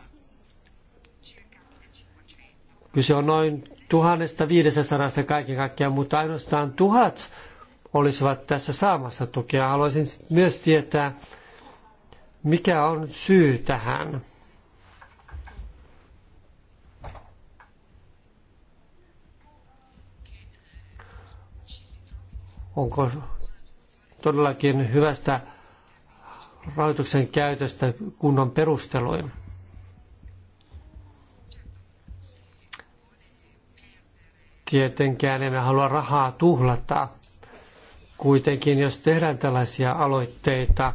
Kyse on noin 1500 kaiken kaikkiaan, mutta ainoastaan tuhat olisivat tässä saamassa tukea. Haluaisin myös tietää, mikä on syy tähän. Onko todellakin hyvästä rahoituksen käytöstä kunnon perusteluin. Tietenkään emme halua rahaa tuhlata. Kuitenkin jos tehdään tällaisia aloitteita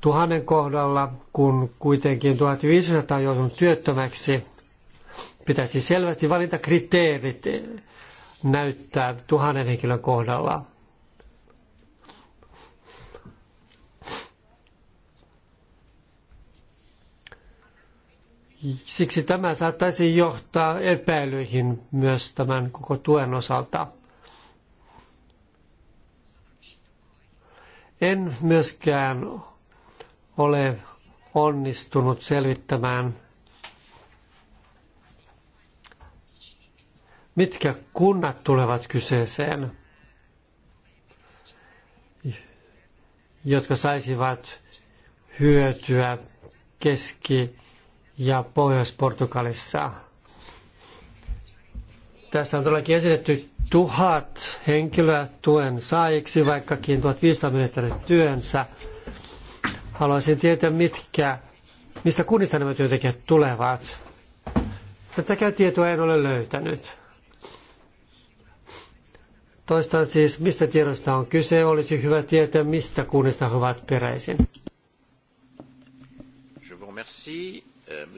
tuhannen kohdalla, kun kuitenkin 1500 on joutunut työttömäksi, pitäisi selvästi valita kriteerit näyttää tuhannen henkilön kohdalla Siksi tämä saattaisi johtaa epäilyihin myös tämän koko tuen osalta. En myöskään ole onnistunut selvittämään, mitkä kunnat tulevat kyseeseen, jotka saisivat hyötyä keski- ja Pohjois-Portugalissa. Tässä on todellakin esitetty tuhat henkilöä tuen saajiksi, vaikkakin 1500 menettänyt työnsä. Haluaisin tietää, mitkä, mistä kunnista nämä työntekijät tulevat. Tätäkään tietoa en ole löytänyt. Toistan siis, mistä tiedosta on kyse. Olisi hyvä tietää, mistä kunnista he ovat peräisin. Je vous remercie. Eh,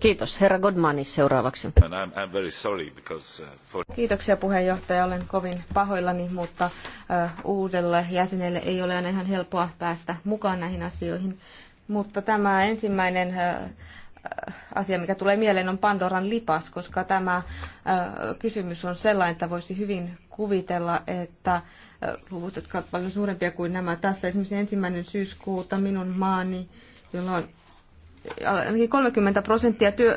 Kiitos. Herra Godmanis seuraavaksi. Uh, Kiitoksia puheenjohtaja. Olen kovin pahoillani, mutta uh, uudelle jäsenelle ei ole aina ihan helppoa päästä mukaan näihin asioihin. Mutta tämä ensimmäinen uh, asia, mikä tulee mieleen, on Pandoran lipas, koska tämä kysymys on sellainen, että voisi hyvin kuvitella, että luvut, jotka ovat paljon suurempia kuin nämä. Tässä esimerkiksi ensimmäinen syyskuuta minun maani, jolla on ainakin 30 prosenttia työ,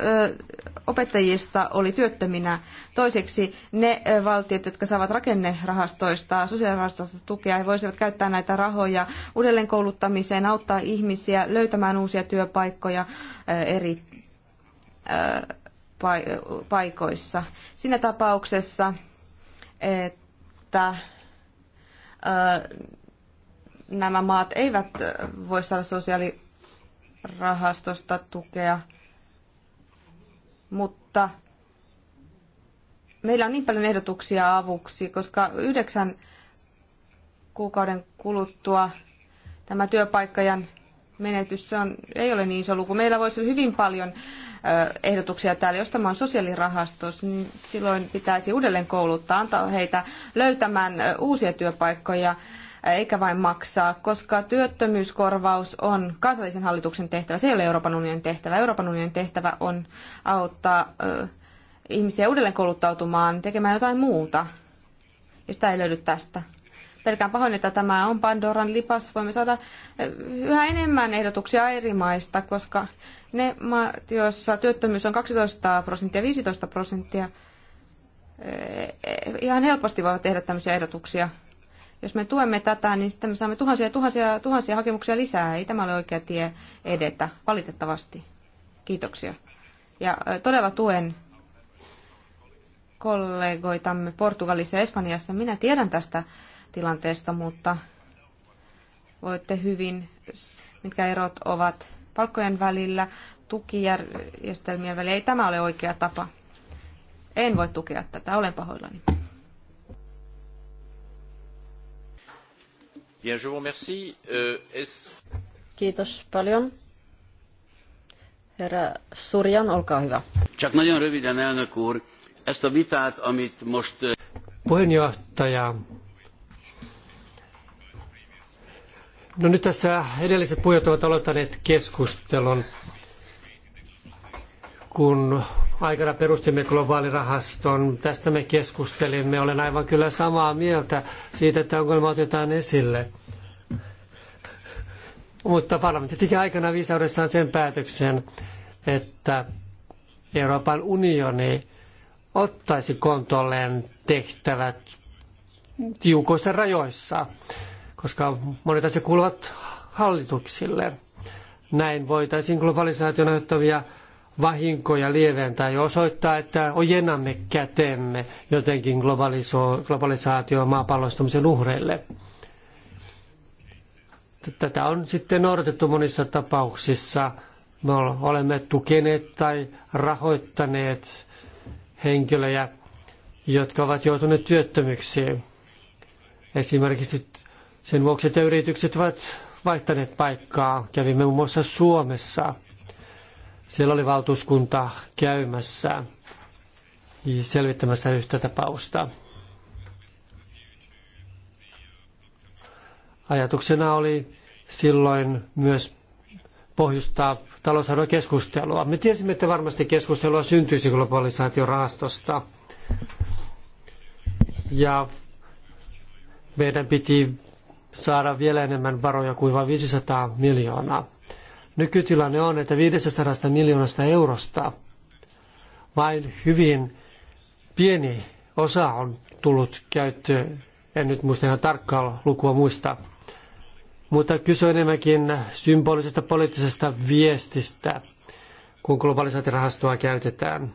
opettajista oli työttöminä. Toiseksi ne valtiot, jotka saavat rakennerahastoista, sosiaalirahastoista tukea, he voisivat käyttää näitä rahoja uudelleenkouluttamiseen, auttaa ihmisiä löytämään uusia työpaikkoja eri paikoissa. Siinä tapauksessa, että nämä maat eivät voi saada sosiaalirahastosta tukea, mutta meillä on niin paljon ehdotuksia avuksi, koska yhdeksän kuukauden kuluttua tämä työpaikkajan menetys se on, ei ole niin iso luku. Meillä voisi olla hyvin paljon ehdotuksia täällä. Jos tämä on sosiaalirahastos, niin silloin pitäisi uudelleen kouluttaa, antaa heitä löytämään uusia työpaikkoja eikä vain maksaa, koska työttömyyskorvaus on kansallisen hallituksen tehtävä, se ei ole Euroopan unionin tehtävä. Euroopan unionin tehtävä on auttaa ö, ihmisiä uudelleen kouluttautumaan, tekemään jotain muuta, ja sitä ei löydy tästä. Pelkään pahoin, että tämä on Pandoran lipas. Voimme saada eh, yhä enemmän ehdotuksia eri maista, koska ne maat, joissa työttömyys on 12 prosenttia, 15 prosenttia, eh, ihan helposti voivat tehdä tämmöisiä ehdotuksia. Jos me tuemme tätä, niin sitten me saamme tuhansia tuhansia tuhansia hakemuksia lisää. Ei tämä ole oikea tie edetä, valitettavasti. Kiitoksia. Ja eh, todella tuen kollegoitamme Portugalissa ja Espanjassa. Minä tiedän tästä tilanteesta, mutta voitte hyvin, mitkä erot ovat palkkojen välillä, tukijärjestelmien välillä. Ei tämä ole oikea tapa. En voi tukea tätä, olen pahoillani. Bien, je vous remercie. Euh, est... Kiitos paljon. Herra Surjan, olkaa hyvä. Csak nagyon röviden, elnök úr. Ezt a vitát, amit most... Puheenjohtaja, No nyt tässä edelliset puhujat ovat aloittaneet keskustelun, kun aikana perustimme globaalirahaston. Tästä me keskustelimme. Olen aivan kyllä samaa mieltä siitä, että ongelma otetaan esille. Mutta parlamentti teki aikana viisaudessaan sen päätöksen, että Euroopan unioni ottaisi kontolleen tehtävät tiukoissa rajoissa koska monet asiat kuuluvat hallituksille. Näin voitaisiin globalisaation aiheuttavia vahinkoja lieventää ja osoittaa, että ojennamme kätemme jotenkin globalisaatio maapallostumisen uhreille. Tätä on sitten noudatettu monissa tapauksissa. Me olemme tukeneet tai rahoittaneet henkilöjä, jotka ovat joutuneet työttömyksiin. Esimerkiksi sen vuoksi, että yritykset ovat vaihtaneet paikkaa. Kävimme muun muassa Suomessa. Siellä oli valtuuskunta käymässä selvittämässä yhtä tapausta. Ajatuksena oli silloin myös pohjustaa talousarvon keskustelua. Me tiesimme, että varmasti keskustelua syntyisi globalisaatiorahastosta. Ja meidän piti saada vielä enemmän varoja kuin vain 500 miljoonaa. Nykytilanne on, että 500 miljoonasta eurosta vain hyvin pieni osa on tullut käyttöön. En nyt muista ihan tarkkaa lukua muista. Mutta kyse on enemmänkin symbolisesta poliittisesta viestistä, kun globalisaatirahastoa käytetään.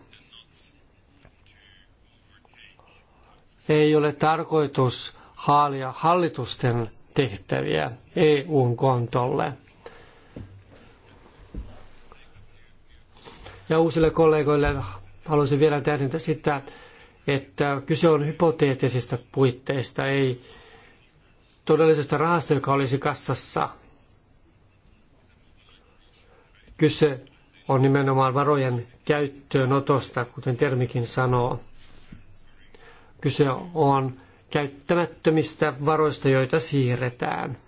Ei ole tarkoitus haalia hallitusten tehtäviä EUn kontolle. Ja uusille kollegoille haluaisin vielä tähdentää sitä, että kyse on hypoteettisista puitteista, ei todellisesta rahasta, joka olisi kassassa. Kyse on nimenomaan varojen käyttöönotosta, kuten termikin sanoo. Kyse on käyttämättömistä varoista, joita siirretään.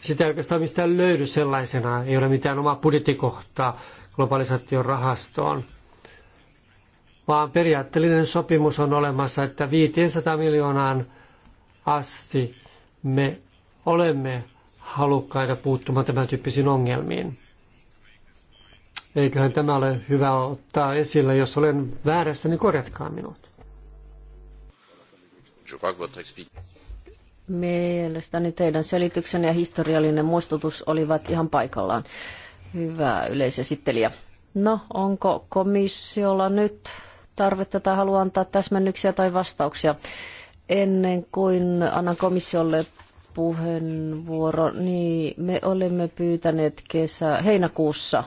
Sitä ei oikeastaan mistään löydy sellaisena, ei ole mitään omaa budjettikohtaa globalisaation rahastoon, vaan periaatteellinen sopimus on olemassa, että 500 miljoonaan asti me olemme halukkaita puuttumaan tämän tyyppisiin ongelmiin. Eiköhän tämä ole hyvä ottaa esille. Jos olen väärässä, niin korjatkaa minua. Mielestäni teidän selityksenne ja historiallinen muistutus olivat ihan paikallaan. Hyvä yleisesittelijä. No, onko komissiolla nyt tarvetta tai halua antaa täsmennyksiä tai vastauksia? Ennen kuin annan komissiolle puheenvuoro, niin me olemme pyytäneet kesä, heinäkuussa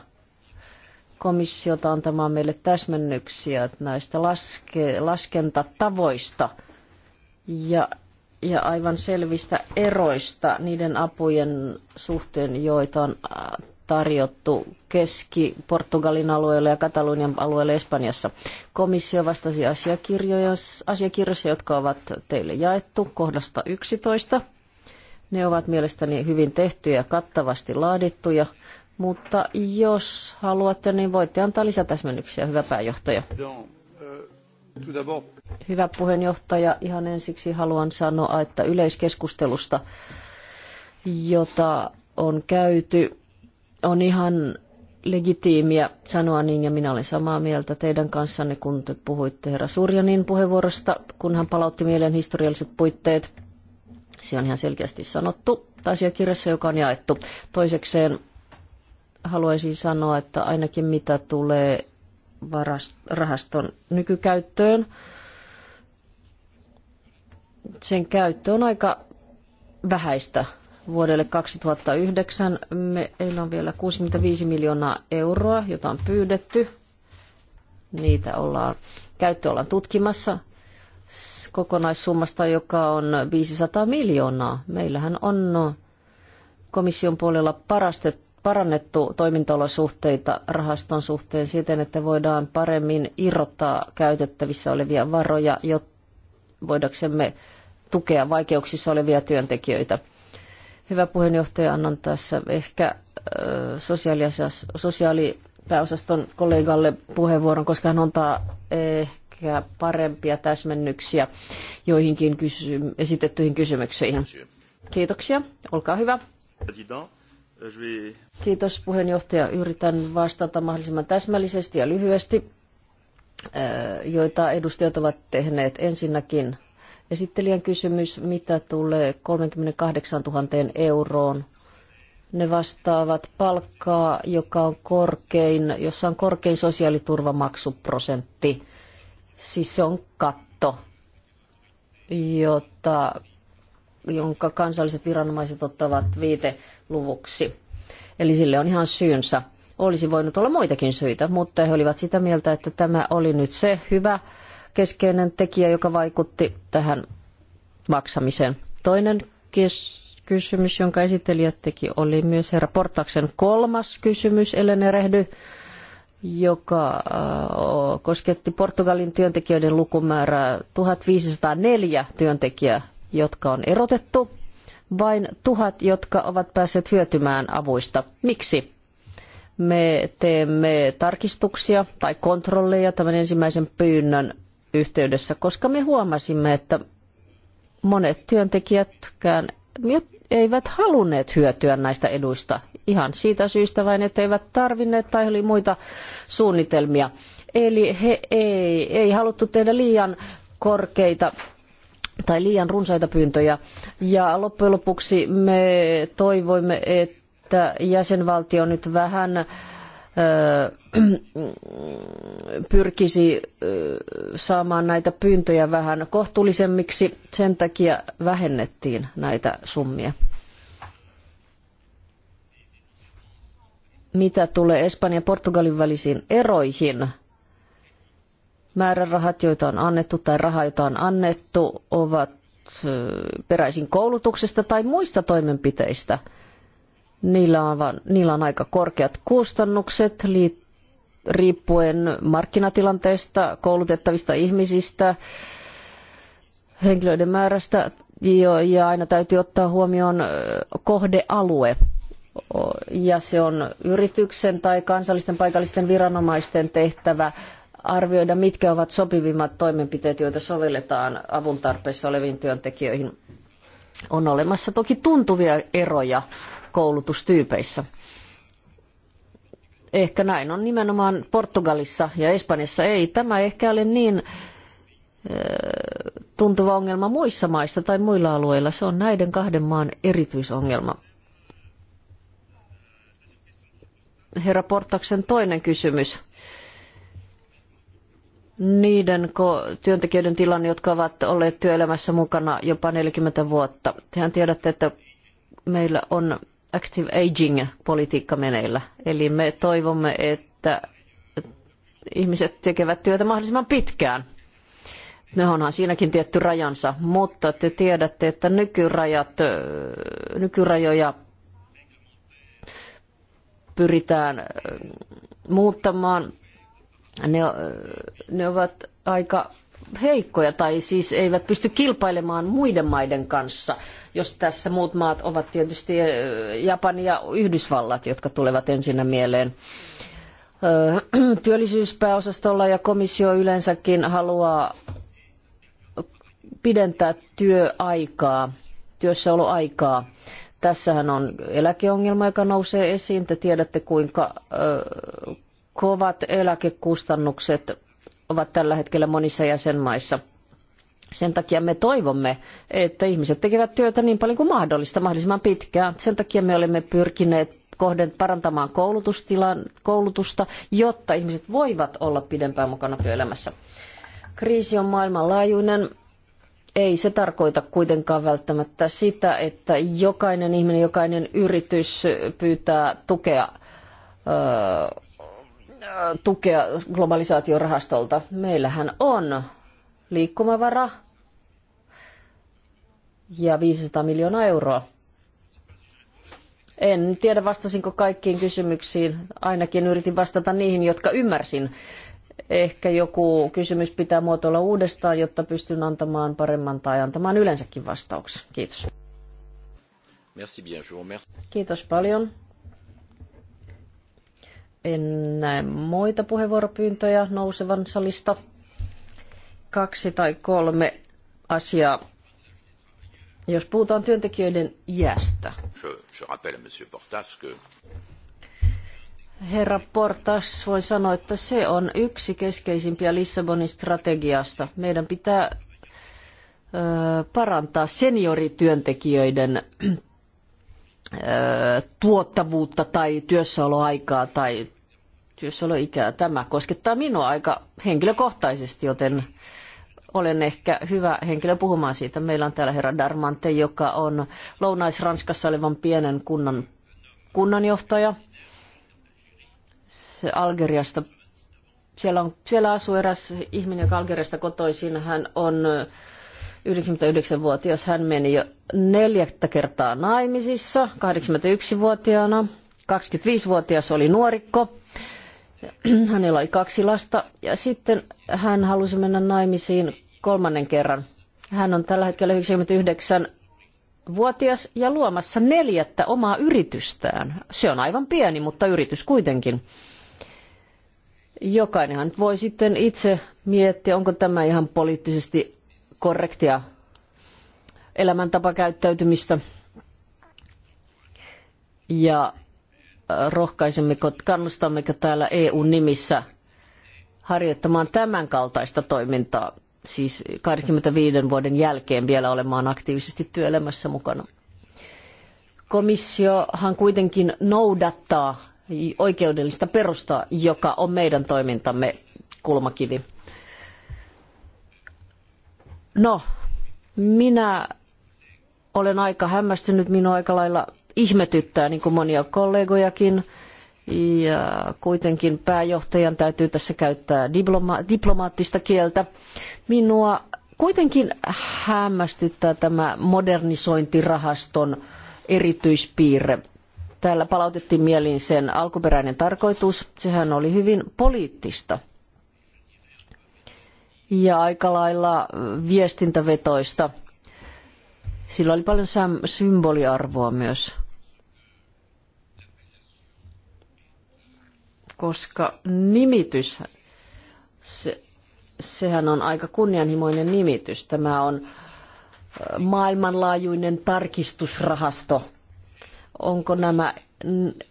komissiota antamaan meille täsmennyksiä näistä laske, laskentatavoista – ja, ja aivan selvistä eroista niiden apujen suhteen, joita on äh, tarjottu Keski-Portugalin alueelle ja Katalonian alueelle Espanjassa. Komissio vastasi asiakirjoissa, jotka ovat teille jaettu kohdasta 11. Ne ovat mielestäni hyvin tehtyjä ja kattavasti laadittuja, mutta jos haluatte, niin voitte antaa lisätäsmennyksiä, hyvä pääjohtaja. Don't. Hyvä puheenjohtaja, ihan ensiksi haluan sanoa, että yleiskeskustelusta, jota on käyty, on ihan legitiimiä sanoa niin, ja minä olen samaa mieltä teidän kanssanne, kun te puhuitte herra Surjanin puheenvuorosta, kun hän palautti mieleen historialliset puitteet. Se on ihan selkeästi sanottu, tai asiakirjassa, joka on jaettu. Toisekseen haluaisin sanoa, että ainakin mitä tulee rahaston nykykäyttöön. Sen käyttö on aika vähäistä. Vuodelle 2009 meillä on vielä 65 miljoonaa euroa, jota on pyydetty. Niitä ollaan, käyttö ollaan tutkimassa kokonaissummasta, joka on 500 miljoonaa. Meillähän on komission puolella parastettu parannettu toimintaolosuhteita rahaston suhteen siten, että voidaan paremmin irrottaa käytettävissä olevia varoja, jotta voidaksemme tukea vaikeuksissa olevia työntekijöitä. Hyvä puheenjohtaja, annan tässä ehkä sosiaalipääosaston kollegalle puheenvuoron, koska hän antaa ehkä parempia täsmennyksiä joihinkin kysy- esitettyihin kysymyksiin. Kiitoksia, olkaa hyvä. President. Kiitos puheenjohtaja. Yritän vastata mahdollisimman täsmällisesti ja lyhyesti, eh, joita edustajat ovat tehneet. Ensinnäkin esittelijän kysymys, mitä tulee 38 000 euroon. Ne vastaavat palkkaa, joka on korkein, jossa on korkein sosiaaliturvamaksuprosentti. Siis se on katto, jota jonka kansalliset viranomaiset ottavat viiteluvuksi. Eli sille on ihan syynsä. Olisi voinut olla muitakin syitä, mutta he olivat sitä mieltä, että tämä oli nyt se hyvä keskeinen tekijä, joka vaikutti tähän maksamiseen. Toinen kysymys, jonka esittelijät teki, oli myös herra Portaksen kolmas kysymys, elene rehdy, joka äh, kosketti Portugalin työntekijöiden lukumäärää 1504 työntekijää jotka on erotettu, vain tuhat, jotka ovat päässeet hyötymään avuista. Miksi? Me teemme tarkistuksia tai kontrolleja tämän ensimmäisen pyynnön yhteydessä, koska me huomasimme, että monet työntekijätkään eivät halunneet hyötyä näistä eduista. Ihan siitä syystä vain, että eivät tarvinneet tai oli muita suunnitelmia. Eli he ei, ei haluttu tehdä liian korkeita tai liian runsaita pyyntöjä. Ja loppujen lopuksi me toivoimme, että jäsenvaltio nyt vähän pyrkisi saamaan näitä pyyntöjä vähän kohtuullisemmiksi. Sen takia vähennettiin näitä summia. Mitä tulee Espanjan ja Portugalin välisiin eroihin, määrärahat, joita on annettu tai raha, jota on annettu, ovat peräisin koulutuksesta tai muista toimenpiteistä. Niillä on, niillä on aika korkeat kustannukset riippuen markkinatilanteesta, koulutettavista ihmisistä, henkilöiden määrästä ja aina täytyy ottaa huomioon kohdealue ja se on yrityksen tai kansallisten paikallisten viranomaisten tehtävä arvioida, mitkä ovat sopivimmat toimenpiteet, joita sovelletaan avun tarpeessa oleviin työntekijöihin. On olemassa toki tuntuvia eroja koulutustyypeissä. Ehkä näin on nimenomaan Portugalissa ja Espanjassa ei. Tämä ehkä ole niin äh, tuntuva ongelma muissa maissa tai muilla alueilla. Se on näiden kahden maan erityisongelma. Herra Portaksen toinen kysymys niiden työntekijöiden tilanne, jotka ovat olleet työelämässä mukana jopa 40 vuotta. Tehän tiedätte, että meillä on active aging-politiikka meneillä. Eli me toivomme, että ihmiset tekevät työtä mahdollisimman pitkään. No onhan siinäkin tietty rajansa, mutta te tiedätte, että nykyrajat, nykyrajoja pyritään muuttamaan ne, ne ovat aika heikkoja tai siis eivät pysty kilpailemaan muiden maiden kanssa, jos tässä muut maat ovat tietysti eh, Japani ja Yhdysvallat, jotka tulevat ensinnä mieleen. Eh, työllisyyspääosastolla ja komissio yleensäkin haluaa pidentää työaikaa, työssäoloaikaa. Tässähän on eläkeongelma, joka nousee esiin. Te tiedätte, kuinka eh, kovat eläkekustannukset ovat tällä hetkellä monissa jäsenmaissa. Sen takia me toivomme, että ihmiset tekevät työtä niin paljon kuin mahdollista, mahdollisimman pitkään. Sen takia me olemme pyrkineet kohden parantamaan koulutustilan, koulutusta, jotta ihmiset voivat olla pidempään mukana työelämässä. Kriisi on maailmanlaajuinen. Ei se tarkoita kuitenkaan välttämättä sitä, että jokainen ihminen, jokainen yritys pyytää tukea öö, tukea globalisaatiorahastolta. Meillähän on liikkumavara ja 500 miljoonaa euroa. En tiedä, vastasinko kaikkiin kysymyksiin. Ainakin yritin vastata niihin, jotka ymmärsin. Ehkä joku kysymys pitää muotoilla uudestaan, jotta pystyn antamaan paremman tai antamaan yleensäkin vastauksen. Kiitos. Kiitos paljon. En näe muita puheenvuoropyyntöjä nousevan salista. Kaksi tai kolme asiaa. Jos puhutaan työntekijöiden iästä. Herra Portas voi sanoa, että se on yksi keskeisimpiä Lissabonin strategiasta. Meidän pitää parantaa seniorityöntekijöiden tuottavuutta tai työssäoloaikaa tai työssäoloikää. Tämä koskettaa minua aika henkilökohtaisesti, joten olen ehkä hyvä henkilö puhumaan siitä. Meillä on täällä herra Darmante, joka on Lounais-Ranskassa olevan pienen kunnan kunnanjohtaja. Se Algeriasta. Siellä, on, siellä asuu eräs ihminen, joka Algeriasta kotoisin. Hän on 99-vuotias. Hän meni jo neljättä kertaa naimisissa, 81-vuotiaana. 25-vuotias oli nuorikko. Hänellä oli kaksi lasta ja sitten hän halusi mennä naimisiin kolmannen kerran. Hän on tällä hetkellä 99 vuotias ja luomassa neljättä omaa yritystään. Se on aivan pieni, mutta yritys kuitenkin. Jokainenhan voi sitten itse miettiä, onko tämä ihan poliittisesti korrektia elämäntapakäyttäytymistä ja äh, rohkaisemmeko, kannustammeko täällä EUn nimissä harjoittamaan tämän kaltaista toimintaa, siis 25 vuoden jälkeen vielä olemaan aktiivisesti työelämässä mukana. Komissiohan kuitenkin noudattaa oikeudellista perustaa, joka on meidän toimintamme kulmakivi. No, minä olen aika hämmästynyt, minua aika lailla ihmetyttää, niin kuin monia kollegojakin. Ja kuitenkin pääjohtajan täytyy tässä käyttää diploma- diplomaattista kieltä. Minua kuitenkin hämmästyttää tämä modernisointirahaston erityispiirre. Täällä palautettiin mieliin sen alkuperäinen tarkoitus. Sehän oli hyvin poliittista – ja aika lailla viestintävetoista. Sillä oli paljon symboliarvoa myös. Koska nimitys, se, sehän on aika kunnianhimoinen nimitys. Tämä on maailmanlaajuinen tarkistusrahasto. Onko nämä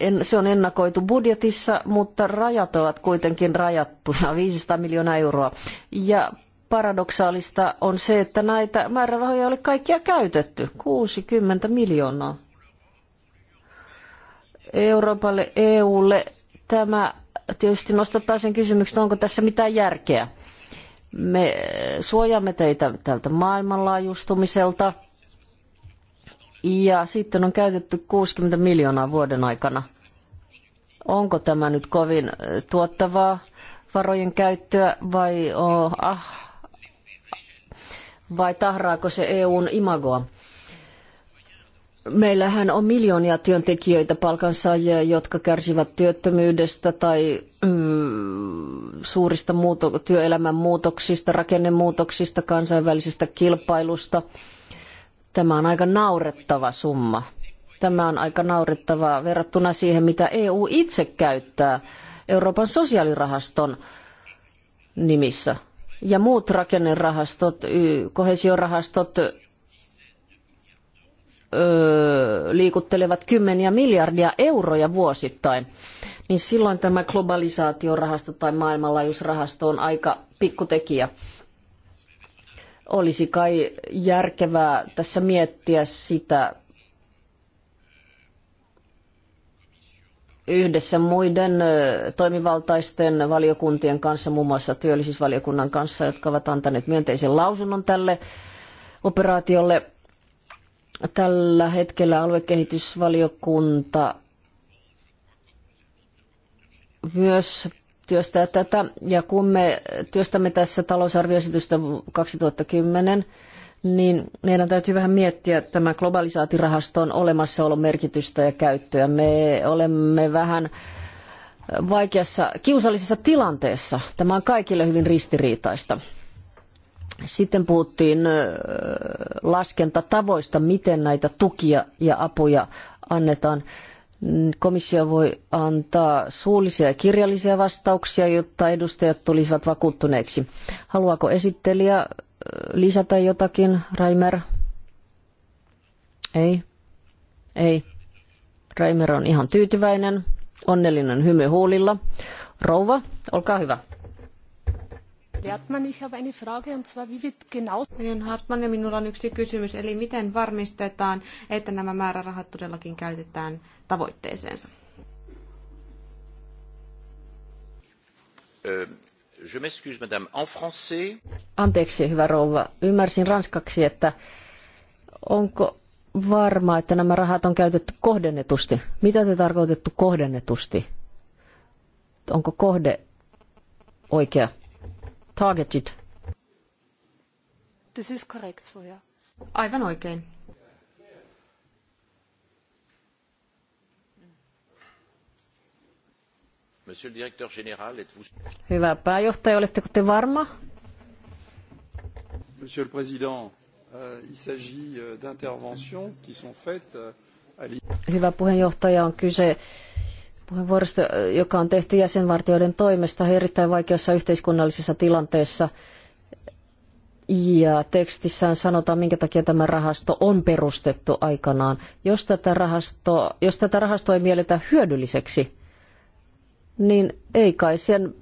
en, se on ennakoitu budjetissa, mutta rajat ovat kuitenkin rajattuja 500 miljoonaa euroa. Ja paradoksaalista on se, että näitä määrärahoja ei ole kaikkia käytetty, 60 miljoonaa. Euroopalle, EUlle tämä tietysti nostattaa sen kysymyksen, onko tässä mitään järkeä. Me suojaamme teitä tältä maailmanlaajustumiselta, ja sitten on käytetty 60 miljoonaa vuoden aikana. Onko tämä nyt kovin tuottavaa varojen käyttöä vai, oh, ah, vai tahraako se EUn imagoa? Meillähän on miljoonia työntekijöitä, palkansaajia, jotka kärsivät työttömyydestä tai mm, suurista muuto- työelämän muutoksista, rakennemuutoksista, kansainvälisestä kilpailusta – Tämä on aika naurettava summa. Tämä on aika naurettavaa verrattuna siihen, mitä EU itse käyttää Euroopan sosiaalirahaston nimissä. Ja muut rakennerahastot, kohesiorahastot öö, liikuttelevat kymmeniä miljardia euroja vuosittain, niin silloin tämä globalisaatiorahasto tai maailmanlaajuisrahasto on aika pikkutekijä. Olisi kai järkevää tässä miettiä sitä yhdessä muiden toimivaltaisten valiokuntien kanssa, muun muassa työllisyysvaliokunnan kanssa, jotka ovat antaneet myönteisen lausunnon tälle operaatiolle. Tällä hetkellä aluekehitysvaliokunta myös työstää tätä. Ja kun me työstämme tässä talousarvioesitystä 2010, niin meidän täytyy vähän miettiä tämän globalisaatirahaston olemassaolon merkitystä ja käyttöä. Me olemme vähän vaikeassa, kiusallisessa tilanteessa. Tämä on kaikille hyvin ristiriitaista. Sitten puhuttiin laskentatavoista, miten näitä tukia ja apuja annetaan. Komissio voi antaa suullisia ja kirjallisia vastauksia, jotta edustajat tulisivat vakuuttuneiksi. Haluaako esittelijä äh, lisätä jotakin, Raimer? Ei. Ei. Raimer on ihan tyytyväinen, onnellinen hymy huulilla. Rouva, olkaa hyvä. Wertmann, ich habe eine Frage, und zwar, wie wird genau... Niin, Hartmann, ja minulla on yksi kysymys, eli miten varmistetaan, että nämä määrärahat todellakin käytetään tavoitteeseensa? Je m'excuse, madame, en français... Anteeksi, hyvä rouva. Ymmärsin ranskaksi, että onko varmaa, että nämä rahat on käytetty kohdennetusti? Mitä te tarkoitettu kohdennetusti? Onko kohde oikea? targeted. This is correct, yeah. Aivan oikein. Monsieur le directeur général, êtes-vous... Hyvä pääjohtaja, oletteko te varma? Monsieur le Président, euh, il s'agit euh, d'interventions qui sont faites euh, à Hyvä puheenjohtaja, on kyse puheenvuorosta, eh, joka on tehty jäsenvartioiden toimesta erittäin vaikeassa yhteiskunnallisessa tilanteessa. Ja tekstissään sanotaan, minkä takia tämä rahasto on perustettu aikanaan. Jos tätä, rahasto, jos tätä rahastoa ei mielletä hyödylliseksi, niin ei kai sen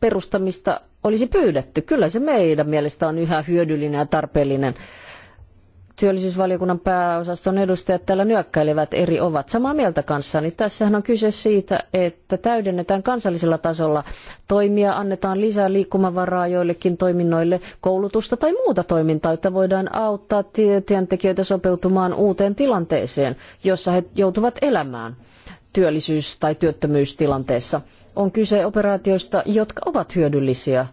perustamista olisi pyydetty. Kyllä se meidän mielestä on yhä hyödyllinen ja tarpeellinen työllisyysvaliokunnan pääosaston edustajat täällä nyökkäilevät eri ovat samaa mieltä kanssani. Tässähän on kyse siitä, että täydennetään kansallisella tasolla toimia, annetaan lisää liikkumavaraa joillekin toiminnoille, koulutusta tai muuta toimintaa, jotta voidaan auttaa työntekijöitä sopeutumaan uuteen tilanteeseen, jossa he joutuvat elämään työllisyys- tai työttömyystilanteessa. On kyse operaatioista, jotka ovat hyödyllisiä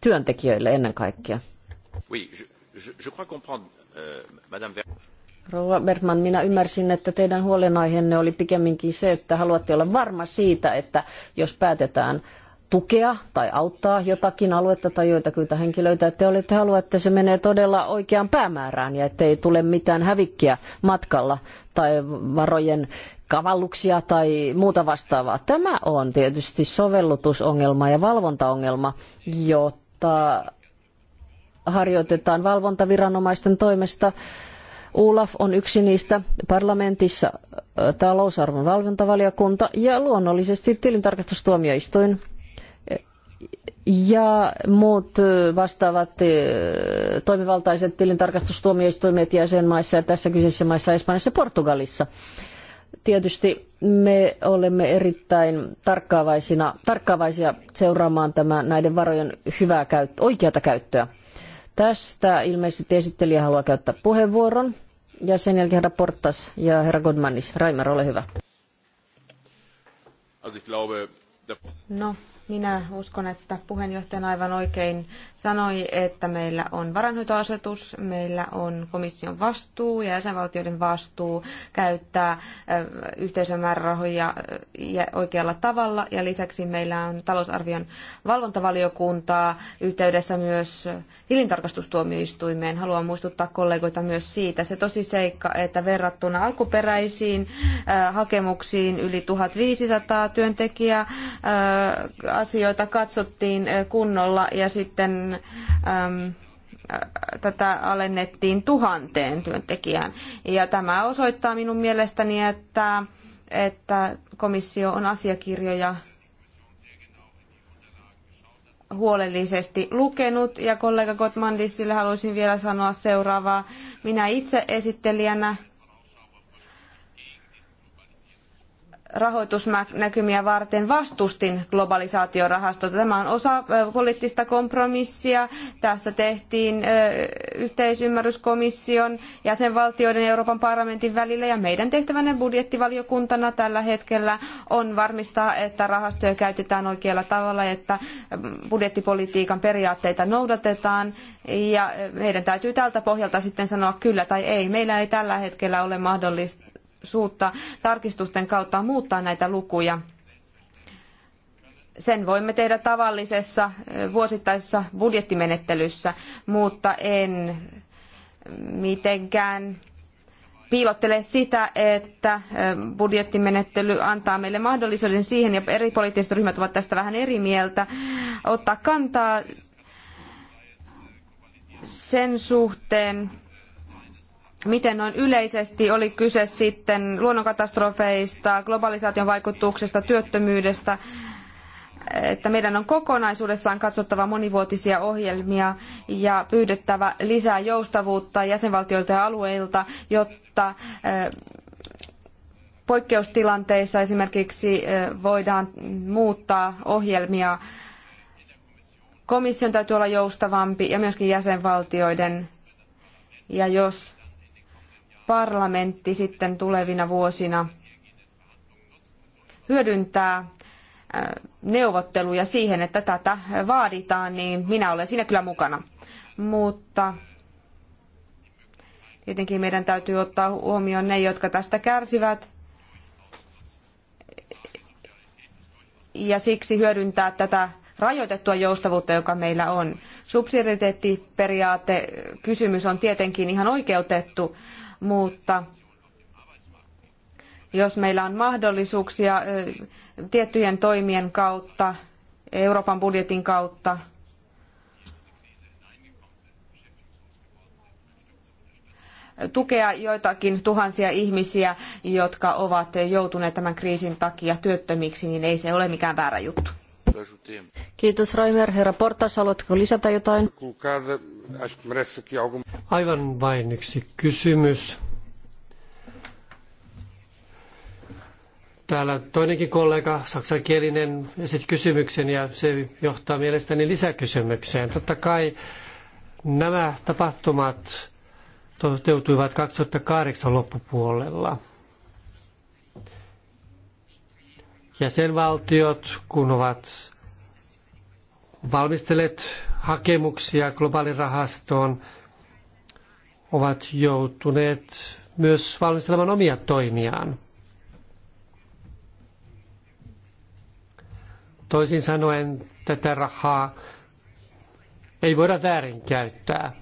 työntekijöille ennen kaikkea. Oui, je, je, je Rouva Bergman, minä ymmärsin, että teidän huolenaiheenne oli pikemminkin se, että haluatte olla varma siitä, että jos päätetään tukea tai auttaa jotakin aluetta tai joitakuita henkilöitä, että te olette halua, että se menee todella oikeaan päämäärään ja ettei tule mitään hävikkiä matkalla tai varojen kavalluksia tai muuta vastaavaa. Tämä on tietysti sovellutusongelma ja valvontaongelma, jota harjoitetaan valvontaviranomaisten toimesta. Olaf on yksi niistä parlamentissa talousarvon valvontavaliokunta ja luonnollisesti tilintarkastustuomioistuin ja muut vastaavat toimivaltaiset tilintarkastustuomioistuimet jäsenmaissa ja tässä kyseisessä maissa Espanjassa ja Portugalissa. Tietysti me olemme erittäin tarkkaavaisina, tarkkaavaisia seuraamaan tämä näiden varojen hyvää käyt, oikeata käyttöä. Tästä ilmeisesti esittelijä haluaa käyttää puheenvuoron. Ja sen jälkeen herra Portas ja herra Godmanis. Raimer, ole hyvä. No, minä uskon, että puheenjohtaja aivan oikein sanoi, että meillä on varanhoitoasetus, meillä on komission vastuu ja jäsenvaltioiden vastuu käyttää yhteisön määrärahoja oikealla tavalla. Ja lisäksi meillä on talousarvion valvontavaliokuntaa yhteydessä myös tilintarkastustuomioistuimeen. Haluan muistuttaa kollegoita myös siitä. Se tosi seikka, että verrattuna alkuperäisiin hakemuksiin yli 1500 työntekijää asioita katsottiin eh, kunnolla ja sitten äm, tätä alennettiin tuhanteen työntekijään. Ja tämä osoittaa minun mielestäni, että, että komissio on asiakirjoja huolellisesti lukenut. Ja kollega Gottmandisille haluaisin vielä sanoa seuraavaa. Minä itse esittelijänä rahoitusnäkymiä varten vastustin globalisaatiorahastota. Tämä on osa poliittista kompromissia. Tästä tehtiin yhteisymmärrys komission, jäsenvaltioiden ja Euroopan parlamentin välillä. Ja meidän tehtävänne budjettivaliokuntana tällä hetkellä on varmistaa, että rahastoja käytetään oikealla tavalla, että budjettipolitiikan periaatteita noudatetaan. Ja meidän täytyy tältä pohjalta sitten sanoa kyllä tai ei. Meillä ei tällä hetkellä ole mahdollista mahdollisuutta tarkistusten kautta muuttaa näitä lukuja. Sen voimme tehdä tavallisessa vuosittaisessa budjettimenettelyssä, mutta en mitenkään piilottele sitä, että budjettimenettely antaa meille mahdollisuuden siihen, ja eri poliittiset ryhmät ovat tästä vähän eri mieltä, ottaa kantaa sen suhteen, miten noin yleisesti oli kyse sitten luonnonkatastrofeista, globalisaation vaikutuksesta, työttömyydestä, että meidän on kokonaisuudessaan katsottava monivuotisia ohjelmia ja pyydettävä lisää joustavuutta jäsenvaltioilta ja alueilta, jotta eh, poikkeustilanteissa esimerkiksi eh, voidaan muuttaa ohjelmia. Komission täytyy olla joustavampi ja myöskin jäsenvaltioiden. Ja jos parlamentti sitten tulevina vuosina hyödyntää äh, neuvotteluja siihen, että tätä vaaditaan, niin minä olen siinä kyllä mukana. Mutta tietenkin meidän täytyy ottaa huomioon ne, jotka tästä kärsivät. Ja siksi hyödyntää tätä rajoitettua joustavuutta, joka meillä on. Subsidiariteettiperiaate kysymys on tietenkin ihan oikeutettu, mutta jos meillä on mahdollisuuksia tiettyjen toimien kautta, Euroopan budjetin kautta, tukea joitakin tuhansia ihmisiä, jotka ovat joutuneet tämän kriisin takia työttömiksi, niin ei se ole mikään väärä juttu. Kiitos Roimer. Herra Portas, haluatteko lisätä jotain? Aivan vain yksi kysymys. Täällä toinenkin kollega, saksankielinen, esitti kysymyksen ja se johtaa mielestäni lisäkysymykseen. Totta kai nämä tapahtumat toteutuivat 2008 loppupuolella. Jäsenvaltiot, kun ovat valmistelleet hakemuksia globaalirahastoon, ovat joutuneet myös valmistelemaan omia toimiaan. Toisin sanoen tätä rahaa ei voida väärinkäyttää.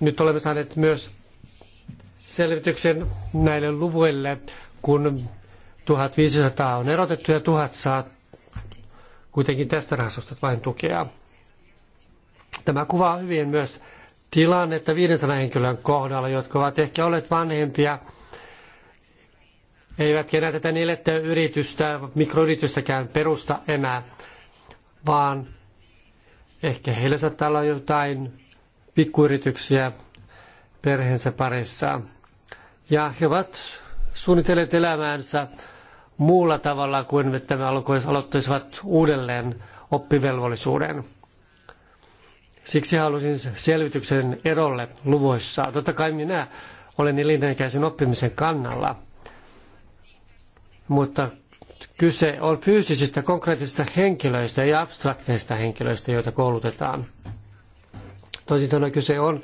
Nyt olemme saaneet myös selvityksen näille luvuille, kun 1500 on erotettu ja 1000 saa kuitenkin tästä rahastosta vain tukea. Tämä kuvaa hyvin myös tilannetta 500 henkilön kohdalla, jotka ovat ehkä olleet vanhempia, eivät enää tätä neljättä yritystä, mikroyritystäkään perusta enää, vaan ehkä heillä saattaa olla jotain pikkuyrityksiä perheensä parissa. Ja he ovat suunnitelleet elämäänsä muulla tavalla kuin että me aloittaisivat uudelleen oppivelvollisuuden. Siksi halusin selvityksen erolle luvuissa. Totta kai minä olen elinikäisen oppimisen kannalla, mutta kyse on fyysisistä, konkreettisista henkilöistä ja abstrakteista henkilöistä, joita koulutetaan. Toisin sanoen kyse on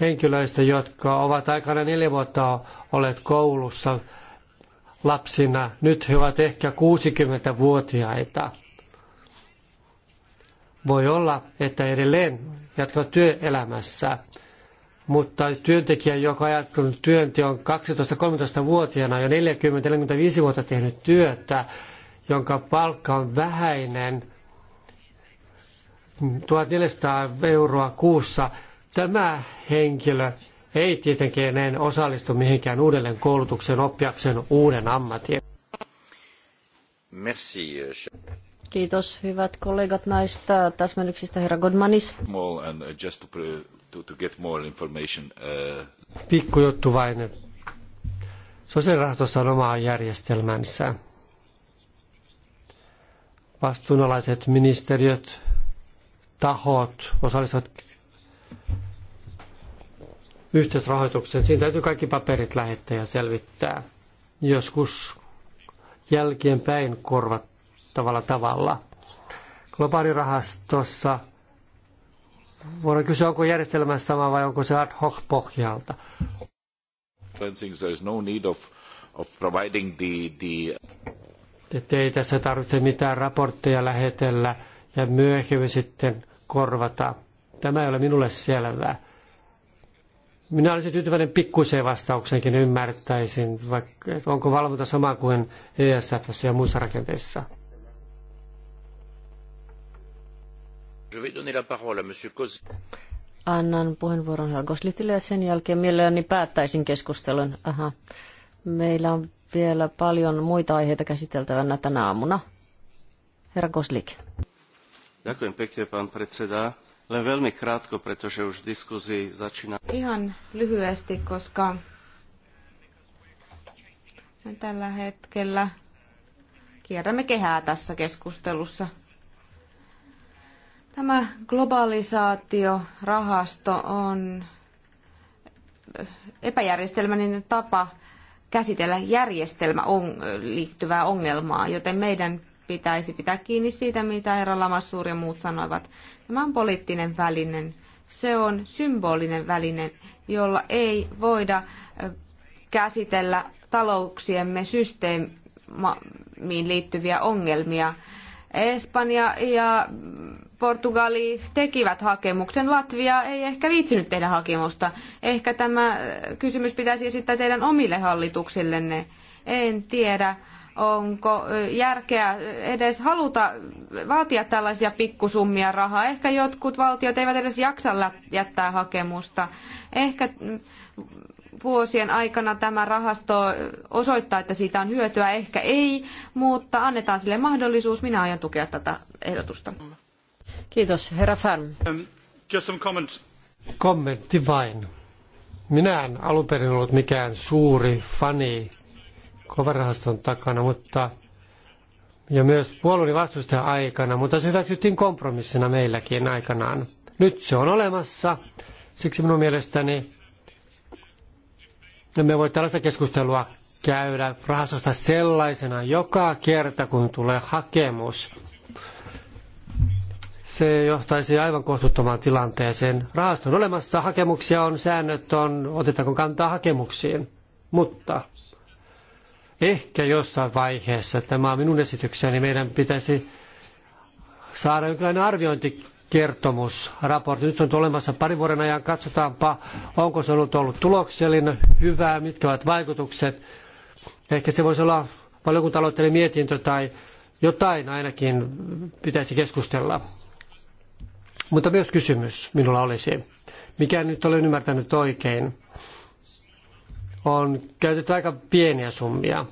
henkilöistä, jotka ovat aikana neljä vuotta olleet koulussa lapsina. Nyt he ovat ehkä 60-vuotiaita. Voi olla, että edelleen jatkavat työelämässä, mutta työntekijä, joka on jatkanut on 12-13-vuotiaana ja 40-45 vuotta tehnyt työtä, jonka palkka on vähäinen, 1400 euroa kuussa, Tämä henkilö ei tietenkään enää osallistu mihinkään uudelleen koulutukseen oppiakseen uuden ammatin. Merci. Euh, Kiitos hyvät kollegat näistä täsmennyksistä, herra Godmanis. Pikku juttu vain. Sosiaalirahastossa on oma järjestelmänsä. Vastuunalaiset ministeriöt, tahot osallistuvat yhteisrahoituksen. Siinä täytyy kaikki paperit lähettää ja selvittää. Joskus jälkeenpäin korvattavalla tavalla. Globaalirahastossa voidaan kysyä, onko järjestelmä sama vai onko se ad hoc pohjalta. Että ei tässä tarvitse mitään raportteja lähetellä ja myöhemmin sitten korvata. Tämä ei ole minulle selvää minä olisin tyytyväinen pikkuiseen vastaukseenkin, ymmärtäisin, vaikka, että onko valvonta sama kuin ESF ja muissa rakenteissa. Annan puheenvuoron Helgoslitille ja sen jälkeen mielelläni päättäisin keskustelun. Aha. Meillä on vielä paljon muita aiheita käsiteltävänä tänä aamuna. Herra Goslik. Ďakujem pekne, predseda. Len veľmi krátko, pretože už diskusi začína. Ihan lyhyesti, koska tällä hetkellä kierrämme kehää tässä keskustelussa. Tämä globalisaatiorahasto on epäjärjestelmäinen tapa käsitellä järjestelmä on, liittyvää ongelmaa, joten meidän pitäisi pitää kiinni siitä, mitä herra Lamassuur ja muut sanoivat. Tämä on poliittinen välinen. Se on symbolinen väline, jolla ei voida käsitellä talouksiemme systeemiin liittyviä ongelmia. Espanja ja Portugali tekivät hakemuksen, Latvia ei ehkä viitsinyt tehdä hakemusta. Ehkä tämä kysymys pitäisi esittää teidän omille hallituksillenne. En tiedä, onko järkeä edes haluta vaatia tällaisia pikkusummia rahaa. Ehkä jotkut valtiot eivät edes jaksa jättää hakemusta. Ehkä mm, vuosien aikana tämä rahasto osoittaa, että siitä on hyötyä, ehkä ei, mutta annetaan sille mahdollisuus. Minä aion tukea tätä ehdotusta. Kiitos, herra Färm. Um, comment. Kommentti vain. Minä en alun perin ollut mikään suuri fani kovarahaston takana, mutta ja myös puolueen vastustajan aikana, mutta se hyväksyttiin kompromissina meilläkin aikanaan. Nyt se on olemassa, siksi minun mielestäni me voi tällaista keskustelua käydä rahastosta sellaisena joka kerta, kun tulee hakemus. Se johtaisi aivan kohtuuttomaan tilanteeseen. Rahaston olemassa, hakemuksia on, säännöt on, otetaanko kantaa hakemuksiin. Mutta Ehkä jossain vaiheessa, tämä on minun esitykseni, meidän pitäisi saada jonkinlainen arviointikertomus, raportti. Nyt se on olemassa parin vuoden ajan, katsotaanpa, onko se ollut, ollut tuloksellinen, hyvä, mitkä ovat vaikutukset. Ehkä se voisi olla valiokuntaloitteinen mietintö tai jotain ainakin pitäisi keskustella. Mutta myös kysymys minulla olisi. Mikä nyt olen ymmärtänyt oikein? on käytetty aika pieniä summia,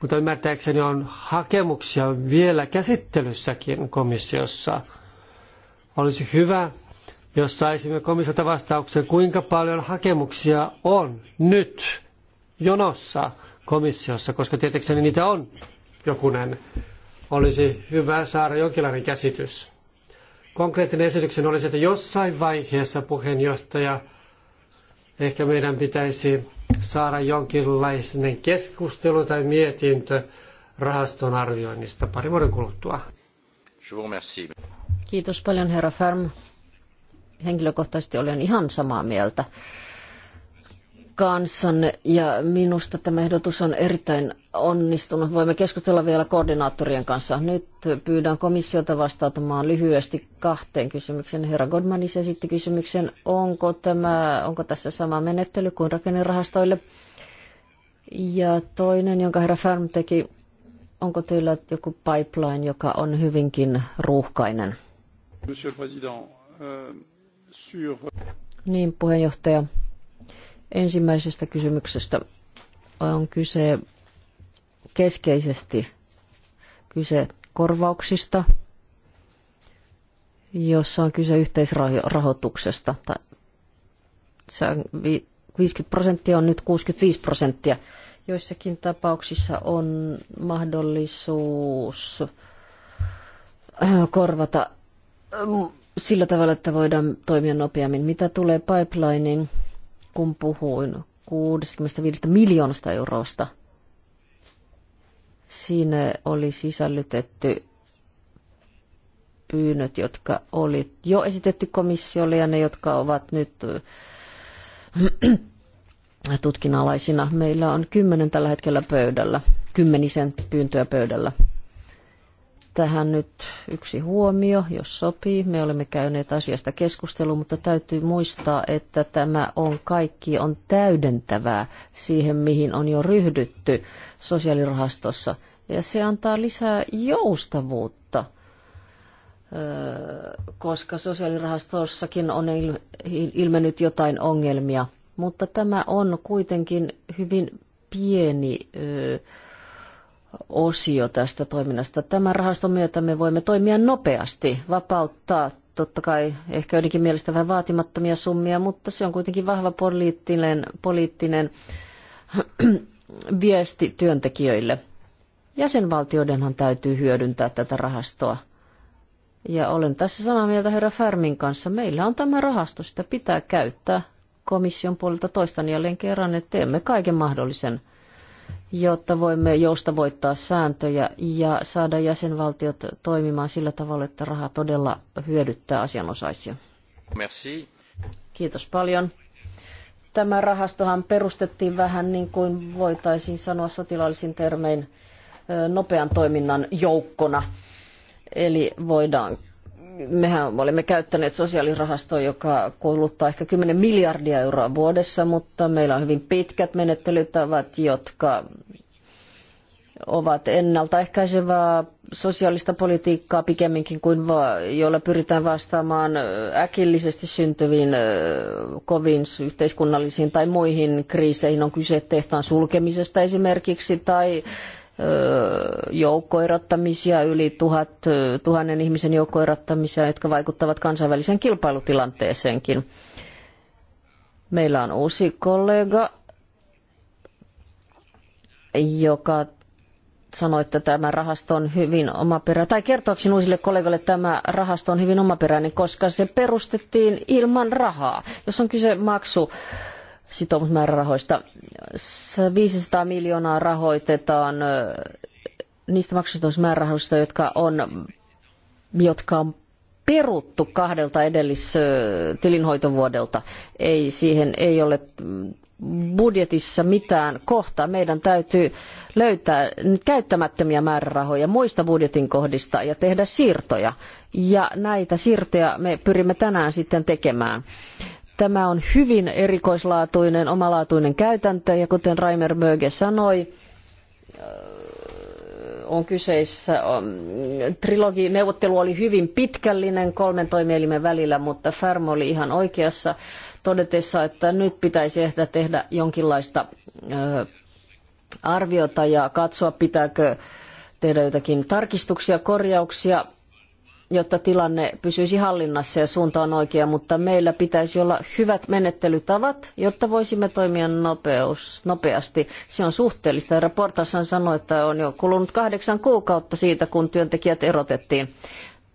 mutta ymmärtääkseni on hakemuksia vielä käsittelyssäkin komissiossa. Olisi hyvä, jos saisimme komissiolta vastauksen, kuinka paljon hakemuksia on nyt jonossa komissiossa, koska tietääkseni niitä on jokunen. Olisi hyvä saada jonkinlainen käsitys. Konkreettinen esityksen olisi, että jossain vaiheessa puheenjohtaja, ehkä meidän pitäisi saada jonkinlainen keskustelu tai mietintö rahaston arvioinnista pari vuoden kuluttua. Kiitos paljon herra Färm. Henkilökohtaisesti olen ihan samaa mieltä Kansan ja minusta tämä ehdotus on erittäin onnistunut. Voimme keskustella vielä koordinaattorien kanssa. Nyt pyydän komissiota vastaamaan lyhyesti kahteen kysymykseen. Herra Godmanis esitti kysymyksen, onko, tämä, onko tässä sama menettely kuin rakennerahastoille. Ja toinen, jonka herra Färm teki, onko teillä joku pipeline, joka on hyvinkin ruuhkainen? Monsieur le Président, euh, sur... Niin, puheenjohtaja. Ensimmäisestä kysymyksestä on kyse keskeisesti kyse korvauksista, jossa on kyse yhteisrahoituksesta. 50 prosenttia on nyt 65 prosenttia. Joissakin tapauksissa on mahdollisuus äh, korvata äh, sillä tavalla, että voidaan toimia nopeammin. Mitä tulee pipelinein kun puhuin 65 miljoonasta eurosta. Siinä oli sisällytetty pyynnöt, jotka oli jo esitetty komissiolle ja ne, jotka ovat nyt äh, tutkinnalaisina. Meillä on kymmenen tällä hetkellä pöydällä, kymmenisen pyyntöä pöydällä. Tähän nyt yksi huomio, jos sopii. Me olemme käyneet asiasta keskustelua, mutta täytyy muistaa, että tämä on kaikki on täydentävää siihen, mihin on jo ryhdytty sosiaalirahastossa. Ja se antaa lisää joustavuutta koska sosiaalirahastossakin on ilmennyt jotain ongelmia. Mutta tämä on kuitenkin hyvin pieni osio tästä toiminnasta. Tämän rahaston myötä me voimme toimia nopeasti, vapauttaa totta kai ehkä joidenkin mielestä vähän vaatimattomia summia, mutta se on kuitenkin vahva poliittinen, poliittinen viesti työntekijöille. Jäsenvaltioidenhan täytyy hyödyntää tätä rahastoa. Ja olen tässä samaa mieltä herra Färmin kanssa. Meillä on tämä rahasto, sitä pitää käyttää komission puolelta toistan jälleen kerran, että teemme kaiken mahdollisen – jotta voimme joustavoittaa sääntöjä ja saada jäsenvaltiot toimimaan sillä tavalla, että raha todella hyödyttää asianosaisia. Merci. Kiitos paljon. Tämä rahastohan perustettiin vähän niin kuin voitaisiin sanoa sotilaallisin termein nopean toiminnan joukkona. Eli voidaan mehän olemme käyttäneet sosiaalirahastoa, joka kuluttaa ehkä 10 miljardia euroa vuodessa, mutta meillä on hyvin pitkät menettelytavat, jotka ovat ennaltaehkäisevää sosiaalista politiikkaa pikemminkin kuin va- jolla pyritään vastaamaan äkillisesti syntyviin koviin yhteiskunnallisiin tai muihin kriiseihin. On kyse tehtaan sulkemisesta esimerkiksi tai joukkoerottamisia, yli tuhat, tuhannen ihmisen joukkoerottamisia, jotka vaikuttavat kansainväliseen kilpailutilanteeseenkin. Meillä on uusi kollega, joka sanoi, että tämä rahasto on hyvin omaperäinen, tai kertoakseni uusille kollegoille, että tämä rahasto on hyvin omaperäinen, koska se perustettiin ilman rahaa. Jos on kyse maksu sitoumusmäärärahoista. 500 miljoonaa rahoitetaan niistä maksatusmäärärahoista, jotka on, jotka on peruttu kahdelta edellistilinhoitovuodelta. Ei, siihen ei ole mm, budjetissa mitään kohtaa. Meidän täytyy löytää käyttämättömiä määrärahoja muista budjetin kohdista ja tehdä siirtoja. Ja näitä siirtoja me pyrimme tänään sitten tekemään. Tämä on hyvin erikoislaatuinen, omalaatuinen käytäntö ja kuten Raimer Möge sanoi, äh, on kyseessä, ähm, trilogineuvottelu oli hyvin pitkällinen kolmen toimielimen välillä, mutta Färm oli ihan oikeassa todetessa, että nyt pitäisi ehkä tehdä jonkinlaista äh, arviota ja katsoa, pitääkö tehdä jotakin tarkistuksia, korjauksia jotta tilanne pysyisi hallinnassa ja suunta on oikea, mutta meillä pitäisi olla hyvät menettelytavat, jotta voisimme toimia nopeus, nopeasti. Se on suhteellista. Raportassa sanoi, että on jo kulunut kahdeksan kuukautta siitä, kun työntekijät erotettiin.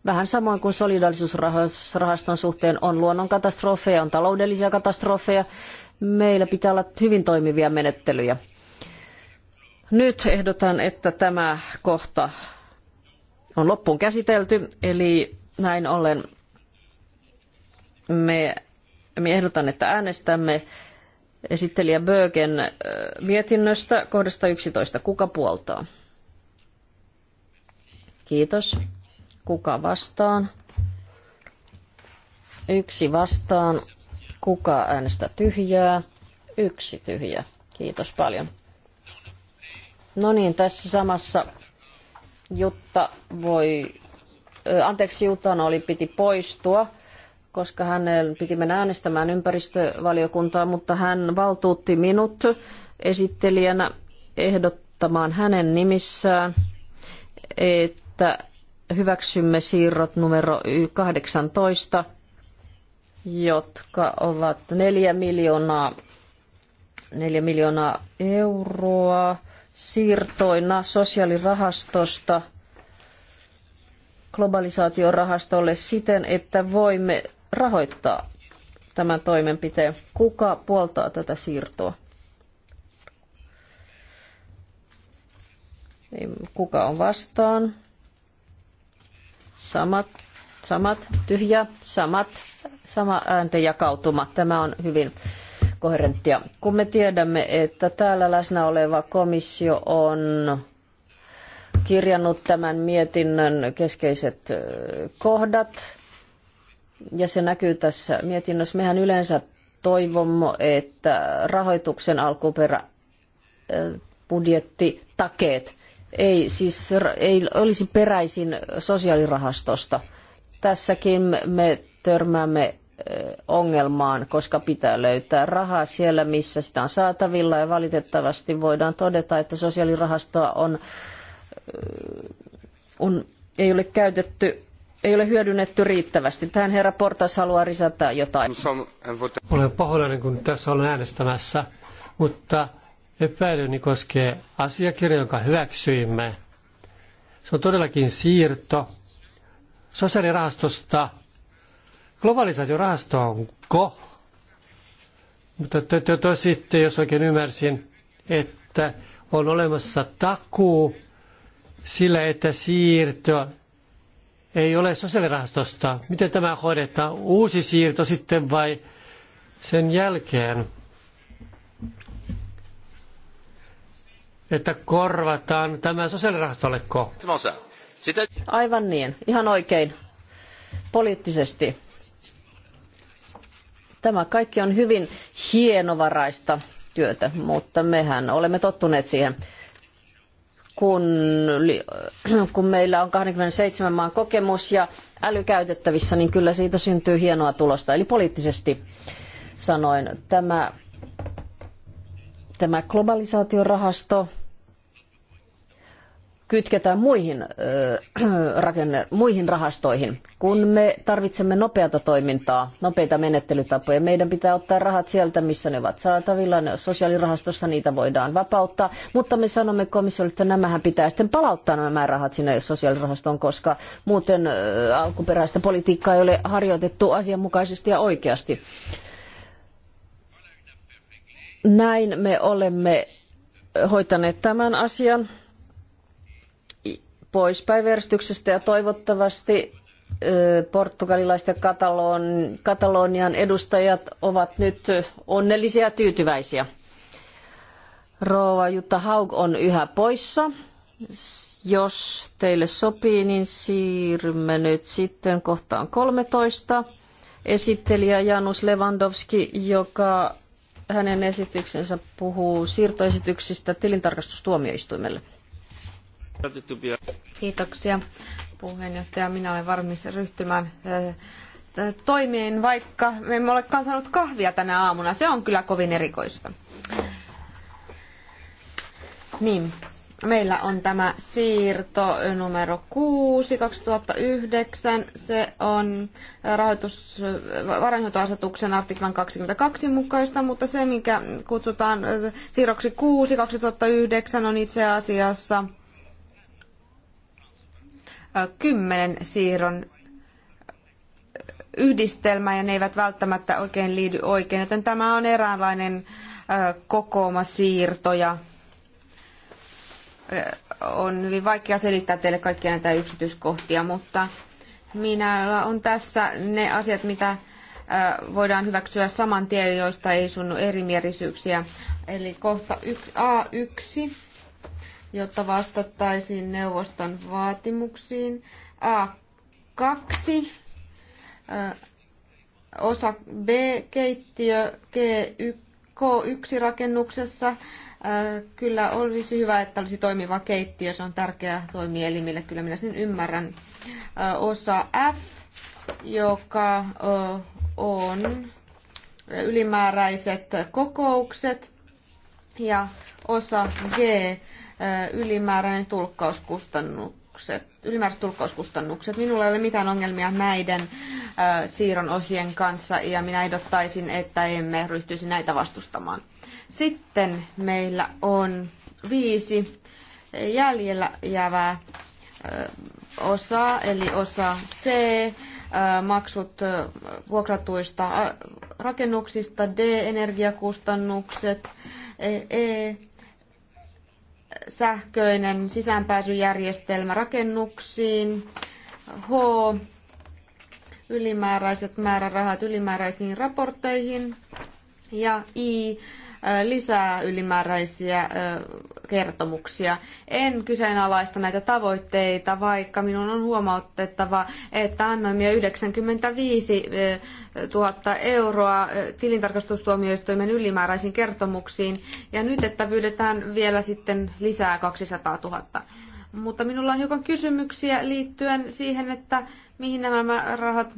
Vähän samoin kuin solidaarisuusrahaston suhteen on luonnonkatastrofeja, on taloudellisia katastrofeja. Meillä pitää olla hyvin toimivia menettelyjä. Nyt ehdotan, että tämä kohta on loppuun käsitelty, eli näin ollen me, me ehdotan, että äänestämme esittelijä Bögen mietinnöstä kohdasta 11. Kuka puoltaa? Kiitos. Kuka vastaan? Yksi vastaan. Kuka äänestää tyhjää? Yksi tyhjä. Kiitos paljon. No niin, tässä samassa Jutta voi, anteeksi Jutan oli piti poistua, koska hänen piti mennä äänestämään ympäristövaliokuntaa, mutta hän valtuutti minut esittelijänä ehdottamaan hänen nimissään, että hyväksymme siirrot numero 18, jotka ovat 4 miljoonaa, 4 miljoonaa euroa siirtoina sosiaalirahastosta globalisaatiorahastolle siten, että voimme rahoittaa tämän toimenpiteen. Kuka puoltaa tätä siirtoa? Kuka on vastaan? Samat, samat, tyhjä, samat, sama äänten jakautuma. Tämä on hyvin koherenttia. Kun me tiedämme, että täällä läsnä oleva komissio on kirjannut tämän mietinnön keskeiset kohdat, ja se näkyy tässä mietinnössä. Mehän yleensä toivomme, että rahoituksen alkuperä budjettitakeet ei, siis, ei olisi peräisin sosiaalirahastosta. Tässäkin me törmäämme ongelmaan, koska pitää löytää rahaa siellä, missä sitä on saatavilla ja valitettavasti voidaan todeta, että sosiaalirahastoa on, on, ei ole käytetty ei ole hyödynnetty riittävästi. Tähän herra Portas haluaa lisätä jotain. Olen pahoillani, kun tässä olen äänestämässä, mutta epäilyni koskee asiakirja, jonka hyväksyimme. Se on todellakin siirto sosiaalirahastosta ko, Mutta te totesitte, jos oikein ymmärsin, että on olemassa takuu sillä, että siirto ei ole sosiaalirahastosta. Miten tämä hoidetaan? Uusi siirto sitten vai sen jälkeen? Että korvataan tämä ko? Aivan niin, ihan oikein. Poliittisesti Tämä kaikki on hyvin hienovaraista työtä, mutta mehän olemme tottuneet siihen. Kun, kun meillä on 27 maan kokemus ja äly käytettävissä, niin kyllä siitä syntyy hienoa tulosta. Eli poliittisesti sanoin, tämä, tämä globalisaatiorahasto, kytketään muihin, äh, rakenne, muihin rahastoihin. Kun me tarvitsemme nopeata toimintaa, nopeita menettelytapoja, meidän pitää ottaa rahat sieltä, missä ne ovat saatavilla. Ne sosiaalirahastossa niitä voidaan vapauttaa, mutta me sanomme komissiolle, että nämähän pitää sitten palauttaa nämä rahat sinne sosiaalirahastoon, koska muuten äh, alkuperäistä politiikkaa ei ole harjoitettu asianmukaisesti ja oikeasti. Näin me olemme hoitaneet tämän asian pois päiväjärjestyksestä ja toivottavasti portugalilaiset ja Katalonian edustajat ovat nyt onnellisia ja tyytyväisiä. Jutta Haug on yhä poissa. Jos teille sopii, niin siirrymme nyt sitten kohtaan 13. Esittelijä Janus Lewandowski, joka hänen esityksensä puhuu siirtoesityksistä tilintarkastustuomioistuimelle. Kiitoksia puheenjohtaja. Minä olen varmis ryhtymään eh, toimiin, vaikka me emme olekaan saanut kahvia tänä aamuna. Se on kyllä kovin erikoista. Niin, meillä on tämä siirto numero 6 2009. Se on eh, rahoitus, eh, varainhoitoasetuksen artiklan 22 mukaista, mutta se, mikä kutsutaan siirroksi 6 2009, on itse asiassa – kymmenen siirron yhdistelmä ja ne eivät välttämättä oikein liity oikein, joten tämä on eräänlainen kokooma siirtoja. On hyvin vaikea selittää teille kaikkia näitä yksityiskohtia, mutta minä on tässä ne asiat, mitä voidaan hyväksyä saman tien, joista ei sunnu erimielisyyksiä. Eli kohta A1 jotta vastattaisiin neuvoston vaatimuksiin. A2, osa B, keittiö G1, K1-rakennuksessa. Kyllä olisi hyvä, että olisi toimiva keittiö, se on tärkeä toimielimille, kyllä minä sen ymmärrän. Osa F, joka on ylimääräiset kokoukset ja osa G ylimääräinen tulkkauskustannukset, ylimääräiset tulkkauskustannukset. Minulla ei ole mitään ongelmia näiden siirron osien kanssa ja minä ehdottaisin, että emme ryhtyisi näitä vastustamaan. Sitten meillä on viisi jäljellä jäävää osaa, eli osa C, maksut vuokratuista rakennuksista, D, energiakustannukset, E, e sähköinen sisäänpääsyjärjestelmä rakennuksiin, H, ylimääräiset määrärahat ylimääräisiin raportteihin ja I, lisää ylimääräisiä kertomuksia. En kyseenalaista näitä tavoitteita, vaikka minun on huomautettava, että annoimme 95 000 euroa tilintarkastustuomioistuimen ylimääräisiin kertomuksiin, ja nyt, että pyydetään vielä sitten lisää 200 000. Mutta minulla on hiukan kysymyksiä liittyen siihen, että mihin nämä rahat,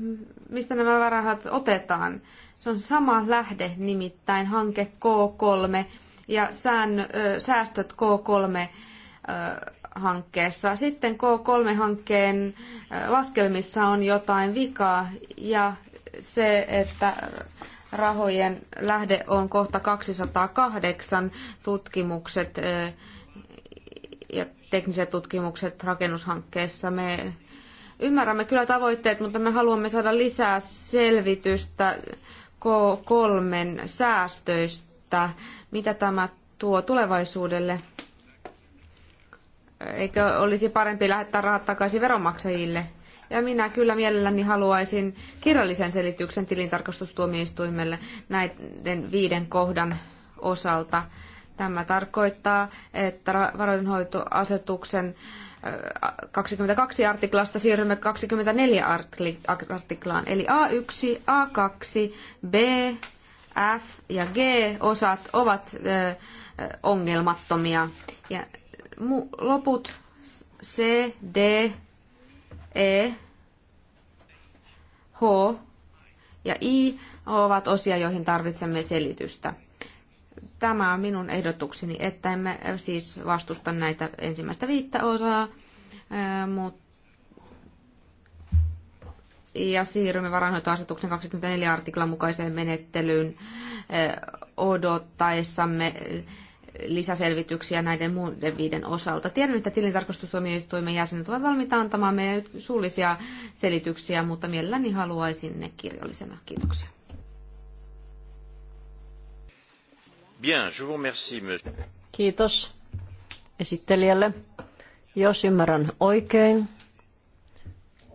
mistä nämä rahat otetaan. Se on sama lähde nimittäin, hanke K3 ja sään, säästöt K3 hankkeessa. Sitten K3-hankkeen laskelmissa on jotain vikaa ja se, että rahojen lähde on kohta 208 tutkimukset ja tekniset tutkimukset rakennushankkeessa. Me ymmärrämme kyllä tavoitteet, mutta me haluamme saada lisää selvitystä kolmen säästöistä. Mitä tämä tuo tulevaisuudelle? Eikö olisi parempi lähettää rahat takaisin veronmaksajille? Ja minä kyllä mielelläni haluaisin kirjallisen selityksen tilintarkastustuomioistuimelle näiden viiden kohdan osalta. Tämä tarkoittaa, että varoinhoitoasetuksen asetuksen 22 artiklasta siirrymme 24 artiklaan. Eli A1, A2, B, F ja G-osat ovat ongelmattomia. Ja loput C, D, E, H ja I ovat osia, joihin tarvitsemme selitystä. Tämä on minun ehdotukseni, että emme siis vastusta näitä ensimmäistä viittä osaa, mutta ja siirrymme varainhoitoasetuksen 24 artiklan mukaiseen menettelyyn odottaessamme lisäselvityksiä näiden muiden viiden osalta. Tiedän, että tilintarkastustuomioistuimen jäsenet ovat valmiita antamaan meille suullisia selityksiä, mutta mielelläni haluaisin ne kirjallisena. Kiitoksia. Kiitos esittelijälle. Jos ymmärrän oikein,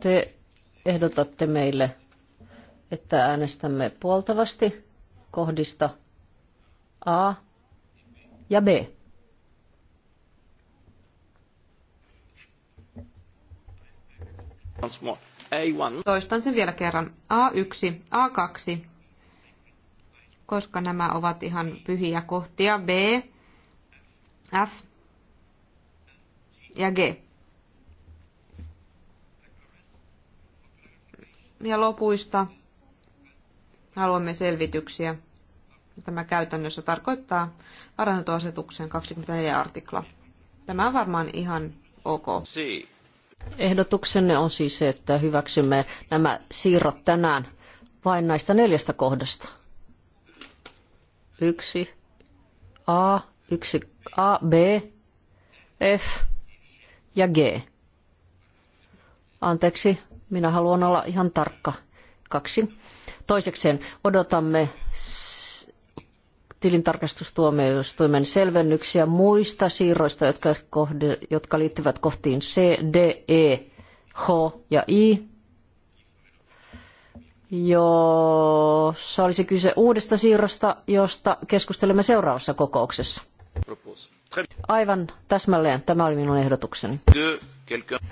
te ehdotatte meille, että äänestämme puoltavasti kohdista A ja B. Toistan sen vielä kerran. A1, A2, koska nämä ovat ihan pyhiä kohtia. B, F ja G. Ja lopuista haluamme selvityksiä. Tämä käytännössä tarkoittaa varantoasetuksen 24 artikla. Tämä on varmaan ihan ok. Ehdotuksenne on siis se, että hyväksymme nämä siirrot tänään vain näistä neljästä kohdasta yksi A, yksi A, B, F ja G. Anteeksi, minä haluan olla ihan tarkka. Kaksi. Toisekseen odotamme tilintarkastustuomioistuimen selvennyksiä muista siirroista, jotka, kohde, jotka liittyvät kohtiin C, D, E, H ja I jossa olisi kyse uudesta siirrosta, josta keskustelemme seuraavassa kokouksessa. Aivan täsmälleen. Tämä oli minun ehdotukseni.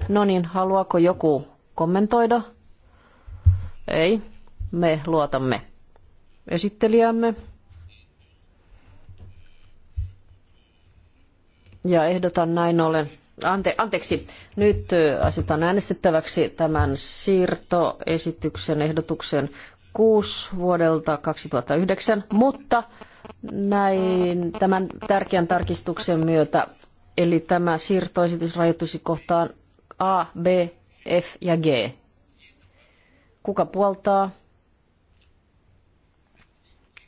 No niin, haluaako joku kommentoida? Ei. Me luotamme esittelijämme. Ja ehdotan näin ollen ante, anteeksi, nyt asetan äänestettäväksi tämän siirtoesityksen ehdotuksen 6 vuodelta 2009, mutta näin tämän tärkeän tarkistuksen myötä, eli tämä siirtoesitys rajoittuisi kohtaan A, B, F ja G. Kuka puoltaa?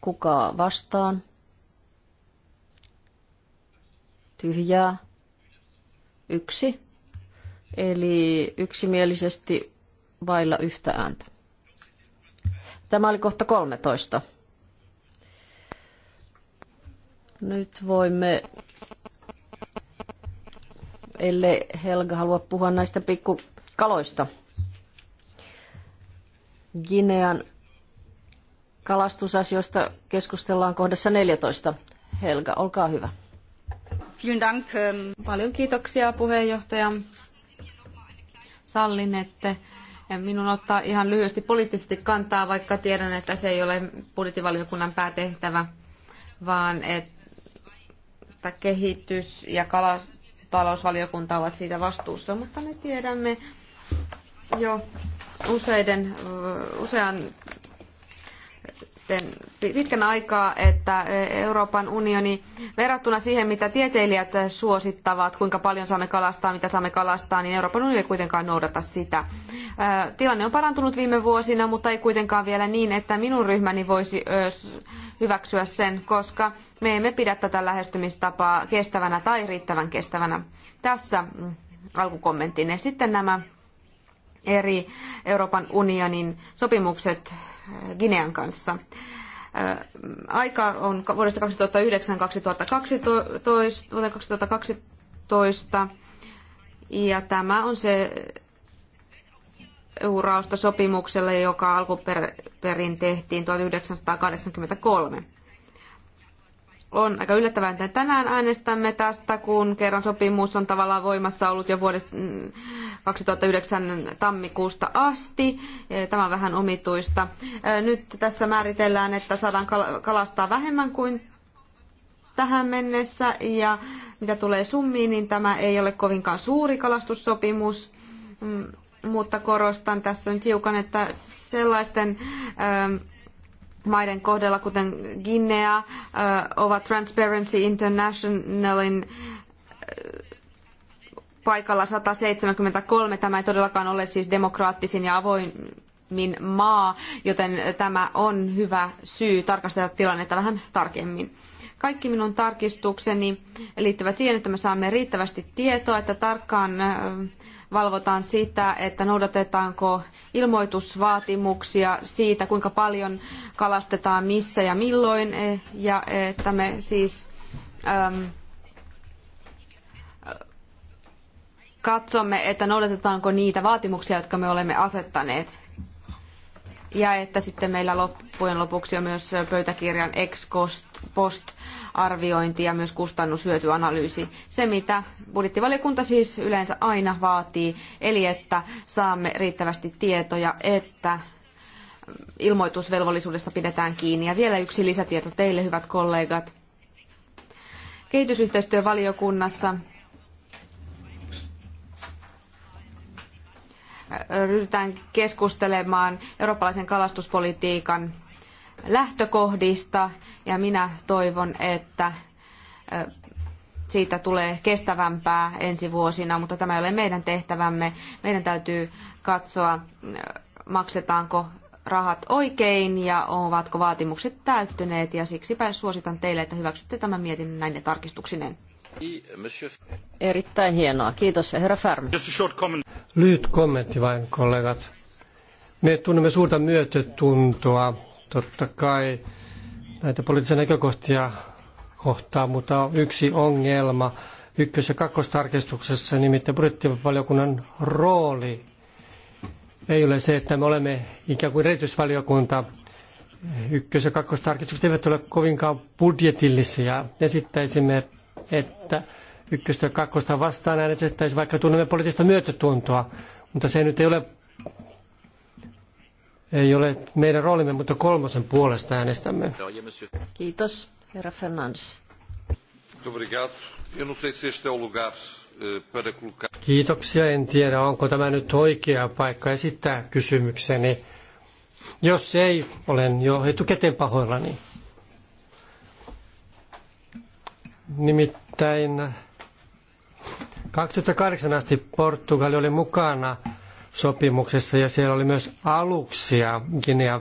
Kuka vastaan? Tyhjää yksi, eli yksimielisesti vailla yhtä ääntä. Tämä oli kohta 13. Nyt voimme, ellei Helga halua puhua näistä pikkukaloista. Ginean kalastusasioista keskustellaan kohdassa 14. Helga, olkaa hyvä. Vielen Dank. Ähm, Paljon kiitoksia puheenjohtaja. Sallin, että minun ottaa ihan lyhyesti poliittisesti kantaa, vaikka tiedän, että se ei ole budjettivaliokunnan päätehtävä, vaan että kehitys- ja kalatalousvaliokunta ovat siitä vastuussa. Mutta me tiedämme jo useiden, usean sitten pitkän aikaa, että e, Euroopan unioni verrattuna siihen, mitä tieteilijät suosittavat, kuinka paljon saamme kalastaa, mitä saamme kalastaa, niin Euroopan unioni ei kuitenkaan noudata sitä. Tilanne on parantunut viime vuosina, mutta ei kuitenkaan vielä niin, että minun ryhmäni voisi hyväksyä sen, koska me emme pidä tätä lähestymistapaa kestävänä tai riittävän kestävänä. Tässä mm, alkukommenttine. Sitten nämä eri Euroopan unionin sopimukset Ginean kanssa. Aika on vuodesta 2009 2012, vuoteen 2012 ja tämä on se urausta sopimukselle, joka alkuperin tehtiin 1983 on aika yllättävää, että tänään äänestämme tästä, kun kerran sopimus on tavallaan voimassa ollut jo vuodesta 2009 mm, tammikuusta asti. Tämä on vähän omituista. Nyt tässä määritellään, että saadaan kalastaa vähemmän kuin tähän mennessä ja mitä tulee summiin, niin tämä ei ole kovinkaan suuri kalastussopimus mm, mutta korostan tässä nyt hiukan, että sellaisten maiden kohdalla, kuten Guinea, ovat Transparency Internationalin paikalla 173. Tämä ei todellakaan ole siis demokraattisin ja avoimin maa, joten tämä on hyvä syy tarkastella tilannetta vähän tarkemmin. Kaikki minun tarkistukseni liittyvät siihen, että me saamme riittävästi tietoa, että tarkkaan valvotaan sitä, että noudatetaanko ilmoitusvaatimuksia siitä, kuinka paljon kalastetaan missä ja milloin, eh, ja että me siis äm, katsomme, että noudatetaanko niitä vaatimuksia, jotka me olemme asettaneet. Ja että sitten meillä loppujen lopuksi on myös pöytäkirjan ex -cost post-arviointi ja myös kustannushyötyanalyysi. Se, mitä budjettivaliokunta siis yleensä aina vaatii, eli että saamme riittävästi tietoja, että ilmoitusvelvollisuudesta pidetään kiinni. Ja vielä yksi lisätieto teille, hyvät kollegat. Kehitysyhteistyövaliokunnassa ryhdytään keskustelemaan eurooppalaisen kalastuspolitiikan lähtökohdista ja minä toivon, että siitä tulee kestävämpää ensi vuosina, mutta tämä ei ole meidän tehtävämme. Meidän täytyy katsoa, maksetaanko rahat oikein ja ovatko vaatimukset täyttyneet ja siksipä suositan teille, että hyväksytte tämän mietinnön näiden tarkistuksineen. Erittäin hienoa. Kiitos herra Färm. Lyhyt kommentti vain kollegat. Me tunnemme suurta myötätuntoa totta kai näitä poliittisia näkökohtia kohtaa, mutta on yksi ongelma ykkös- ja kakkostarkistuksessa, nimittäin budjettivaliokunnan rooli ei ole se, että me olemme ikään kuin erityisvaliokunta. Ykkös- ja kakkostarkistukset eivät ole kovinkaan budjetillisia. Esittäisimme, että ykköstä ja kakkosta vastaan äänestettäisiin, vaikka tunnemme poliittista myötätuntoa, mutta se nyt ei ole ei ole meidän roolimme, mutta kolmosen puolesta äänestämme. Kiitos, herra Fernandes. Kiitoksia, en tiedä onko tämä nyt oikea paikka esittää kysymykseni. Jos ei, olen jo etukäteen pahoillani. Nimittäin 2008 asti Portugali oli mukana sopimuksessa ja siellä oli myös aluksia Guinea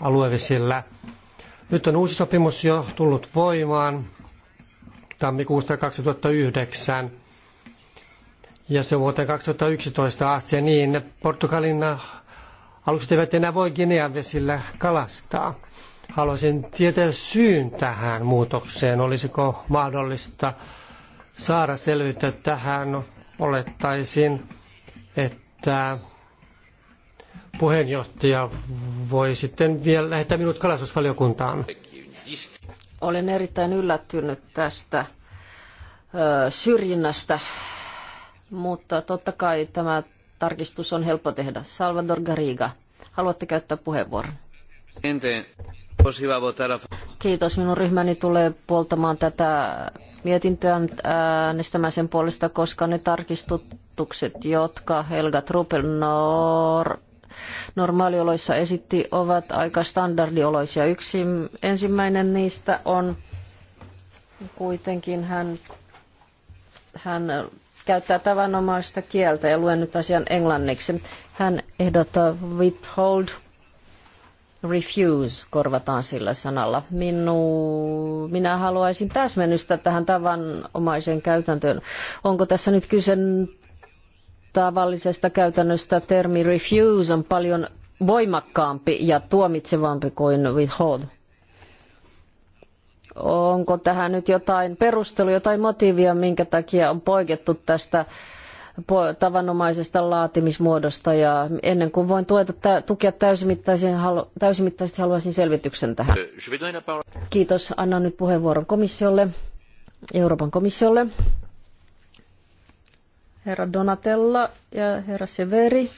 aluevesillä. Nyt on uusi sopimus jo tullut voimaan tammikuusta 2009 ja se vuoteen 2011 asti ja niin Portugalin alukset eivät enää voi Guinean vesillä kalastaa. Haluaisin tietää syyn tähän muutokseen. Olisiko mahdollista saada selvyyttä tähän? Olettaisin, että että puheenjohtaja voi sitten vielä lähettää minut kalastusvaliokuntaan. Olen erittäin yllättynyt tästä syrjinnästä, mutta totta kai tämä tarkistus on helppo tehdä. Salvador Garriga, haluatte käyttää puheenvuoron? Kiitos, minun ryhmäni tulee puoltamaan tätä mietintöön äänestämään sen puolesta, koska ne tarkistutukset, jotka Helga Truppel Nor normaalioloissa esitti, ovat aika standardioloisia. Yksi ensimmäinen niistä on kuitenkin hän, hän käyttää tavanomaista kieltä ja luen nyt asian englanniksi. Hän ehdottaa withhold refuse korvataan sillä sanalla. Minu, minä haluaisin täsmennystä tähän tavanomaisen käytäntöön. Onko tässä nyt kyse tavallisesta käytännöstä? Termi refuse on paljon voimakkaampi ja tuomitsevampi kuin withhold. Onko tähän nyt jotain perustelu, jotain motiivia, minkä takia on poikettu tästä äh, tavanomaisesta laatimismuodosta ja ennen kuin voin tueta, tukea täysimittaisesti, haluaisin selvityksen tähän. Kiitos. Annan nyt puheenvuoron komissiolle, Euroopan komissiolle. Herra Donatella ja herra Severi.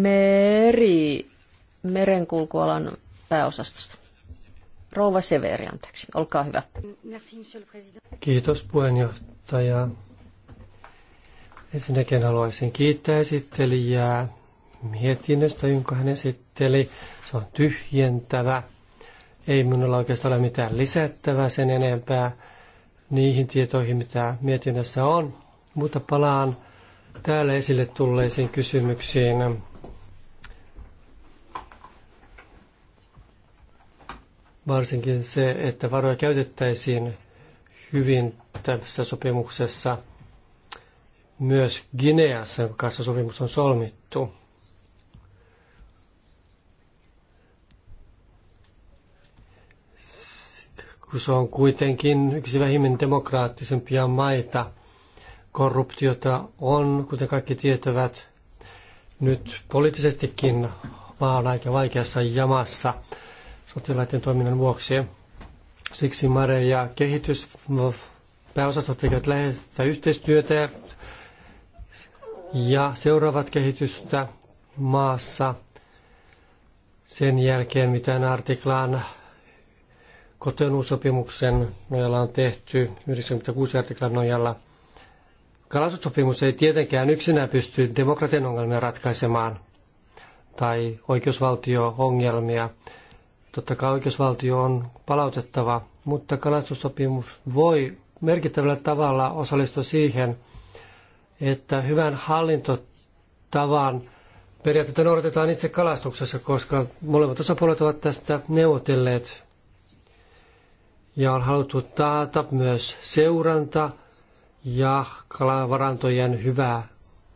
Meri, merenkulkualan pääosastosta. Rouva Severi, anteeksi. Olkaa hyvä. Kiitos puheenjohtaja puheenjohtaja. Ensinnäkin haluaisin kiittää esittelijää mietinnöstä, jonka hän esitteli. Se on tyhjentävä. Ei minulla oikeastaan ole mitään lisättävää sen enempää niihin tietoihin, mitä mietinnössä on. Mutta palaan täällä esille tulleisiin kysymyksiin. Varsinkin se, että varoja käytettäisiin hyvin tässä sopimuksessa. Myös Gineassa, jonka kanssa sopimus on solmittu. Kun se on kuitenkin yksi vähimmin demokraattisempia maita, korruptiota on, kuten kaikki tietävät, nyt poliittisestikin maa on aika vaikeassa jamassa sotilaiden toiminnan vuoksi. Siksi Mare ja kehitys no, pääosasto tekevät läheistä yhteistyötä ja seuraavat kehitystä maassa sen jälkeen, mitä artiklaan kotonuusopimuksen nojalla on tehty, 96 artiklan nojalla. Kalastussopimus ei tietenkään yksinään pysty demokratian ongelmia ratkaisemaan tai oikeusvaltio-ongelmia, Totta kai oikeusvaltio on palautettava, mutta kalastussopimus voi merkittävällä tavalla osallistua siihen, että hyvän hallintotavan periaatteita noudatetaan itse kalastuksessa, koska molemmat osapuolet ovat tästä neuvotelleet ja on haluttu taata myös seuranta ja kalavarantojen hyvä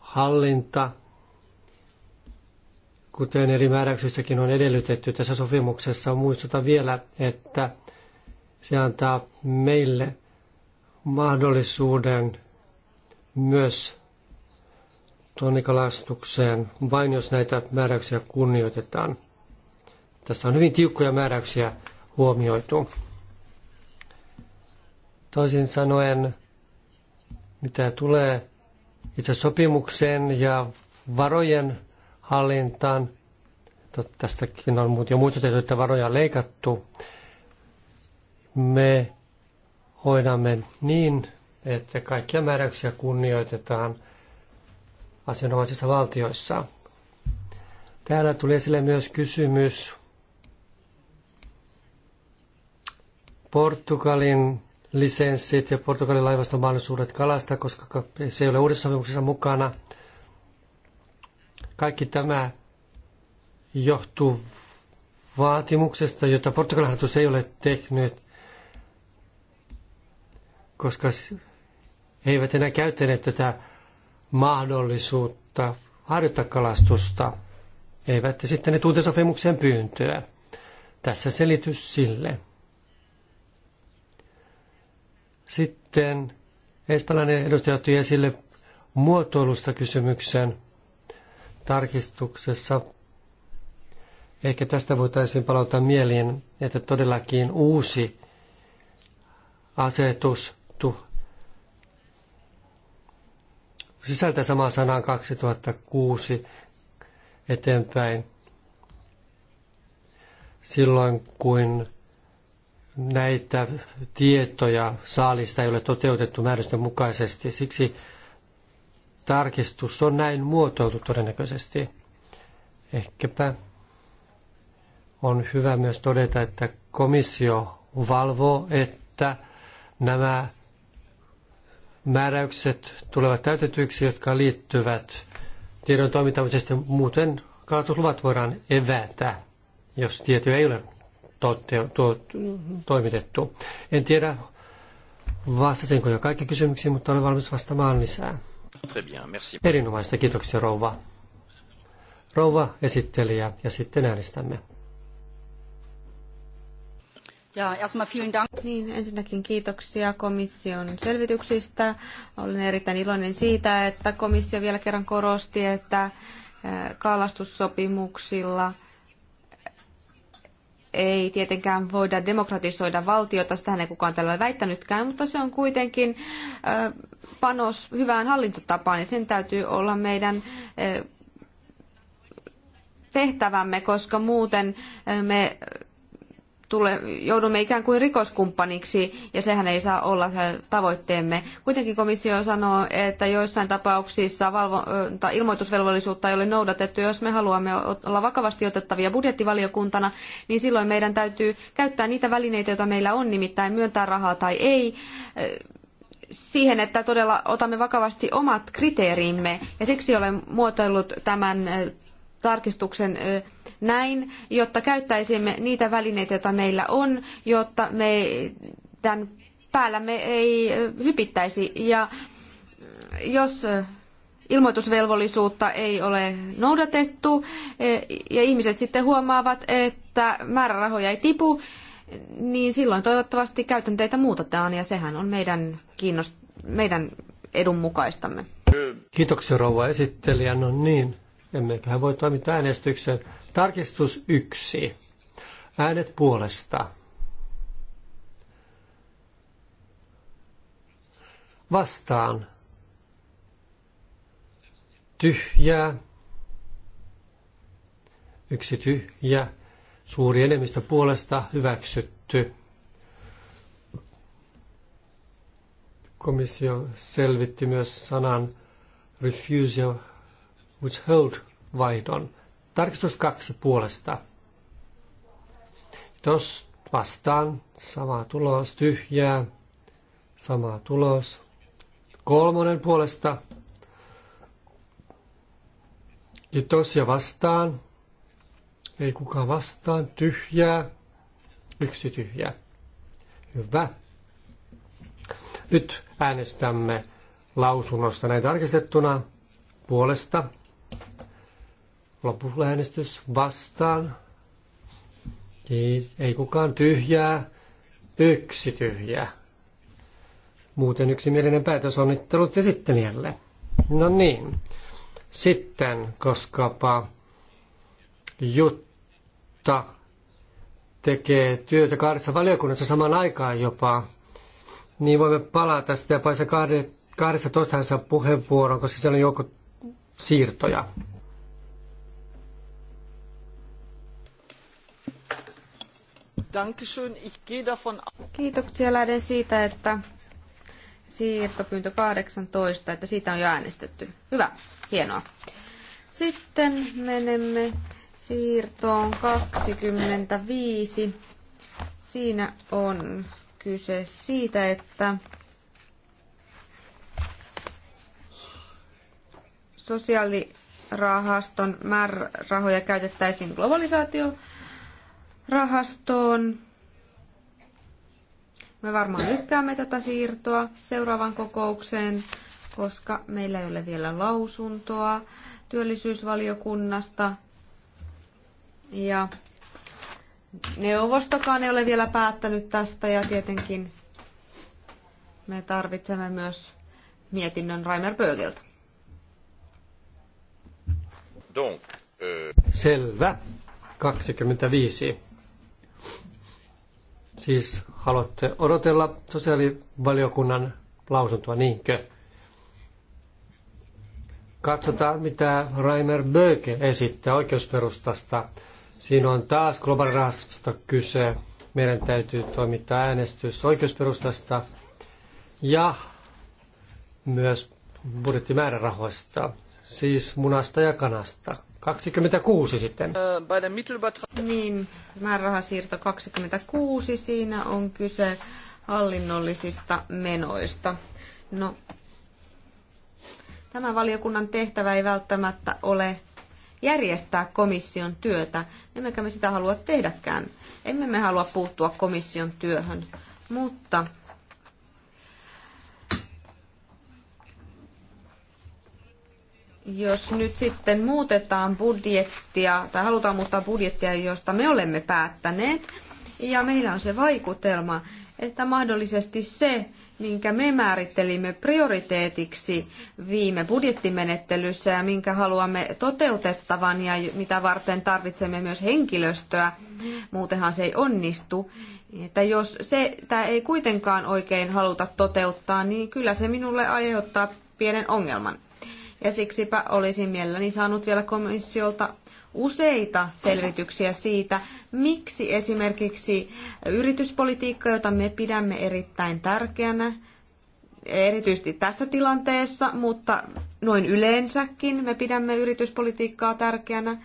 hallinta – Kuten eri määräyksissäkin on edellytetty tässä sopimuksessa, muistuta vielä, että se antaa meille mahdollisuuden myös tonnikalastukseen, vain jos näitä määräyksiä kunnioitetaan. Tässä on hyvin tiukkoja määräyksiä huomioitu. Toisin sanoen, mitä tulee itse sopimukseen ja varojen hallintaan. Tästäkin on jo muistutettu, että varoja on leikattu. Me hoidamme niin, että kaikkia määräyksiä kunnioitetaan asianomaisissa valtioissa. Täällä tuli esille myös kysymys Portugalin lisenssit ja Portugalin laivaston mahdollisuudet kalastaa, koska se ei ole uudessa sopimuksessa mukana – kaikki tämä johtuu vaatimuksesta, jota Portugalin hallitus ei ole tehnyt, koska he eivät enää käyttäneet tätä mahdollisuutta harjoittaa kalastusta, eivät sitten ne uutensopimuksen pyyntöä. Tässä selitys sille. Sitten espanjalainen edustaja otti esille muotoilusta kysymyksen – tarkistuksessa. Ehkä tästä voitaisiin palauttaa mieliin, että todellakin uusi asetus sisältää samaa sanaa 2006 eteenpäin silloin, kun näitä tietoja saalista ei ole toteutettu määräysten mukaisesti. Siksi tarkistus on näin muotoiltu todennäköisesti. Ehkäpä on hyvä myös todeta, että komissio valvoo, että nämä määräykset tulevat täytetyiksi, jotka liittyvät tiedon toimintamisesta. Muuten kalastusluvat voidaan evätä, jos tieto ei ole toimitettu. En tiedä, vastasinko jo kaikki kysymyksiin, mutta olen valmis vastaamaan lisää. Très bien, merci. Erinomaista, kiitoksia rouva. Rouva esittelijä ja sitten äänestämme. Ja erstmal vielen Dank. Niin, ensinnäkin kiitoksia komission selvityksistä. Olen erittäin iloinen siitä, että komissio vielä kerran korosti, että eh, kalastussopimuksilla ei tietenkään voida demokratisoida valtiota, sitä ei kukaan tällä väittänytkään, mutta se on kuitenkin eh, panos hyvään hallintotapaan ja sen täytyy olla meidän eh, tehtävämme, koska muuten eh, me tule, joudumme ikään kuin rikoskumppaniksi ja sehän ei saa olla eh, tavoitteemme. Kuitenkin komissio sanoo, että joissain tapauksissa ilmoitusvelvollisuutta ei ole noudatettu. Jos me haluamme olla vakavasti otettavia budjettivaliokuntana, niin silloin meidän täytyy käyttää niitä välineitä, joita meillä on, nimittäin myöntää rahaa tai ei siihen, että todella otamme vakavasti omat kriteerimme. Ja siksi olen muotoillut tämän tarkistuksen näin, jotta käyttäisimme niitä välineitä, joita meillä on, jotta meidän päällämme ei hypittäisi. Ja jos ilmoitusvelvollisuutta ei ole noudatettu ja ihmiset sitten huomaavat, että määrärahoja ei tipu, niin silloin toivottavasti käytänteitä muutetaan ja sehän on meidän, kiinnost- meidän edun mukaistamme. Kiitoksia rouva esittelijä. No niin, emmeköhän voi toimittaa äänestyksen. Tarkistus yksi. Äänet puolesta. Vastaan. Tyhjää. Yksi tyhjä Suuri enemmistö puolesta hyväksytty. Komissio selvitti myös sanan refuse ja withhold vaihdon. Tarkistus kaksi puolesta. Jos vastaan, sama tulos, tyhjää, sama tulos. Kolmonen puolesta. Kiitos ja vastaan, ei kukaan vastaan. Tyhjää. Yksi tyhjä. Hyvä. Nyt äänestämme lausunnosta näin tarkistettuna puolesta. Lopulla äänestys vastaan. Ei kukaan tyhjää. Yksi tyhjä. Muuten yksimielinen päätös onnittelut esittelijälle. No niin. Sitten, koskapa Jutta tekee työtä kahdessa valiokunnassa samaan aikaan jopa, niin voimme palata sitä paitsi 12 hän saa puheenvuoron, koska siellä on joku siirtoja. Kiitoksia lähden siitä, että siirtopyyntö 18, että siitä on jo äänestetty. Hyvä, hienoa. Sitten menemme siirtoon 25. Siinä on kyse siitä, että sosiaalirahaston määrärahoja käytettäisiin globalisaatiorahastoon. Me varmaan lykkäämme tätä siirtoa seuraavaan kokoukseen, koska meillä ei ole vielä lausuntoa työllisyysvaliokunnasta ja neuvostokaan ei ole vielä päättänyt tästä ja tietenkin me tarvitsemme myös mietinnön Raimer Bögeltä. Euh, Selvä. 25. Siis haluatte odotella sosiaalivaliokunnan lausuntoa, niinkö? Katsotaan, mitä Raimer Böke esittää oikeusperustasta Siinä on taas globaalirahastosta kyse. Meidän täytyy toimittaa äänestys oikeusperustasta ja myös budjettimäärärahoista, siis munasta ja kanasta. 26 sitten. Niin, määrärahasiirto 26, siinä on kyse hallinnollisista menoista. No, tämä valiokunnan tehtävä ei välttämättä ole järjestää komission työtä, emmekä me sitä halua tehdäkään. Emme me halua puuttua komission työhön, mutta jos nyt sitten muutetaan budjettia, tai halutaan muuttaa budjettia, josta me olemme päättäneet, ja meillä on se vaikutelma, että mahdollisesti se, minkä me määrittelimme prioriteetiksi viime budjettimenettelyssä ja minkä haluamme toteutettavan ja mitä varten tarvitsemme myös henkilöstöä, muutenhan se ei onnistu. Että jos se ei kuitenkaan oikein haluta toteuttaa, niin kyllä se minulle aiheuttaa pienen ongelman. Ja siksipä olisin mielelläni saanut vielä komissiolta useita selvityksiä siitä, miksi esimerkiksi yrityspolitiikka, jota me pidämme erittäin tärkeänä, erityisesti tässä tilanteessa, mutta noin yleensäkin me pidämme yrityspolitiikkaa tärkeänä.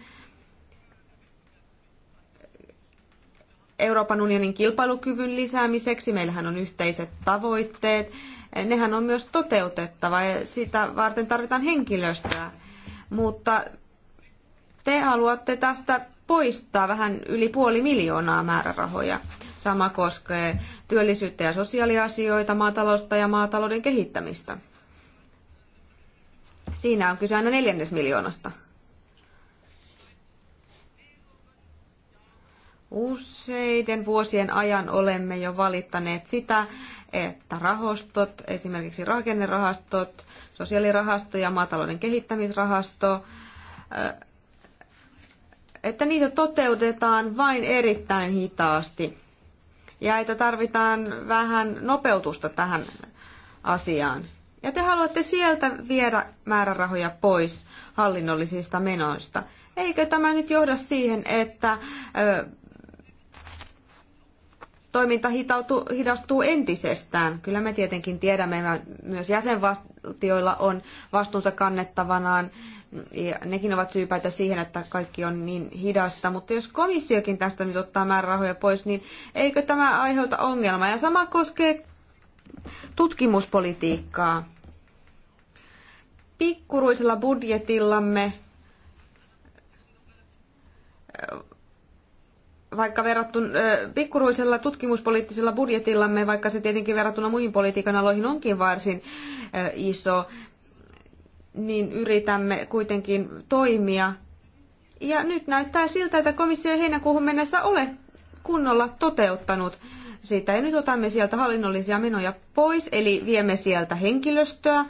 Euroopan unionin kilpailukyvyn lisäämiseksi meillähän on yhteiset tavoitteet. Nehän on myös toteutettava ja sitä varten tarvitaan henkilöstöä. Mutta te haluatte tästä poistaa vähän yli puoli miljoonaa määrärahoja. Sama koskee työllisyyttä ja sosiaaliasioita, maataloutta ja maatalouden kehittämistä. Siinä on kyse aina neljännes miljoonasta. Useiden vuosien ajan olemme jo valittaneet sitä, että rahastot, esimerkiksi rakennerahastot, sosiaalirahasto ja maatalouden kehittämisrahasto, että niitä toteutetaan vain erittäin hitaasti ja että tarvitaan vähän nopeutusta tähän asiaan. Ja te haluatte sieltä viedä määrärahoja pois hallinnollisista menoista. Eikö tämä nyt johda siihen, että ö, toiminta hitautu, hidastuu entisestään? Kyllä me tietenkin tiedämme, että myös jäsenvaltioilla on vastuunsa kannettavanaan ja nekin ovat syypäitä siihen, että kaikki on niin hidasta. Mutta jos komissiokin tästä nyt ottaa määrärahoja pois, niin eikö tämä aiheuta ongelmaa? Ja sama koskee tutkimuspolitiikkaa. Pikkuruisella budjetillamme äh, vaikka verrattuna äh, pikkuruisella tutkimuspoliittisella budjetillamme, vaikka se tietenkin verrattuna muihin politiikan aloihin onkin varsin äh, iso, niin yritämme kuitenkin toimia. Ja nyt näyttää siltä, että komissio ei heinäkuuhun mennessä ole kunnolla toteuttanut sitä. Ja nyt otamme sieltä hallinnollisia menoja pois, eli viemme sieltä henkilöstöä.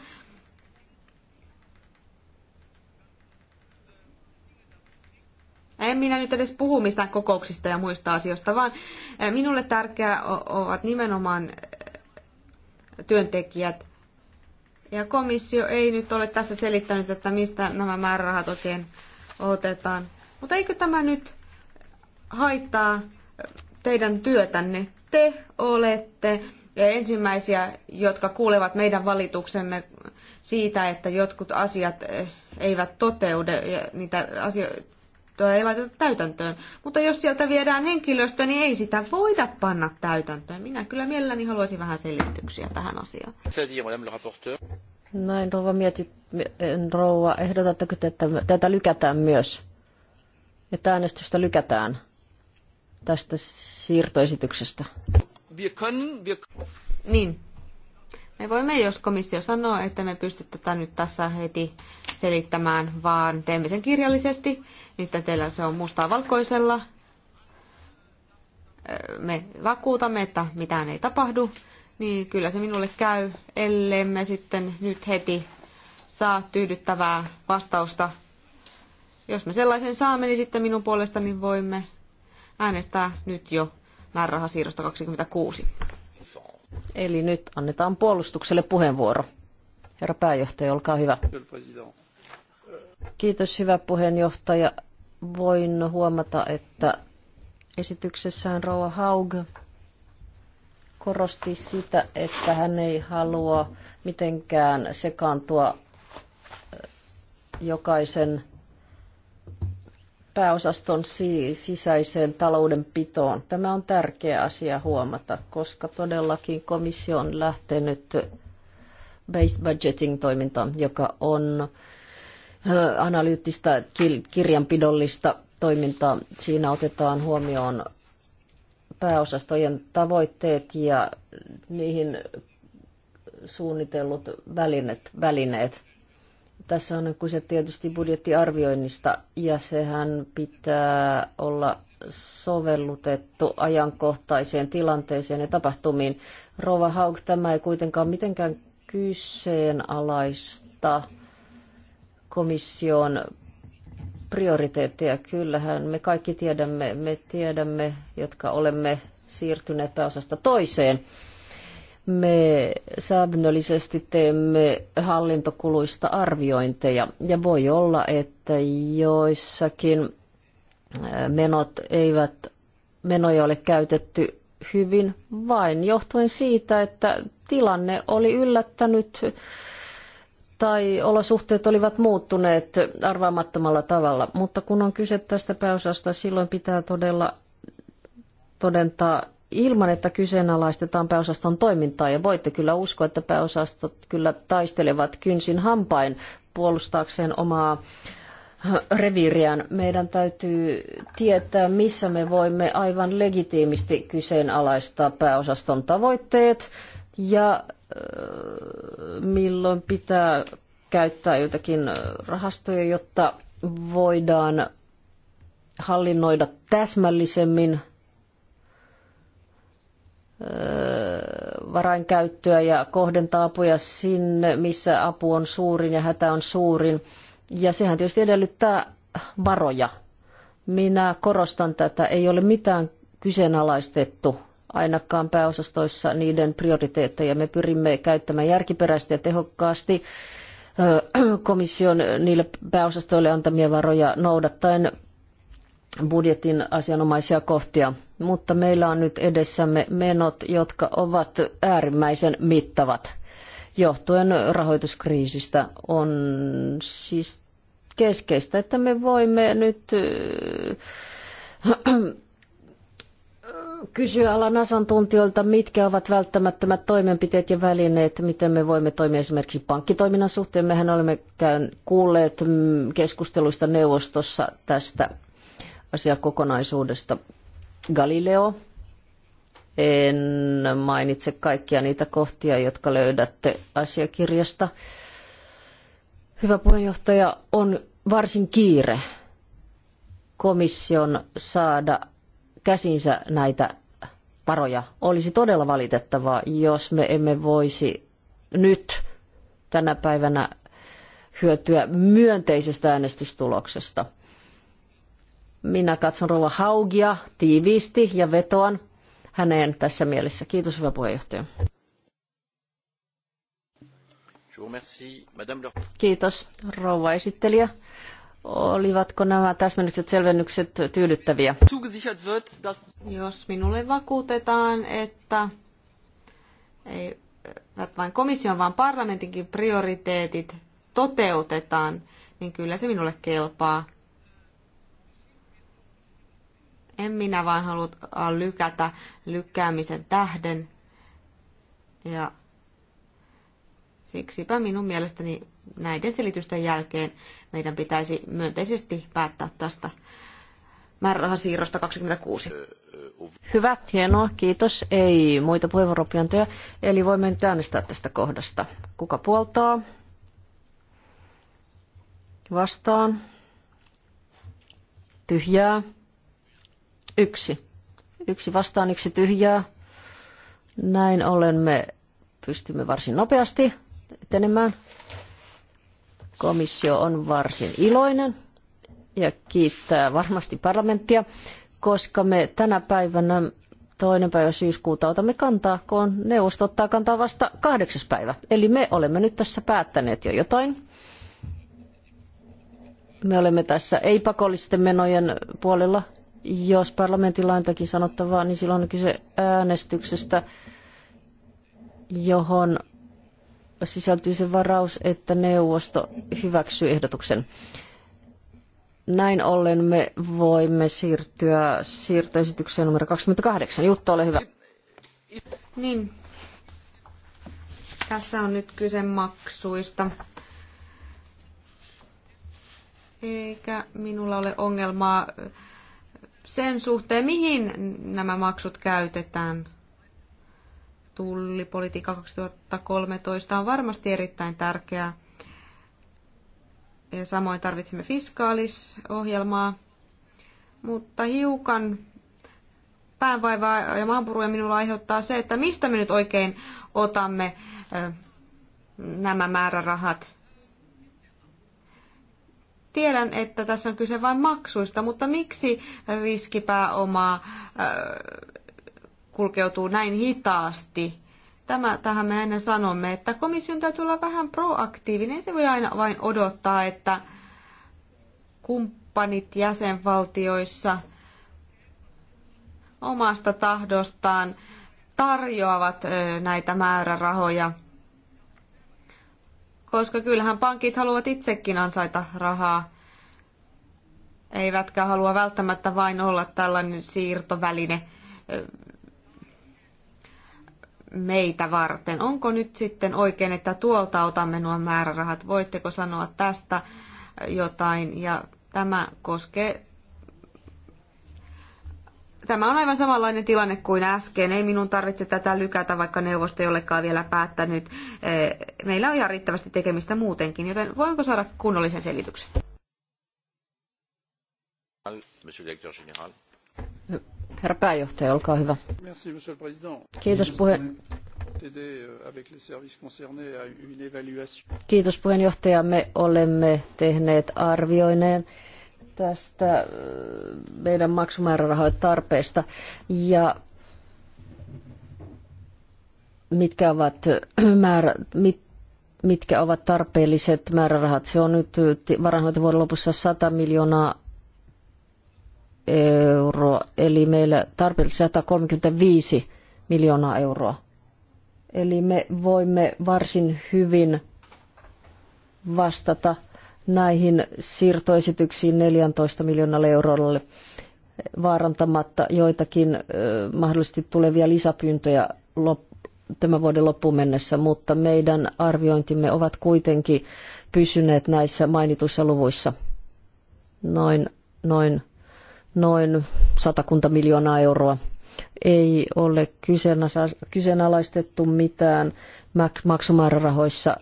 En minä nyt edes puhu mistään kokouksista ja muista asioista, vaan eh, minulle tärkeää ovat nimenomaan eh, työntekijät. Ja komissio ei nyt ole tässä selittänyt, että mistä nämä määrärahat oikein otetaan. Mutta eikö tämä nyt haittaa teidän työtänne? Te olette ensimmäisiä, jotka kuulevat meidän valituksemme siitä, että jotkut asiat eh, eivät toteudu, niitä asioita henkilöstöä ei laiteta täytäntöön. Mutta jos sieltä viedään henkilöstö, niin ei sitä voida panna täytäntöön. Minä kyllä mielelläni haluaisin vähän selityksiä tähän asiaan. Näin, rouva, mieti, rouva ehdotatteko te, että tätä lykätään myös? Että äänestystä lykätään tästä siirtoesityksestä? Niin. Me voimme, jos komissio sanoo, että me pystytään tätä nyt tässä heti selittämään, vaan teemme sen kirjallisesti, niistä teillä se on mustaa valkoisella. Me vakuutamme, että mitään ei tapahdu, niin kyllä se minulle käy, ellei me sitten nyt heti saa tyydyttävää vastausta. Jos me sellaisen saamme, niin sitten minun puolestani voimme äänestää nyt jo määrärahasiirrosta 26. Eli nyt annetaan puolustukselle puheenvuoro. Herra pääjohtaja, olkaa hyvä. Kiitos hyvä puheenjohtaja. Voin huomata, että esityksessään Roa Haug korosti sitä, että hän ei halua mitenkään sekaantua jokaisen pääosaston sisäiseen taloudenpitoon. Tämä on tärkeä asia huomata, koska todellakin komissio on lähtenyt base budgeting toimintaan, joka on analyyttistä kirjanpidollista toimintaa. Siinä otetaan huomioon pääosastojen tavoitteet ja niihin suunnitellut välineet. välineet. Tässä on kyse tietysti budjettiarvioinnista ja sehän pitää olla sovellutettu ajankohtaiseen tilanteeseen ja tapahtumiin. Rova Haug, tämä ei kuitenkaan mitenkään kyseenalaista komission prioriteetteja. Kyllähän me kaikki tiedämme, me tiedämme, jotka olemme siirtyneet pääosasta toiseen. Me säännöllisesti teemme hallintokuluista arviointeja ja voi olla, että joissakin menot eivät, menoja ole käytetty hyvin vain johtuen siitä, että tilanne oli yllättänyt tai olosuhteet olivat muuttuneet arvaamattomalla tavalla. Mutta kun on kyse tästä pääosasta, silloin pitää todella todentaa ilman, että kyseenalaistetaan pääosaston toimintaa. Ja voitte kyllä uskoa, että pääosastot kyllä taistelevat kynsin hampain puolustaakseen omaa reviiriään. Meidän täytyy tietää, missä me voimme aivan legitiimisti kyseenalaistaa pääosaston tavoitteet ja milloin pitää käyttää jotakin rahastoja, jotta voidaan hallinnoida täsmällisemmin varainkäyttöä ja kohdentaa apuja sinne, missä apu on suurin ja hätä on suurin. Ja sehän tietysti edellyttää varoja. Minä korostan tätä, ei ole mitään kyseenalaistettu ainakaan pääosastoissa niiden prioriteetteja. Me pyrimme käyttämään järkiperäisesti ja tehokkaasti komission niille pääosastoille antamia varoja noudattaen budjetin asianomaisia kohtia. Mutta meillä on nyt edessämme menot, jotka ovat äärimmäisen mittavat johtuen rahoituskriisistä. On siis keskeistä, että me voimme nyt kysyä alan asiantuntijoilta, mitkä ovat välttämättömät toimenpiteet ja välineet, miten me voimme toimia esimerkiksi pankkitoiminnan suhteen. Mehän olemme käyn, kuulleet mm, keskusteluista neuvostossa tästä asiakokonaisuudesta. Galileo, en mainitse kaikkia niitä kohtia, jotka löydätte asiakirjasta. Hyvä puheenjohtaja, on varsin kiire komission saada käsinsä näitä varoja. Olisi todella valitettavaa, jos me emme voisi nyt tänä päivänä hyötyä myönteisestä äänestystuloksesta. Minä katson Rova Haugia tiiviisti ja vetoan häneen tässä mielessä. Kiitos hyvä puheenjohtaja. Kiitos rouva esittelijä. Olivatko nämä täsmennykset, selvennykset tyydyttäviä? Jos minulle vakuutetaan, että ei vain komission, vaan parlamentinkin prioriteetit toteutetaan, niin kyllä se minulle kelpaa. En minä vaan halua äh, lykätä lykkäämisen tähden. Ja siksipä minun mielestäni näiden selitysten jälkeen meidän pitäisi myönteisesti päättää tästä määrärahasiirrosta 26. Hyvä, hienoa, kiitos. Ei muita puheenvuoropyöntöjä. Eli voimme nyt äänestää tästä kohdasta. Kuka puoltaa? Vastaan. Tyhjää. Yksi. Yksi vastaan, yksi tyhjää. Näin ollen me pystymme varsin nopeasti etenemään. Komissio on varsin iloinen ja kiittää varmasti parlamenttia, koska me tänä päivänä toinen päivä syyskuuta otamme kantaa, kun neuvosto ottaa kantaa vasta kahdeksas päivä. Eli me olemme nyt tässä päättäneet jo jotain. Me olemme tässä ei-pakollisten menojen puolella. Jos parlamentilla on jotakin sanottavaa, niin silloin on kyse äänestyksestä, johon sisältyy se varaus, että neuvosto hyväksyy ehdotuksen. Näin ollen me voimme siirtyä siirtoesitykseen numero 28. Jutta, ole hyvä. Niin. Tässä on nyt kyse maksuista. Eikä minulla ole ongelmaa sen suhteen, mihin nämä maksut käytetään tullipolitiikka 2013 on varmasti erittäin tärkeää. Ja samoin tarvitsemme fiskaalisohjelmaa, mutta hiukan päänvaivaa ja maanpuruja minulla aiheuttaa se, että mistä me nyt oikein otamme nämä määrärahat. Tiedän, että tässä on kyse vain maksuista, mutta miksi riskipääomaa kulkeutuu näin hitaasti. Tämä, tähän me aina sanomme, että komission täytyy olla vähän proaktiivinen. se voi aina vain odottaa, että kumppanit jäsenvaltioissa omasta tahdostaan tarjoavat näitä määrärahoja. Koska kyllähän pankit haluavat itsekin ansaita rahaa, eivätkä halua välttämättä vain olla tällainen siirtoväline meitä varten. Onko nyt sitten oikein, että tuolta otamme nuo määrärahat? Voitteko sanoa tästä jotain? Ja tämä koskee Tämä on aivan samanlainen tilanne kuin äsken. Ei minun tarvitse tätä lykätä, vaikka neuvosto ei olekaan vielä päättänyt. Eh, meillä on ihan riittävästi tekemistä muutenkin, joten voinko saada kunnollisen selityksen? Herra pääjohtaja, olkaa hyvä. Kiitos puhe... Euh, Kiitos puheenjohtaja. Me olemme tehneet arvioineen tästä äh, meidän maksumäärärahojen tarpeesta ja mitkä ovat, äh, määrä, mit, mitkä ovat tarpeelliset määrärahat. Se on nyt äh, varainhoitovuoden lopussa 100 miljoonaa euroa, eli meillä tarpeeksi 135 miljoonaa euroa. Eli me voimme varsin hyvin vastata näihin siirtoesityksiin 14 miljoonalle eurolle vaarantamatta joitakin mahdollisesti tulevia lisäpyyntöjä tämän vuoden loppuun mennessä, mutta meidän arviointimme ovat kuitenkin pysyneet näissä mainituissa luvuissa noin, noin noin satakunta miljoonaa euroa. Ei ole kyseenalaistettu mitään maksumäärärahoissa.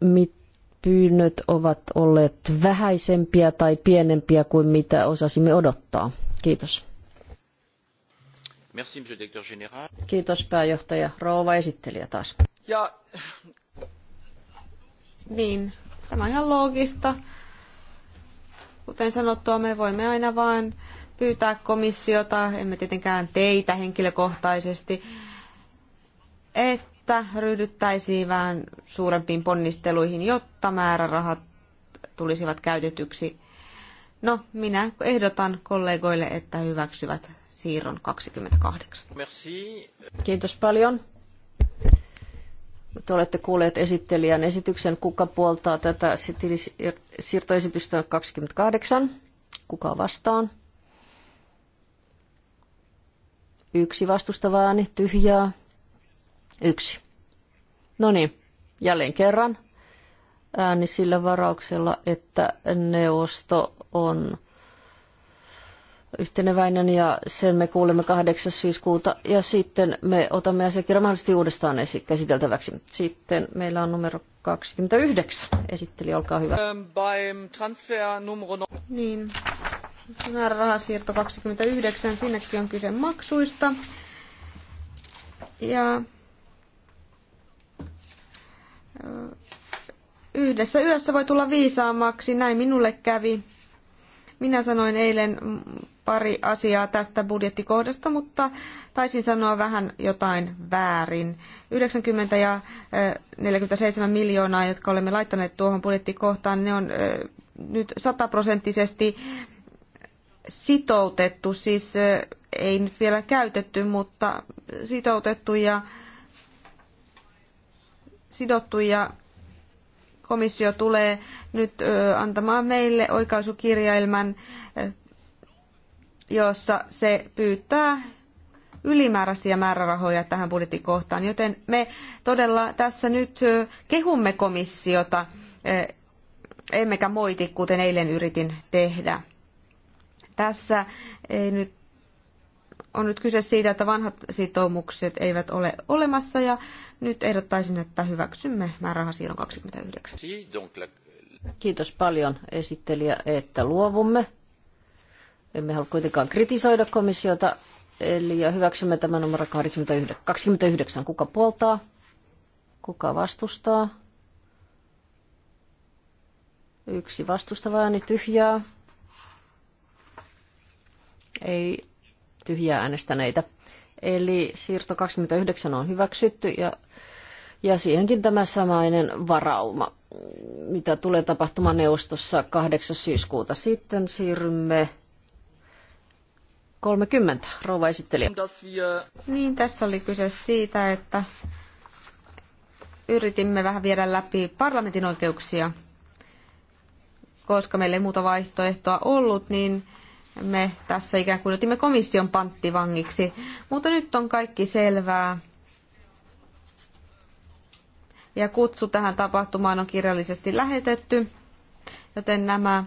Mit pyynnöt ovat olleet vähäisempiä tai pienempiä kuin mitä osasimme odottaa. Kiitos. Merci, Kiitos pääjohtaja. Rouva esittelijä taas. Ja... Niin, tämä on ihan loogista. Kuten sanottua, me voimme aina vain pyytää komissiota, emme tietenkään teitä henkilökohtaisesti, että ryhdyttäisiin vähän suurempiin ponnisteluihin, jotta määrärahat tulisivat käytetyksi. No, minä ehdotan kollegoille, että hyväksyvät siirron 28. Merci. Kiitos paljon te olette kuulleet esittelijän esityksen, kuka puoltaa tätä siirtoesitystä 28, kuka vastaan. Yksi vastustava ääni, tyhjää, yksi. No niin, jälleen kerran ääni sillä varauksella, että neuvosto on yhteneväinen ja sen me kuulemme 8. syyskuuta ja sitten me otamme asiakirjan mahdollisesti uudestaan esi- käsiteltäväksi. Sitten meillä on numero 29. Esitteli, olkaa hyvä. Ähm, transfer numero... No- niin, määrärahasiirto 29, sinnekin on kyse maksuista. Ja yhdessä yössä voi tulla viisaammaksi, näin minulle kävi. Minä sanoin eilen pari asiaa tästä budjettikohdasta, mutta taisin sanoa vähän jotain väärin. 90 ja 47 miljoonaa, jotka olemme laittaneet tuohon budjettikohtaan, ne on nyt sataprosenttisesti sitoutettu, siis ei nyt vielä käytetty, mutta sitoutettu ja sidottu ja komissio tulee nyt antamaan meille oikaisukirjailman jossa se pyytää ylimääräisiä määrärahoja tähän budjettikohtaan, joten me todella tässä nyt kehumme komissiota, emmekä moiti, kuten eilen yritin tehdä. Tässä ei nyt on nyt kyse siitä, että vanhat sitoumukset eivät ole olemassa ja nyt ehdottaisin, että hyväksymme määrärahasiirron 29. Kiitos paljon esittelijä, että luovumme emme halua kuitenkaan kritisoida komissiota, eli ja hyväksymme tämän numero 89. 29. Kuka puoltaa? Kuka vastustaa? Yksi vastustava ääni tyhjää. Ei tyhjää äänestäneitä. Eli siirto 29 on hyväksytty ja, ja siihenkin tämä samainen varauma, mitä tulee tapahtumaan neuvostossa 8. syyskuuta. Sitten siirrymme 30, rouva esittelijä. Niin, tässä oli kyse siitä, että yritimme vähän viedä läpi parlamentin oikeuksia. Koska meillä ei muuta vaihtoehtoa ollut, niin me tässä ikään kuin otimme komission panttivangiksi. Mutta nyt on kaikki selvää. Ja kutsu tähän tapahtumaan on kirjallisesti lähetetty, joten nämä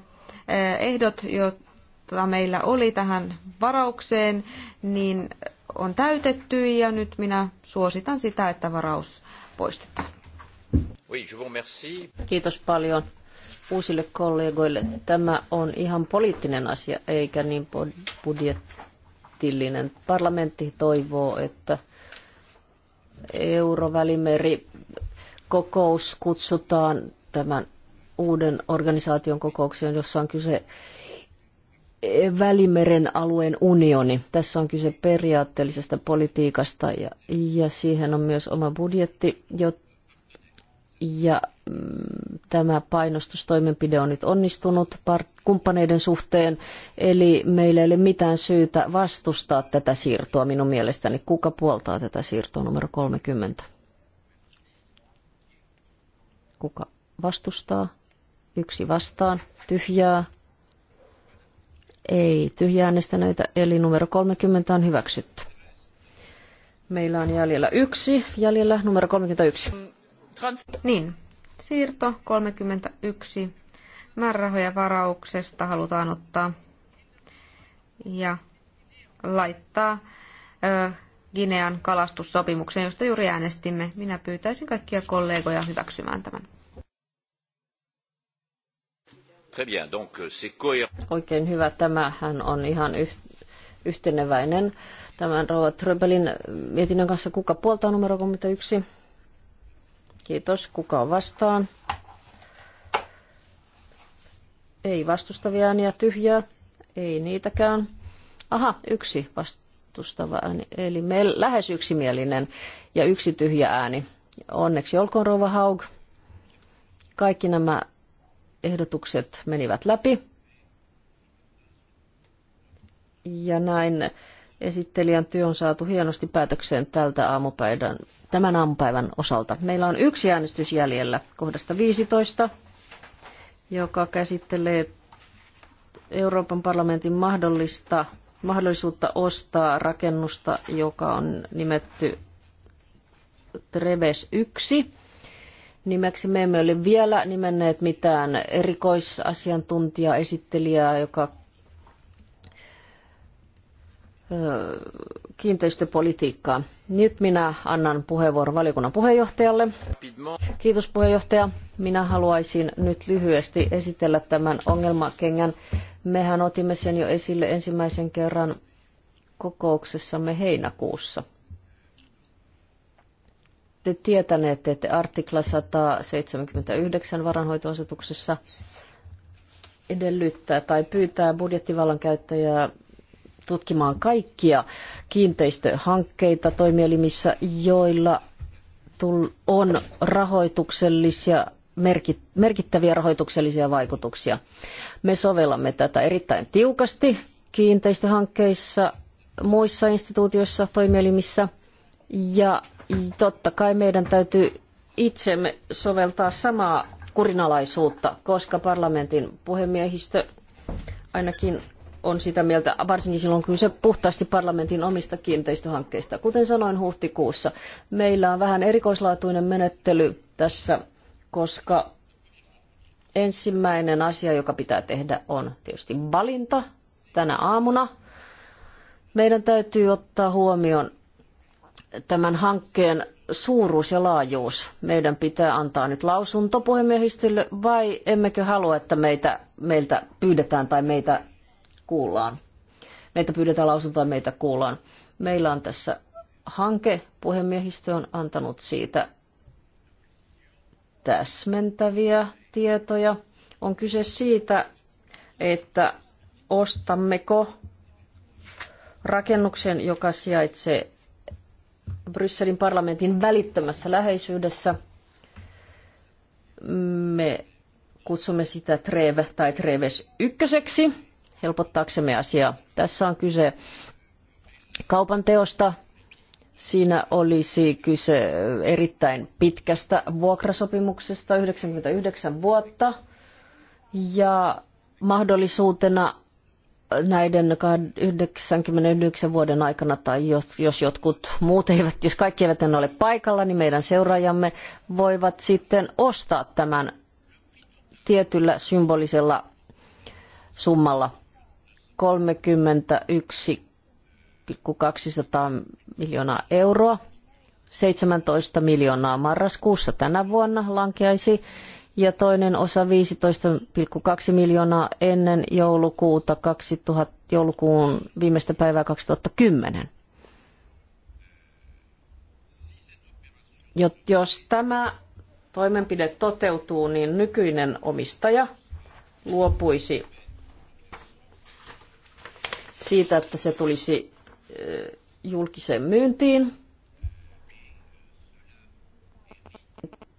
eh, ehdot, jotka jota meillä oli tähän varaukseen, niin on täytetty ja nyt minä suositan sitä, että varaus poistetaan. Kiitos paljon uusille kollegoille. Tämä on ihan poliittinen asia eikä niin budjettillinen. Parlamentti toivoo, että Eurovälimeri kokous kutsutaan tämän uuden organisaation kokoukseen, jossa on kyse Välimeren alueen unioni. Tässä on kyse periaatteellisesta politiikasta ja, ja siihen on myös oma budjetti. Jo, ja mm, tämä painostustoimenpide on nyt onnistunut part- kumppaneiden suhteen, eli meillä ei ole mitään syytä vastustaa tätä siirtoa minun mielestäni. Kuka puoltaa tätä siirtoa numero 30? Kuka vastustaa? Yksi vastaan. Tyhjää ei tyhjää äänestäneitä, eli numero 30 on hyväksytty. Meillä on jäljellä yksi, jäljellä numero 31. Niin, siirto 31. Määrärahoja varauksesta halutaan ottaa ja laittaa ö, Ginean kalastussopimukseen, josta juuri äänestimme. Minä pyytäisin kaikkia kollegoja hyväksymään tämän. Euh, Oikein hyvä. Tämähän on ihan yhteneväinen tämän Rova Tröbelin mietinnön kanssa. Kuka puoltaa numero 31? Kiitos. Kuka on vastaan? Ei vastustavia ääniä tyhjää. Ei niitäkään. Aha, yksi vastustava ääni. Eli me lähes yksimielinen ja yksi tyhjä ääni. Onneksi olkoon Rova Haug. Kaikki nämä ehdotukset menivät läpi. Ja näin esittelijän työ on saatu hienosti päätökseen tältä aamupäivän, tämän aamupäivän osalta. Meillä on yksi äänestys jäljellä kohdasta 15, joka käsittelee Euroopan parlamentin mahdollista, mahdollisuutta ostaa rakennusta, joka on nimetty Treves 1 nimeksi. Me emme ole vielä nimenneet mitään erikoisasiantuntijaa, esittelijää, joka kiinteistöpolitiikkaa. Nyt minä annan puheenvuoron valiokunnan puheenjohtajalle. Kiitos puheenjohtaja. Minä haluaisin nyt lyhyesti esitellä tämän ongelmakengän. Mehän otimme sen jo esille ensimmäisen kerran kokouksessamme heinäkuussa te tietäneet, että artikla 179 varanhoitoasetuksessa edellyttää tai pyytää budjettivallan käyttäjää tutkimaan kaikkia kiinteistöhankkeita toimielimissä, joilla on rahoituksellisia merkittäviä rahoituksellisia vaikutuksia. Me sovellamme tätä erittäin tiukasti kiinteistöhankkeissa, muissa instituutioissa, toimielimissä ja totta kai meidän täytyy itsemme soveltaa samaa kurinalaisuutta, koska parlamentin puhemiehistö ainakin on sitä mieltä, varsinkin silloin kun se puhtaasti parlamentin omista kiinteistöhankkeista. Kuten sanoin huhtikuussa, meillä on vähän erikoislaatuinen menettely tässä, koska ensimmäinen asia, joka pitää tehdä, on tietysti valinta tänä aamuna. Meidän täytyy ottaa huomioon tämän hankkeen suuruus ja laajuus. Meidän pitää antaa nyt lausunto puhemiehistölle vai emmekö halua, että meitä, meiltä pyydetään tai meitä kuullaan? Meitä pyydetään lausuntoa ja meitä kuullaan. Meillä on tässä hanke, puhemiehistö on antanut siitä täsmentäviä tietoja. On kyse siitä, että ostammeko rakennuksen, joka sijaitsee Brysselin parlamentin välittömässä läheisyydessä. Me kutsumme sitä Treve tai Treves ykköseksi, helpottaaksemme asiaa. Tässä on kyse kaupan teosta. Siinä olisi kyse erittäin pitkästä vuokrasopimuksesta, 99 vuotta. Ja mahdollisuutena näiden 99 vuoden aikana, tai jos, jos jotkut muut eivät, jos kaikki eivät enää ole paikalla, niin meidän seuraajamme voivat sitten ostaa tämän tietyllä symbolisella summalla 31,200 miljoonaa euroa. 17 miljoonaa marraskuussa tänä vuonna lankeaisi ja toinen osa 15,2 miljoonaa ennen joulukuuta 2000, joulukuun viimeistä päivää 2010. Jos tämä toimenpide toteutuu, niin nykyinen omistaja luopuisi siitä, että se tulisi eh, julkiseen myyntiin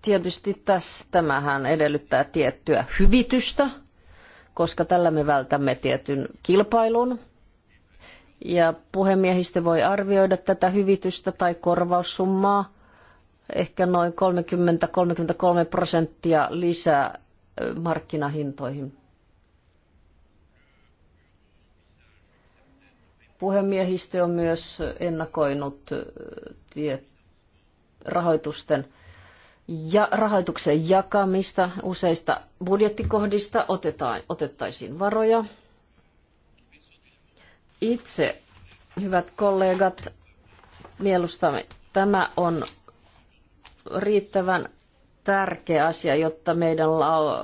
Tietysti tässä, tämähän edellyttää tiettyä hyvitystä, koska tällä me vältämme tietyn kilpailun. Ja puhemiehistö voi arvioida tätä hyvitystä tai korvaussummaa ehkä noin 30-33 prosenttia lisää markkinahintoihin. Puhemiehistö on myös ennakoinut rahoitusten ja rahoituksen jakamista useista budjettikohdista otetaan, otettaisiin varoja. Itse, hyvät kollegat, mielestäni tämä on riittävän tärkeä asia, jotta meidän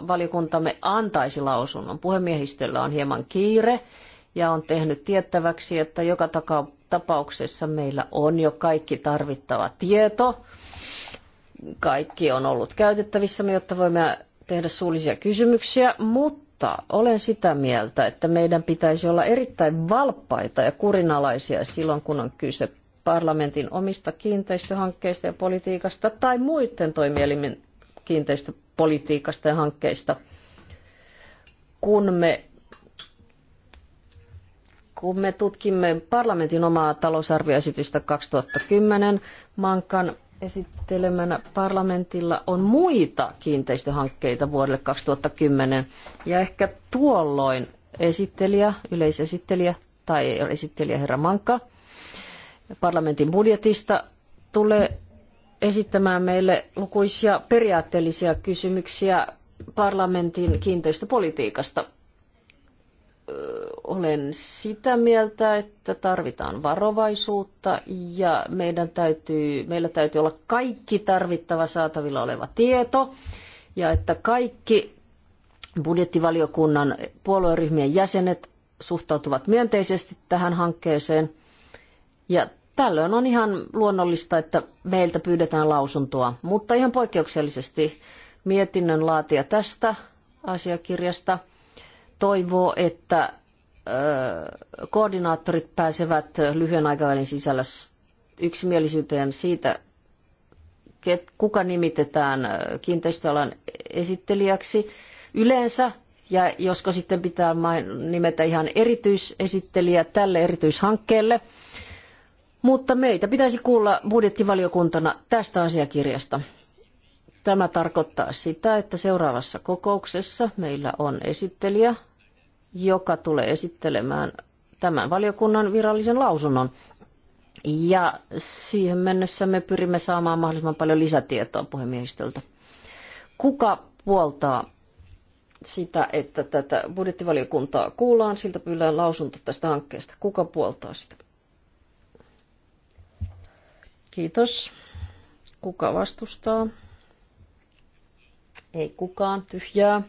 valiokuntamme antaisi lausunnon. Puhemiehistöllä on hieman kiire ja on tehnyt tiettäväksi, että joka tapauksessa meillä on jo kaikki tarvittava tieto kaikki on ollut käytettävissä, jotta voimme tehdä suullisia kysymyksiä, mutta olen sitä mieltä, että meidän pitäisi olla erittäin valppaita ja kurinalaisia silloin, kun on kyse parlamentin omista kiinteistöhankkeista ja politiikasta tai muiden toimielimen kiinteistöpolitiikasta ja hankkeista, kun me, kun me tutkimme parlamentin omaa talousarvioesitystä 2010 Mankan esittelemänä parlamentilla on muita kiinteistöhankkeita vuodelle 2010. Ja ehkä tuolloin esittelijä, yleisesittelijä tai esittelijä herra Manka parlamentin budjetista tulee esittämään meille lukuisia periaatteellisia kysymyksiä parlamentin kiinteistöpolitiikasta olen sitä mieltä, että tarvitaan varovaisuutta ja meidän täytyy, meillä täytyy olla kaikki tarvittava saatavilla oleva tieto ja että kaikki budjettivaliokunnan puolueryhmien jäsenet suhtautuvat myönteisesti tähän hankkeeseen. Ja tällöin on ihan luonnollista, että meiltä pyydetään lausuntoa, mutta ihan poikkeuksellisesti mietinnön laatia tästä asiakirjasta – toivoo, että koordinaattorit pääsevät lyhyen aikavälin sisällä yksimielisyyteen siitä, kuka nimitetään kiinteistöalan esittelijäksi yleensä, ja josko sitten pitää nimetä ihan erityisesittelijä tälle erityishankkeelle. Mutta meitä pitäisi kuulla budjettivaliokuntana tästä asiakirjasta. Tämä tarkoittaa sitä, että seuraavassa kokouksessa meillä on esittelijä joka tulee esittelemään tämän valiokunnan virallisen lausunnon. Ja siihen mennessä me pyrimme saamaan mahdollisimman paljon lisätietoa puhemiehistöltä. Kuka puoltaa sitä, että tätä budjettivaliokuntaa kuullaan, siltä pyydään lausunto tästä hankkeesta. Kuka puoltaa sitä? Kiitos. Kuka vastustaa? Ei kukaan. Tyhjää.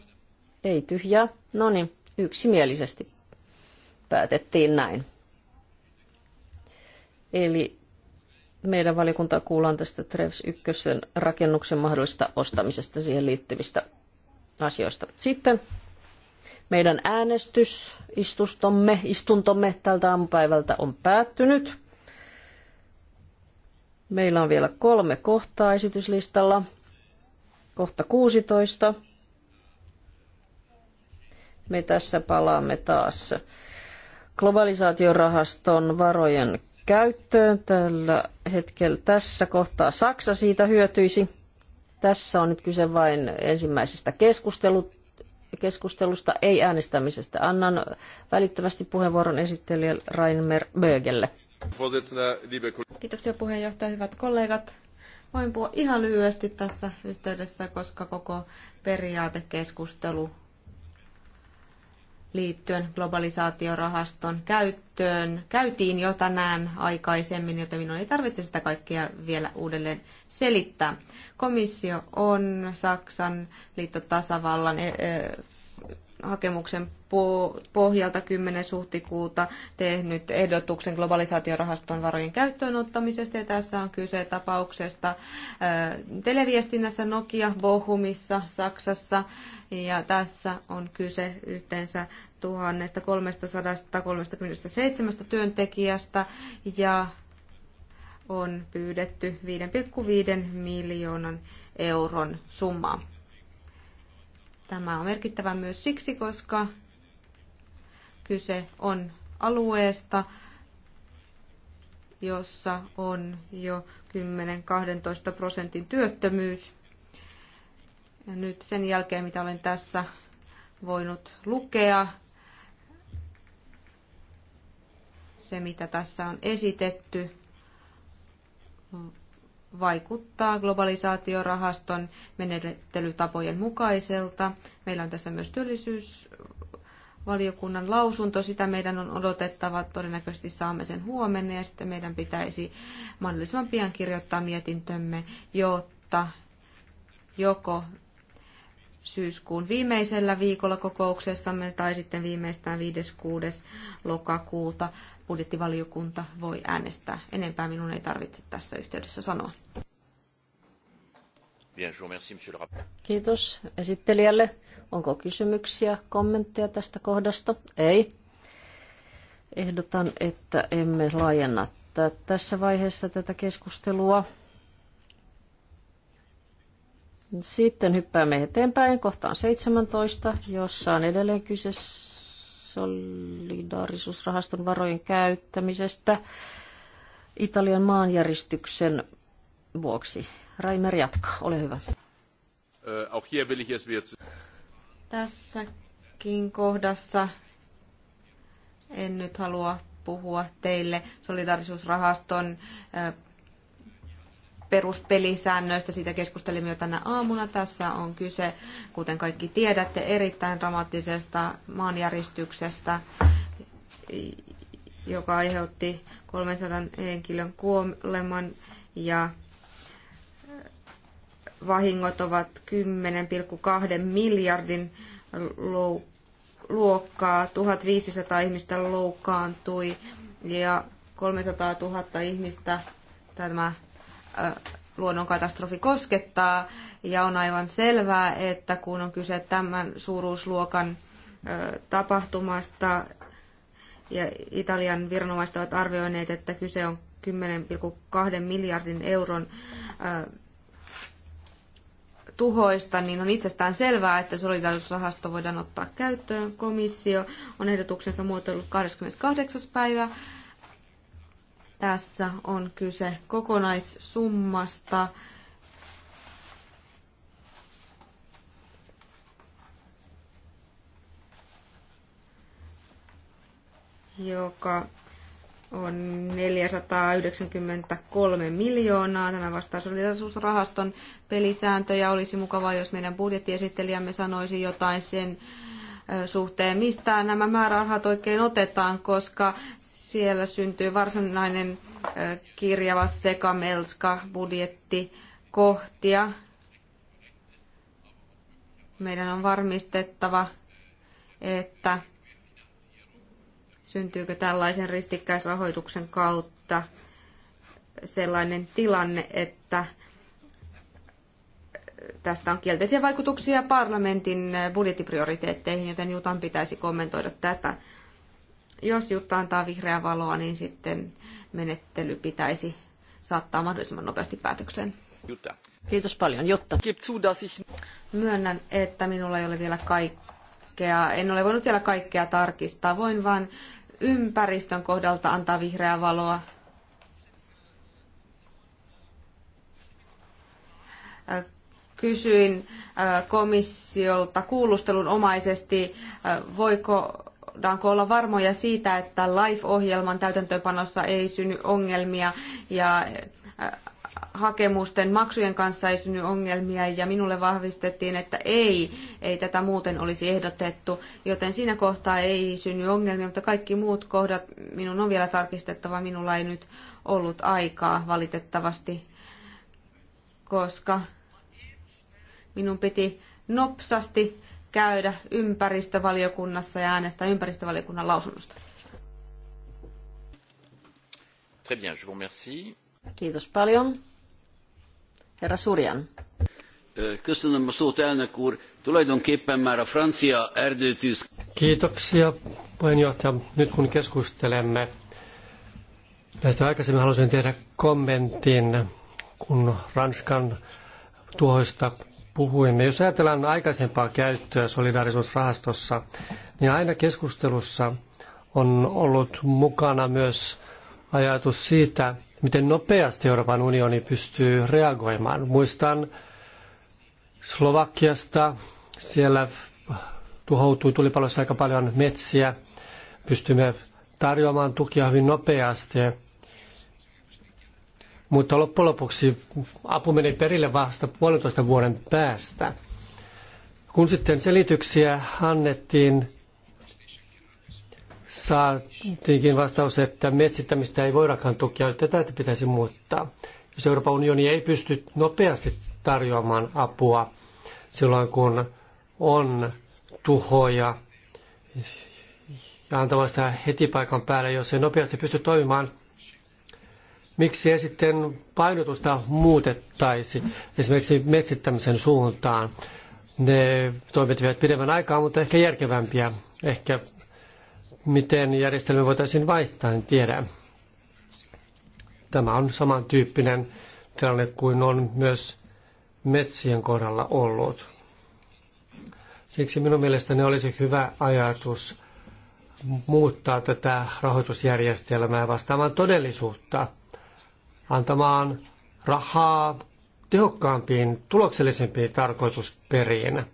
Ei tyhjää. No niin. Yksimielisesti päätettiin näin. Eli meidän valiokunta kuullaan tästä TREVS 1 rakennuksen mahdollisesta ostamisesta siihen liittyvistä asioista. Sitten meidän äänestysistustomme, istuntomme tältä aamupäivältä on päättynyt. Meillä on vielä kolme kohtaa esityslistalla. Kohta 16. Me tässä palaamme taas globalisaatiorahaston varojen käyttöön tällä hetkellä. Tässä kohtaa Saksa siitä hyötyisi. Tässä on nyt kyse vain ensimmäisestä keskustelusta, ei äänestämisestä. Annan välittömästi puheenvuoron esittelijä Rainer Bögelle. Kiitoksia puheenjohtaja, hyvät kollegat. Voin puhua ihan lyhyesti tässä yhteydessä, koska koko periaatekeskustelu liittyen globalisaatiorahaston käyttöön käytiin jo tänään aikaisemmin, joten minun ei tarvitse sitä kaikkea vielä uudelleen selittää. Komissio on Saksan liittotasavallan eh, eh, hakemuksen pohjalta 10. huhtikuuta tehnyt ehdotuksen globalisaatiorahaston varojen käyttöönottamisesta. Ja tässä on kyse tapauksesta äh, televiestinnässä Nokia Bohumissa Saksassa. Ja tässä on kyse yhteensä 1337 työntekijästä ja on pyydetty 5,5 miljoonan euron summaa. Tämä on merkittävä myös siksi, koska kyse on alueesta, jossa on jo 10-12 prosentin työttömyys. Ja nyt sen jälkeen, mitä olen tässä voinut lukea, se mitä tässä on esitetty, vaikuttaa globalisaatiorahaston menettelytapojen mukaiselta. Meillä on tässä myös työllisyysvaliokunnan lausunto. Sitä meidän on odotettava. Todennäköisesti saamme sen huomenna ja sitten meidän pitäisi mahdollisimman pian kirjoittaa mietintömme, jotta joko syyskuun viimeisellä viikolla kokouksessamme tai sitten viimeistään 5.6. lokakuuta budjettivaliokunta voi äänestää. Enempää minun ei tarvitse tässä yhteydessä sanoa. Kiitos esittelijälle. Onko kysymyksiä, kommentteja tästä kohdasta? Ei. Ehdotan, että emme laajenna tässä vaiheessa tätä keskustelua. Sitten hyppäämme eteenpäin kohtaan 17, jossa on edelleen kyse solidaarisuusrahaston varojen käyttämisestä Italian maanjäristyksen vuoksi. Raimer jatkaa, ole hyvä. Äh, Tässäkin kohdassa en nyt halua puhua teille solidarisuusrahaston äh, peruspelisäännöistä. Siitä keskustelimme jo tänä aamuna. Tässä on kyse, kuten kaikki tiedätte, erittäin dramaattisesta maanjäristyksestä, joka aiheutti 300 henkilön kuoleman ja vahingot ovat 10,2 miljardin luokkaa. 1500 ihmistä loukkaantui ja 300 000 ihmistä tämä luonnonkatastrofi koskettaa. Ja on aivan selvää, että kun on kyse tämän suuruusluokan tapahtumasta, ja Italian viranomaiset ovat arvioineet, että kyse on 10,2 miljardin euron tuhoista, niin on itsestään selvää, että solidaarisuusrahasto voidaan ottaa käyttöön. Komissio on ehdotuksensa muotoillut 28. päivä tässä on kyse kokonaissummasta. joka on 493 miljoonaa. Tämä vastaa solidarisuusrahaston pelisääntöjä. Olisi mukavaa, jos meidän budjettiesittelijämme sanoisi jotain sen suhteen, mistä nämä määrärahat oikein otetaan, koska siellä syntyy varsinainen kirjava sekamelska budjetti kohtia. Meidän on varmistettava, että syntyykö tällaisen ristikkäisrahoituksen kautta sellainen tilanne, että tästä on kielteisiä vaikutuksia parlamentin budjettiprioriteetteihin, joten Jutan pitäisi kommentoida tätä. Jos Jutta antaa vihreää valoa, niin sitten menettely pitäisi saattaa mahdollisimman nopeasti päätökseen. Jutta. Kiitos paljon, Jutta. Myönnän, että minulla ei ole vielä kaikkea, en ole voinut vielä kaikkea tarkistaa. Voin vain ympäristön kohdalta antaa vihreää valoa. Äh, kysyin äh, komissiolta kuulustelun omaisesti, äh, voiko voidaanko olla varmoja siitä, että LIFE-ohjelman täytäntöönpanossa ei synny ongelmia ja äh, hakemusten maksujen kanssa ei synny ongelmia ja minulle vahvistettiin, että ei, ei tätä muuten olisi ehdotettu, joten siinä kohtaa ei synny ongelmia, mutta kaikki muut kohdat minun on vielä tarkistettava, minulla ei nyt ollut aikaa valitettavasti, koska minun piti nopsasti käydä ympäristövaliokunnassa ja äänestää ympäristövaliokunnan lausunnosta. Très bien, je vous remercie. Kiitos paljon. Herra Surjan. Eh, köszönöm a szót, elnök úr. Tulajdonképpen már a francia erdőtűz... Kiitoksia, puheenjohtaja. Nyt kun keskustelemme näistä aikaisemmin, haluaisin tehdä kommentin, kun Ranskan tuhoista puhuimme. Jos ajatellaan aikaisempaa käyttöä solidaarisuusrahastossa, niin aina keskustelussa on ollut mukana myös ajatus siitä, miten nopeasti Euroopan unioni pystyy reagoimaan. Muistan Slovakiasta, siellä tuhoutui tulipalossa aika paljon metsiä. Pystymme tarjoamaan tukia hyvin nopeasti mutta loppujen lopuksi apu meni perille vasta puolentoista vuoden päästä. Kun sitten selityksiä annettiin, saatiinkin vastaus, että metsittämistä ei voidakaan tukea, että tätä pitäisi muuttaa. Jos Euroopan unioni ei pysty nopeasti tarjoamaan apua silloin, kun on tuhoja ja antamaan sitä heti paikan päälle, jos ei nopeasti pysty toimimaan, miksi ei sitten painotusta muutettaisi esimerkiksi metsittämisen suuntaan. Ne toimet vievät pidemmän aikaa, mutta ehkä järkevämpiä. Ehkä miten järjestelmä voitaisiin vaihtaa, en tiedä. Tämä on samantyyppinen tilanne kuin on myös metsien kohdalla ollut. Siksi minun mielestäni olisi hyvä ajatus muuttaa tätä rahoitusjärjestelmää vastaamaan todellisuutta – antamaan rahaa tehokkaampiin, tuloksellisempiin tarkoitusperiin.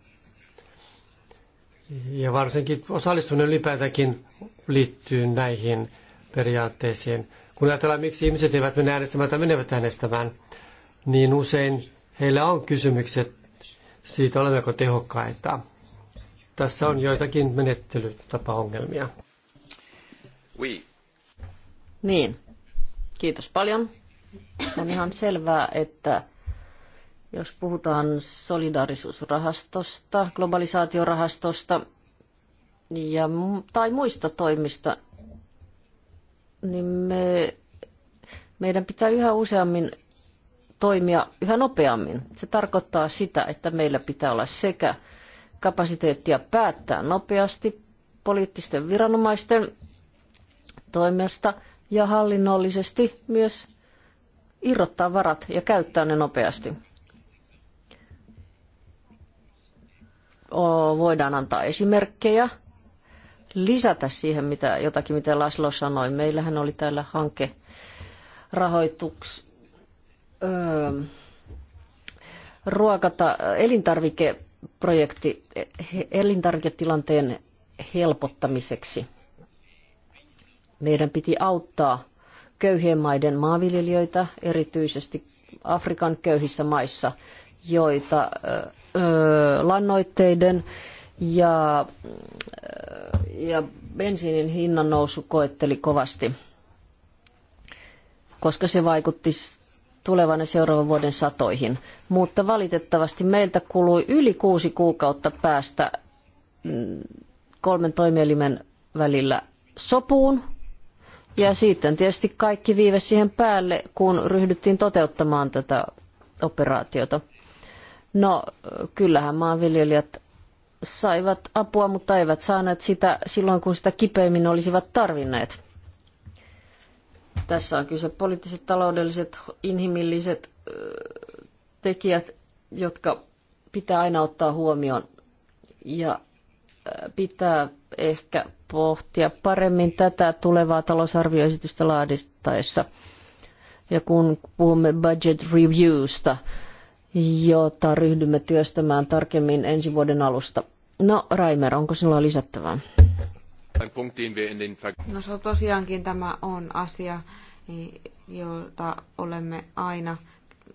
Ja varsinkin osallistuminen ylipäätäänkin liittyy näihin periaatteisiin. Kun ajatellaan, miksi ihmiset eivät mene äänestämään tai menevät äänestämään, niin usein heillä on kysymykset siitä, olemmeko tehokkaita. Tässä on joitakin menettelytapaongelmia. Oui. Niin. Kiitos paljon. On ihan selvää, että jos puhutaan solidaarisuusrahastosta, globalisaatiorahastosta ja, tai muista toimista, niin me, meidän pitää yhä useammin toimia yhä nopeammin. Se tarkoittaa sitä, että meillä pitää olla sekä kapasiteettia päättää nopeasti poliittisten viranomaisten toimesta ja hallinnollisesti myös irrottaa varat ja käyttää ne nopeasti. Voidaan antaa esimerkkejä, lisätä siihen mitä, jotakin, mitä Laslo sanoi. Meillähän oli täällä hanke rahoituks, öö, ruokata, elintarvikeprojekti elintarviketilanteen helpottamiseksi. Meidän piti auttaa köyhien maiden maanviljelijöitä, erityisesti Afrikan köyhissä maissa, joita lannoitteiden ja, ja bensiinin hinnan nousu koetteli kovasti, koska se vaikutti tulevan ja seuraavan vuoden satoihin. Mutta valitettavasti meiltä kului yli kuusi kuukautta päästä mm, kolmen toimielimen välillä sopuun ja sitten tietysti kaikki viive siihen päälle, kun ryhdyttiin toteuttamaan tätä operaatiota. No, kyllähän maanviljelijät saivat apua, mutta eivät saaneet sitä silloin, kun sitä kipeimmin olisivat tarvinneet. Tässä on kyse poliittiset, taloudelliset, inhimilliset tekijät, jotka pitää aina ottaa huomioon. Ja pitää ehkä pohtia paremmin tätä tulevaa talousarvioesitystä laadittaessa. Ja kun puhumme budget reviewsta, jota ryhdymme työstämään tarkemmin ensi vuoden alusta. No, Raimer, onko sinulla lisättävää? No se on tosiaankin tämä on asia, jota olemme aina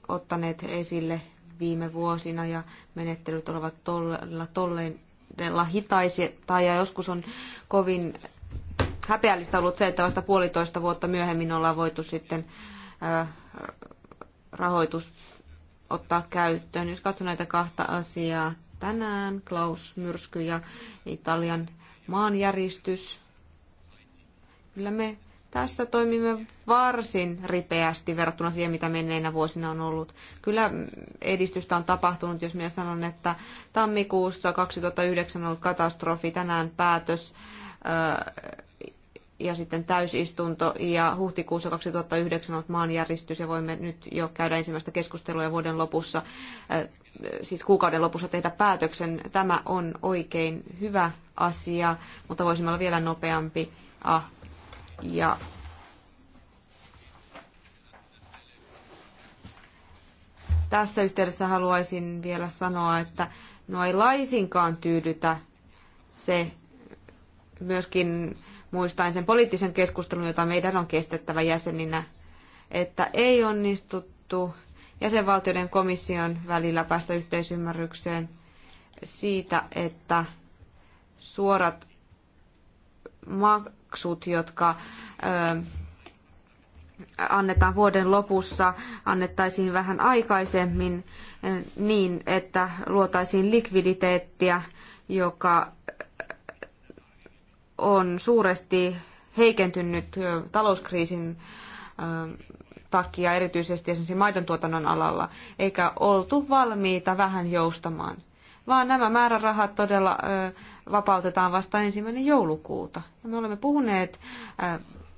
ottaneet esille viime vuosina ja menettelyt ovat todella tolleen todella hitaita ja joskus on kovin häpeällistä ollut se, että vasta puolitoista vuotta myöhemmin ollaan voitu sitten rahoitus ottaa käyttöön. Jos katson näitä kahta asiaa tänään, Klaus Myrsky ja Italian maanjäristys, kyllä me tässä toimimme varsin ripeästi verrattuna siihen, mitä menneinä vuosina on ollut. Kyllä edistystä on tapahtunut, jos minä sanon, että tammikuussa 2009 on ollut katastrofi, tänään päätös ja sitten täysistunto ja huhtikuussa 2009 on maanjäristys ja voimme nyt jo käydä ensimmäistä keskustelua ja vuoden lopussa, siis kuukauden lopussa tehdä päätöksen. Tämä on oikein hyvä asia, mutta voisimme olla vielä nopeampi. Ah, ja tässä yhteydessä haluaisin vielä sanoa, että no ei laisinkaan tyydytä se myöskin muistaen sen poliittisen keskustelun, jota meidän on kestettävä jäseninä, että ei onnistuttu jäsenvaltioiden komission välillä päästä yhteisymmärrykseen siitä, että suorat maksut, jotka annetaan vuoden lopussa, annettaisiin vähän aikaisemmin niin, että luotaisiin likviditeettiä, joka on suuresti heikentynyt talouskriisin takia, erityisesti esimerkiksi maidontuotannon alalla, eikä oltu valmiita vähän joustamaan vaan nämä määrärahat todella vapautetaan vasta ensimmäinen joulukuuta. Ja me olemme puhuneet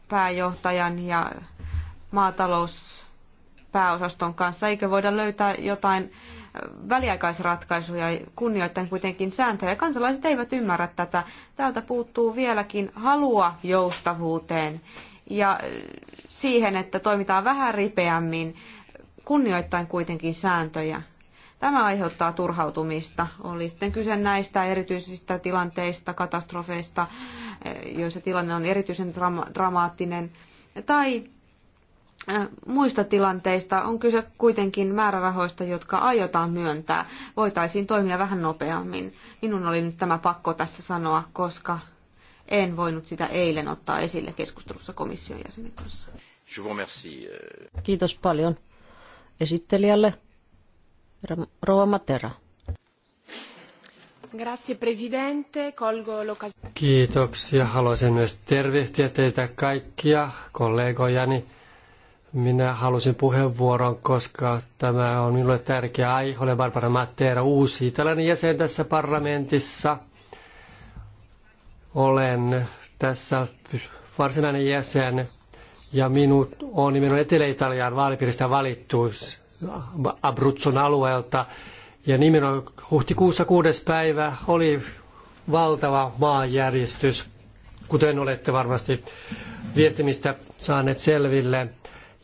pääjohtajan ja maatalouspääosaston kanssa, eikä voida löytää jotain väliaikaisratkaisuja kunnioittaen kuitenkin sääntöjä. Kansalaiset eivät ymmärrä tätä. Täältä puuttuu vieläkin halua joustavuuteen ja siihen, että toimitaan vähän ripeämmin, kunnioittain kuitenkin sääntöjä. Tämä aiheuttaa turhautumista. Oli sitten kyse näistä erityisistä tilanteista, katastrofeista, joissa tilanne on erityisen dramaattinen, tai muista tilanteista on kyse kuitenkin määrärahoista, jotka aiotaan myöntää. Voitaisiin toimia vähän nopeammin. Minun oli nyt tämä pakko tässä sanoa, koska en voinut sitä eilen ottaa esille keskustelussa komission jäsenen kanssa. Euh. Kiitos paljon esittelijälle. Rouva Matera. Grazie presidente, colgo l'occasione. Kiitoksia. Haluaisin myös tervehtiä teitä kaikkia kollegojani. Minä halusin puheenvuoron, koska tämä on minulle tärkeä aihe. Olen Barbara Matteera, uusi italialainen jäsen tässä parlamentissa. Olen tässä varsinainen jäsen ja minut on nimenomaan Etelä-Italian vaalipiiristä valittu Abruzzon alueelta. Ja nimenomaan huhtikuussa kuudes päivä oli valtava maanjäristys, kuten olette varmasti viestimistä saaneet selville.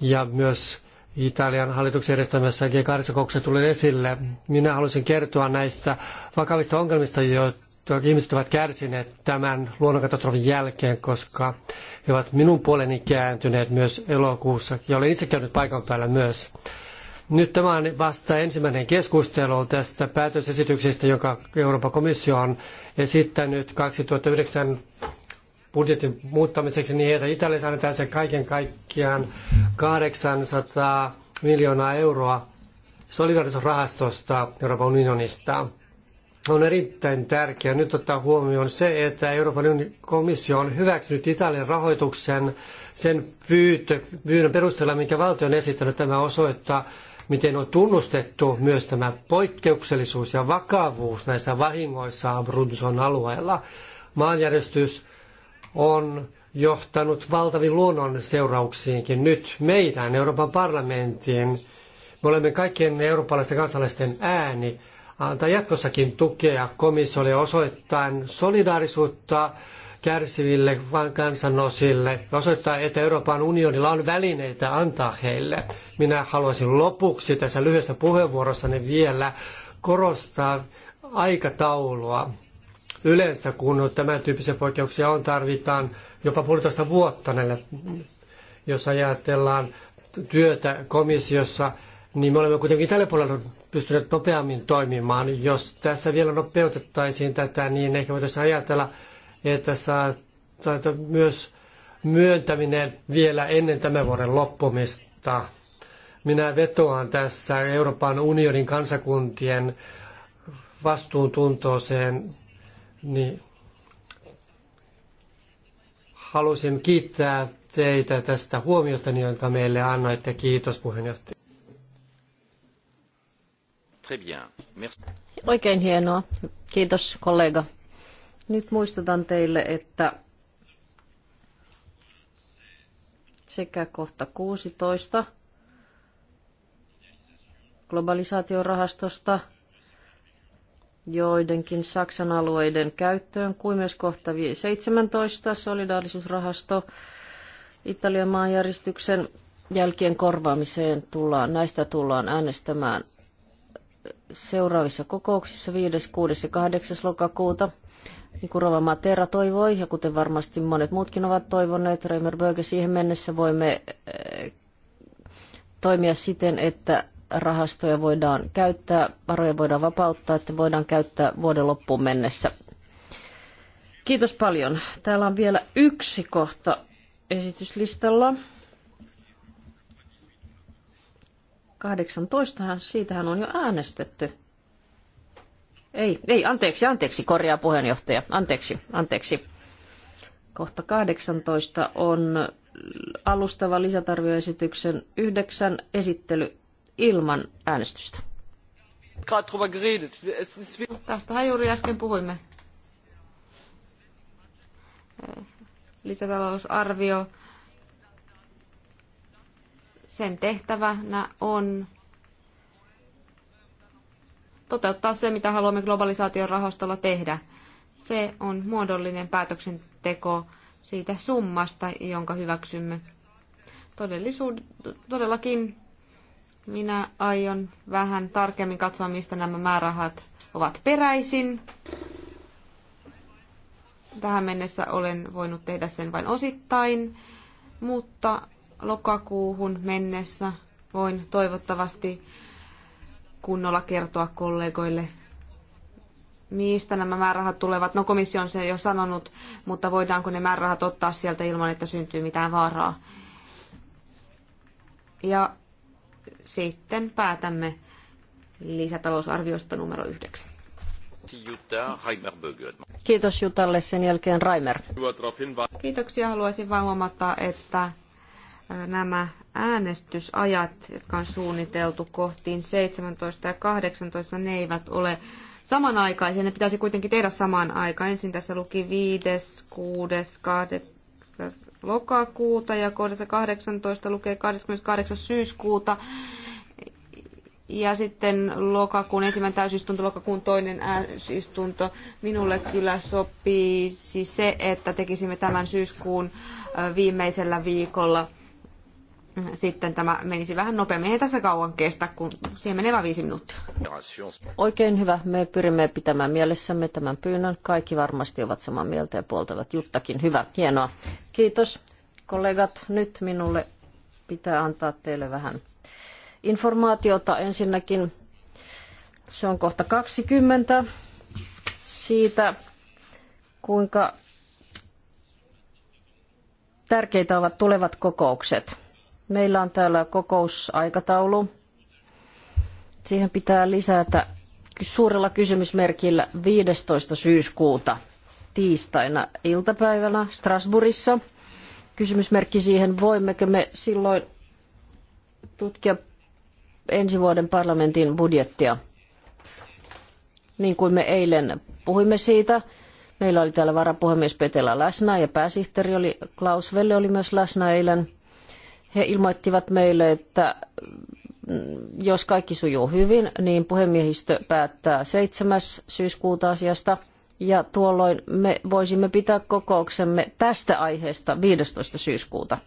Ja myös Italian hallituksen järjestämässä G8-kokouksessa tuli esille. Minä haluaisin kertoa näistä vakavista ongelmista, joita ihmiset ovat kärsineet tämän luonnonkatastrofin jälkeen, koska he ovat minun puoleni kääntyneet myös elokuussa. Ja olen itse käynyt paikan päällä myös. Nyt tämä on vasta ensimmäinen keskustelu tästä päätösesityksestä, joka Euroopan komissio on esittänyt 2009 budjetin muuttamiseksi niin, että Italiassa annetaan se kaiken kaikkiaan 800 miljoonaa euroa solidarisuusrahastosta Euroopan unionista. On erittäin tärkeää nyt ottaa huomioon se, että Euroopan komissio on hyväksynyt Italian rahoituksen sen pyyntö, pyynnön perusteella, minkä valtio on esittänyt. Tämä osoittaa, miten on tunnustettu myös tämä poikkeuksellisuus ja vakavuus näissä vahingoissa Brunson alueella. Maanjärjestys on johtanut valtaviin luonnon seurauksiinkin nyt meidän Euroopan parlamentin. Me olemme kaikkien eurooppalaisten kansalaisten ääni antaa jatkossakin tukea komissiolle osoittain solidaarisuutta kärsiville vaan kansanosille ja osoittaa, että Euroopan unionilla on välineitä antaa heille. Minä haluaisin lopuksi tässä lyhyessä puheenvuorossani vielä korostaa aikataulua. Yleensä kun tämän tyyppisiä poikkeuksia on, tarvitaan jopa puolitoista vuotta näille, jos ajatellaan työtä komissiossa, niin me olemme kuitenkin tällä puolella pystyneet nopeammin toimimaan. Jos tässä vielä nopeutettaisiin tätä, niin ehkä voitaisiin ajatella, että saa myös myöntäminen vielä ennen tämän vuoden loppumista. Minä vetoan tässä Euroopan unionin kansakuntien vastuuntuntoiseen, niin halusin kiittää teitä tästä huomiosta, jonka meille annoitte. Kiitos puheenjohtaja. Oikein hienoa. Kiitos kollega. Nyt muistutan teille, että sekä kohta 16 globalisaatiorahastosta joidenkin Saksan alueiden käyttöön, kuin myös kohta 17 solidaarisuusrahasto Italian maanjäristyksen jälkien korvaamiseen tullaan, näistä tullaan äänestämään seuraavissa kokouksissa 5, 6 ja 8 lokakuuta. Niin kuin Rova Matera toivoi, ja kuten varmasti monet muutkin ovat toivoneet, Reimer Böge, siihen mennessä voimme eh, toimia siten, että rahastoja voidaan käyttää, varoja voidaan vapauttaa, että voidaan käyttää vuoden loppuun mennessä. Kiitos paljon. Täällä on vielä yksi kohta esityslistalla. 18. Siitähän on jo äänestetty. Ei, ei, anteeksi, anteeksi, korjaa puheenjohtaja. Anteeksi, anteeksi. Kohta 18 on alustava lisätarvioesityksen yhdeksän esittely ilman äänestystä. Tästähän juuri äsken puhuimme. Lisätalousarvio. Sen tehtävänä on toteuttaa se, mitä haluamme globalisaation rahastolla tehdä. Se on muodollinen päätöksenteko siitä summasta, jonka hyväksymme. Todellisuud- todellakin minä aion vähän tarkemmin katsoa, mistä nämä määrärahat ovat peräisin. Tähän mennessä olen voinut tehdä sen vain osittain, mutta lokakuuhun mennessä voin toivottavasti kunnolla kertoa kollegoille, mistä nämä määrärahat tulevat. No komissio on se jo sanonut, mutta voidaanko ne määrärahat ottaa sieltä ilman, että syntyy mitään vaaraa. Ja sitten päätämme lisätalousarviosta numero yhdeksän. Kiitos Jutalle, sen jälkeen Raimer. Kiitoksia, haluaisin vain huomauttaa, että nämä äänestysajat, jotka on suunniteltu kohtiin 17 ja 18, ne eivät ole samanaikaisia. Ne pitäisi kuitenkin tehdä samaan aikaan. Ensin tässä luki 5, 6, 8 lokakuuta ja kohdassa 18 lukee 28. syyskuuta. Ja sitten lokakuun ensimmäinen täysistunto, lokakuun toinen täysistunto. Minulle kyllä sopii se, että tekisimme tämän syyskuun viimeisellä viikolla sitten tämä menisi vähän nopeammin. Ei tässä kauan kestä, kun siihen menee vain viisi minuuttia. Oikein hyvä. Me pyrimme pitämään mielessämme tämän pyynnön. Kaikki varmasti ovat samaa mieltä ja puoltavat Juttakin. Hyvä, hienoa. Kiitos kollegat. Nyt minulle pitää antaa teille vähän informaatiota. Ensinnäkin se on kohta 20 siitä, kuinka tärkeitä ovat tulevat kokoukset Meillä on täällä kokousaikataulu. Siihen pitää lisätä suurella kysymysmerkillä 15. syyskuuta tiistaina iltapäivällä Strasbourgissa. Kysymysmerkki siihen, voimmeko me silloin tutkia ensi vuoden parlamentin budjettia. Niin kuin me eilen puhuimme siitä, meillä oli täällä varapuhemies Petela läsnä ja pääsihteeri oli, Klaus Velle oli myös läsnä eilen – he ilmoittivat meille, että mm, jos kaikki sujuu hyvin, niin puhemiehistö päättää 7. syyskuuta asiasta. Ja tuolloin me voisimme pitää kokouksemme tästä aiheesta 15. syyskuuta.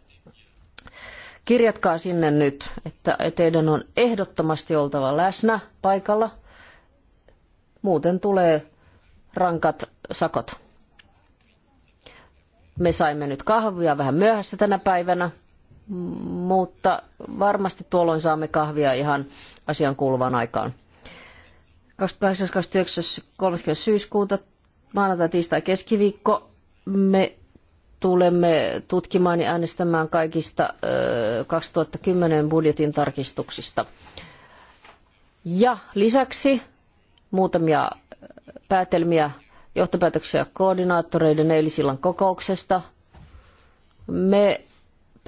Kirjatkaa sinne nyt, että teidän on ehdottomasti oltava läsnä paikalla. Muuten tulee rankat sakot. Me saimme nyt kahvia vähän myöhässä tänä päivänä, mutta varmasti tuolloin saamme kahvia ihan asian kuuluvan aikaan. 28. syyskuuta, maanantai, tiistai, keskiviikko me tulemme tutkimaan ja äänestämään kaikista ö, 2010 budjetin tarkistuksista. Ja lisäksi muutamia päätelmiä, johtopäätöksiä koordinaattoreiden eilisillan kokouksesta. Me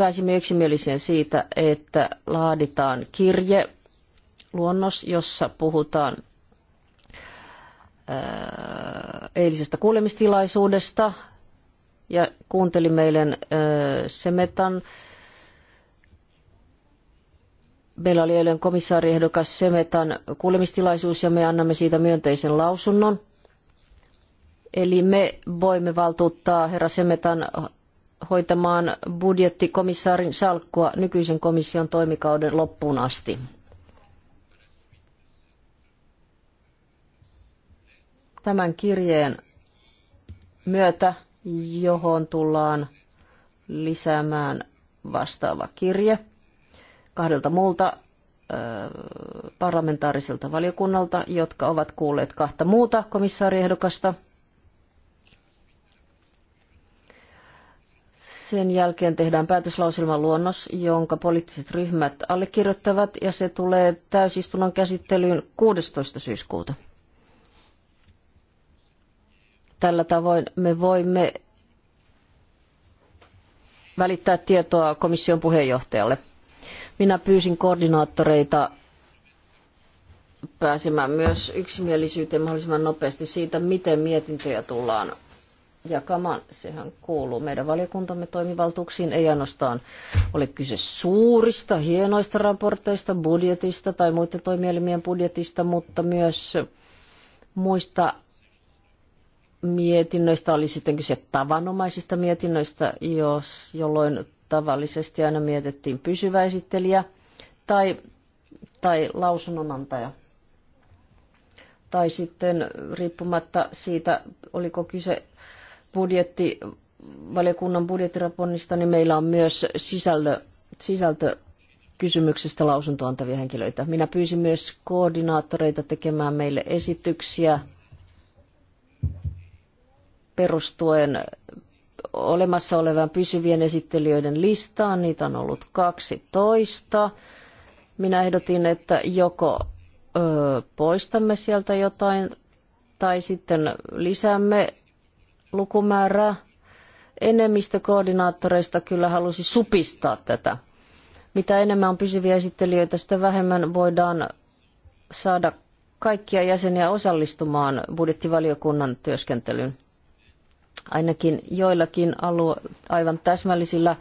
pääsimme yksimieliseen siitä, että laaditaan kirje, luonnos, jossa puhutaan äh, eilisestä kuulemistilaisuudesta ja kuuntelimme eilen äh, Semetan Meillä oli eilen komissaariehdokas Semetan kuulemistilaisuus ja me annamme siitä myönteisen lausunnon. Eli me voimme valtuuttaa herra Semetan hoitamaan budjettikomissaarin salkkua nykyisen komission toimikauden loppuun asti. Tämän kirjeen myötä, johon tullaan lisäämään vastaava kirje kahdelta muulta parlamentaariselta valiokunnalta, jotka ovat kuulleet kahta muuta komissaariehdokasta – Sen jälkeen tehdään päätöslauselman luonnos, jonka poliittiset ryhmät allekirjoittavat, ja se tulee täysistunnon käsittelyyn 16. syyskuuta. Tällä tavoin me voimme välittää tietoa komission puheenjohtajalle. Minä pyysin koordinaattoreita pääsemään myös yksimielisyyteen mahdollisimman nopeasti siitä, miten mietintöjä tullaan jakamaan. Sehän kuuluu meidän valiokuntamme toimivaltuuksiin. Ei ainoastaan ole kyse suurista, hienoista raporteista, budjetista tai muiden toimielimien budjetista, mutta myös muista mietinnöistä oli sitten kyse tavanomaisista mietinnöistä, jos, jolloin tavallisesti aina mietittiin pysyvä esittelijä tai, tai lausunnonantaja tai sitten riippumatta siitä, oliko kyse budjetti, valiokunnan budjettiraportista, niin meillä on myös sisältökysymyksistä sisältö kysymyksestä lausuntoantavia henkilöitä. Minä pyysin myös koordinaattoreita tekemään meille esityksiä perustuen olemassa olevan pysyvien esittelijöiden listaan. Niitä on ollut 12. Minä ehdotin, että joko ö, poistamme sieltä jotain tai sitten lisäämme lukumäärää. Enemmistö koordinaattoreista kyllä halusi supistaa tätä. Mitä enemmän on pysyviä esittelijöitä, sitä vähemmän voidaan saada kaikkia jäseniä osallistumaan budjettivaliokunnan työskentelyyn. Ainakin joillakin alu, aivan täsmällisillä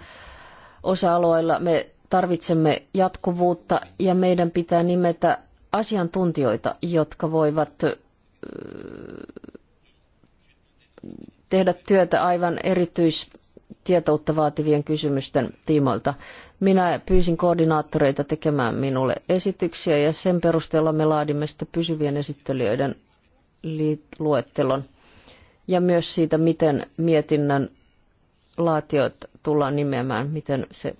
osa-alueilla me tarvitsemme jatkuvuutta ja meidän pitää nimetä asiantuntijoita, jotka voivat tehdä työtä aivan erityistietoutta vaativien kysymysten tiimoilta. Minä pyysin koordinaattoreita tekemään minulle esityksiä ja sen perusteella me laadimme sitten pysyvien esittelijöiden luettelon ja myös siitä, miten mietinnön laatiot tullaan nimeämään, miten se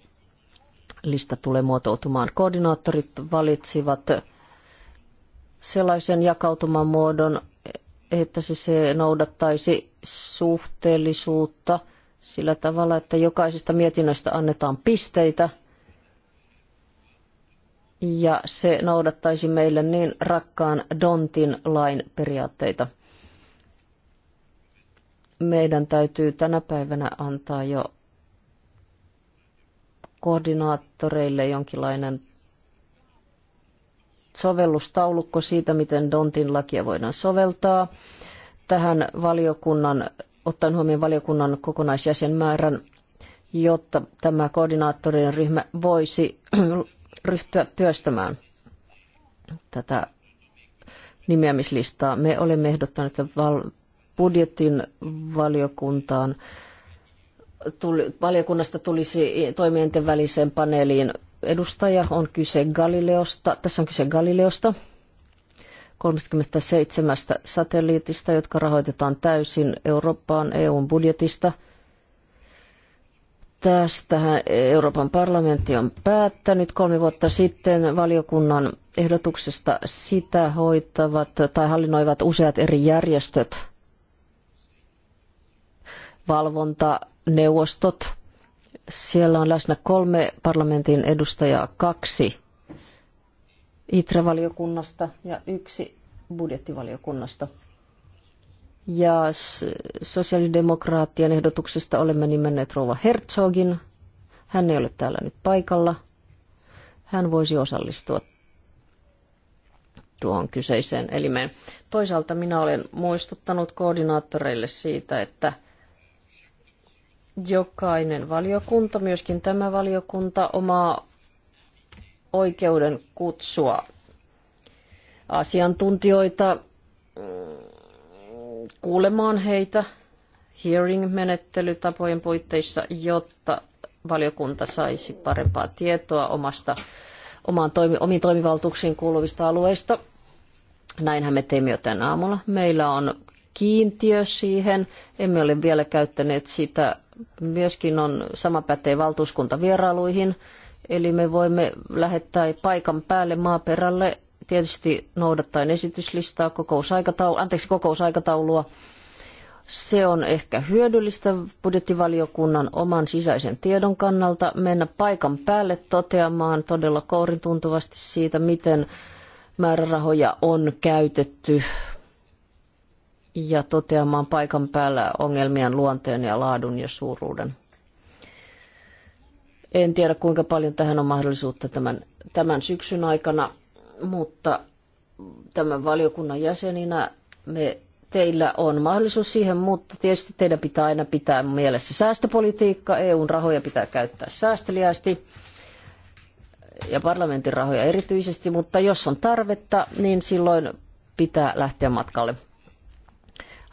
lista tulee muotoutumaan. Koordinaattorit valitsivat sellaisen jakautuman muodon, että se, se noudattaisi suhteellisuutta sillä tavalla, että jokaisesta mietinnöstä annetaan pisteitä ja se noudattaisi meille niin rakkaan Dontin lain periaatteita. Meidän täytyy tänä päivänä antaa jo koordinaattoreille jonkinlainen sovellustaulukko siitä, miten Dontin lakia voidaan soveltaa. Tähän valiokunnan, ottaen huomioon valiokunnan kokonaisjäsenmäärän, jotta tämä koordinaattorien ryhmä voisi ryhtyä työstämään tätä nimeämislistaa. Me olemme ehdottaneet, että budjetin valiokuntaan tuli, valiokunnasta tulisi toimijoiden väliseen paneeliin edustaja. On kyse Galileosta. Tässä on kyse Galileosta. 37 satelliitista, jotka rahoitetaan täysin Eurooppaan EUn budjetista. Tästähän Euroopan parlamentti on päättänyt kolme vuotta sitten valiokunnan ehdotuksesta sitä hoitavat tai hallinnoivat useat eri järjestöt, valvontaneuvostot, siellä on läsnä kolme parlamentin edustajaa, kaksi ITRE-valiokunnasta ja yksi budjettivaliokunnasta. Ja sosiaalidemokraattien ehdotuksesta olemme nimenneet Rova Herzogin. Hän ei ole täällä nyt paikalla. Hän voisi osallistua tuohon kyseiseen elimeen. Toisaalta minä olen muistuttanut koordinaattoreille siitä, että – jokainen valiokunta, myöskin tämä valiokunta, omaa oikeuden kutsua asiantuntijoita mm, kuulemaan heitä hearing-menettelytapojen puitteissa, jotta valiokunta saisi parempaa tietoa omasta, omaan toimi, omiin toimivaltuuksiin kuuluvista alueista. Näinhän me teimme jo tänä aamulla. Meillä on kiintiö siihen. Emme ole vielä käyttäneet sitä myöskin on sama pätee valtuuskuntavierailuihin, eli me voimme lähettää paikan päälle maaperälle tietysti noudattaen esityslistaa, kokousaikataulu, anteeksi, kokousaikataulua. Se on ehkä hyödyllistä budjettivaliokunnan oman sisäisen tiedon kannalta mennä paikan päälle toteamaan todella kourin tuntuvasti siitä, miten määrärahoja on käytetty ja toteamaan paikan päällä ongelmien luonteen ja laadun ja suuruuden. En tiedä kuinka paljon tähän on mahdollisuutta tämän, tämän syksyn aikana, mutta tämän valiokunnan jäseninä me teillä on mahdollisuus siihen, mutta tietysti teidän pitää aina pitää mielessä säästöpolitiikka, EUn rahoja pitää käyttää säästeliästi ja parlamentin rahoja erityisesti, mutta jos on tarvetta, niin silloin pitää lähteä matkalle.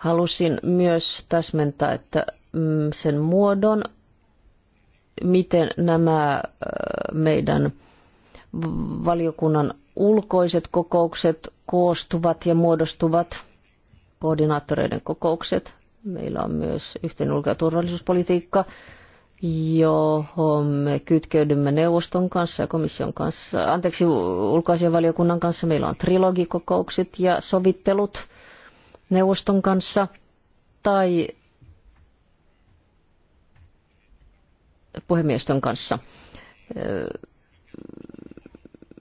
Halusin myös täsmentää, että mm, sen muodon, miten nämä meidän valiokunnan ulkoiset kokoukset koostuvat ja muodostuvat, koordinaattoreiden kokoukset. Meillä on myös yhteen ulko- ja turvallisuuspolitiikka, johon me kytkeydymme neuvoston kanssa ja komission kanssa, anteeksi, ulkoasianvaliokunnan kanssa. Meillä on trilogikokoukset ja sovittelut – neuvoston kanssa tai puhemiestön kanssa.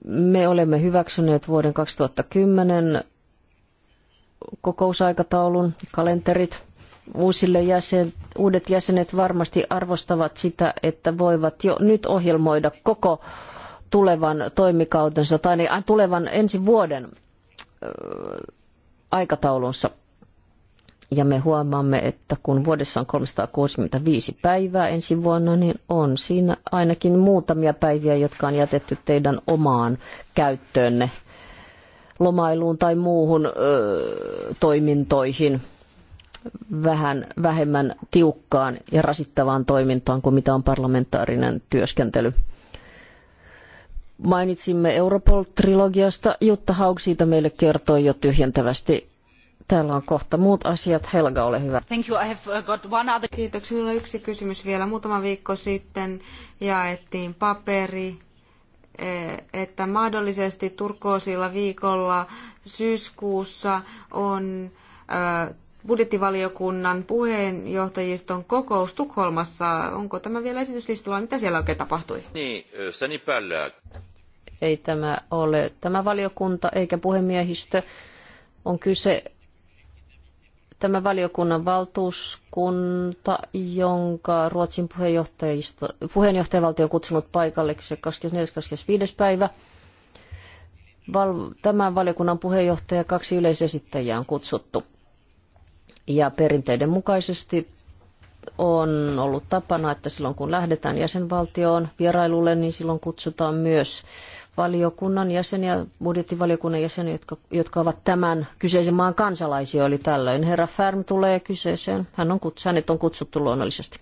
Me olemme hyväksyneet vuoden 2010 kokousaikataulun, kalenterit. Uusille jäsen, uudet jäsenet varmasti arvostavat sitä, että voivat jo nyt ohjelmoida koko tulevan toimikautensa tai niin, tulevan ensi vuoden aikataulunsa. Ja me huomaamme, että kun vuodessa on 365 päivää ensi vuonna, niin on siinä ainakin muutamia päiviä, jotka on jätetty teidän omaan käyttöönne lomailuun tai muuhun ö, toimintoihin vähän vähemmän tiukkaan ja rasittavaan toimintaan kuin mitä on parlamentaarinen työskentely. Mainitsimme Europol-trilogiasta. Jutta Haug siitä meille kertoi jo tyhjentävästi. Täällä on kohta muut asiat. Helga, ole hyvä. Thank you. I have uh, got one other... Kiitoksia. Minulla on yksi kysymys vielä. Muutama viikko sitten jaettiin paperi, eh, että mahdollisesti turkoosilla viikolla syyskuussa on eh, budjettivaliokunnan puheenjohtajiston kokous Tukholmassa. Onko tämä vielä esityslistalla? Mitä siellä oikein tapahtui? Niin, niin Ei tämä ole tämä valiokunta eikä puhemiehistö. On kyse tämä valiokunnan valtuuskunta, jonka Ruotsin puheenjohtajavaltio on kutsunut paikalle 24.25. päivä. Val, tämän valiokunnan puheenjohtaja kaksi yleisesittäjää on kutsuttu. Ja perinteiden mukaisesti on ollut tapana, että silloin kun lähdetään jäsenvaltioon vierailulle, niin silloin kutsutaan myös valiokunnan jäseniä, budjettivaliokunnan jäseniä, jotka, jotka ovat tämän kyseisen maan kansalaisia. Eli tällöin herra Färm tulee kyseeseen. Hän on kutsu, hänet on kutsuttu luonnollisesti.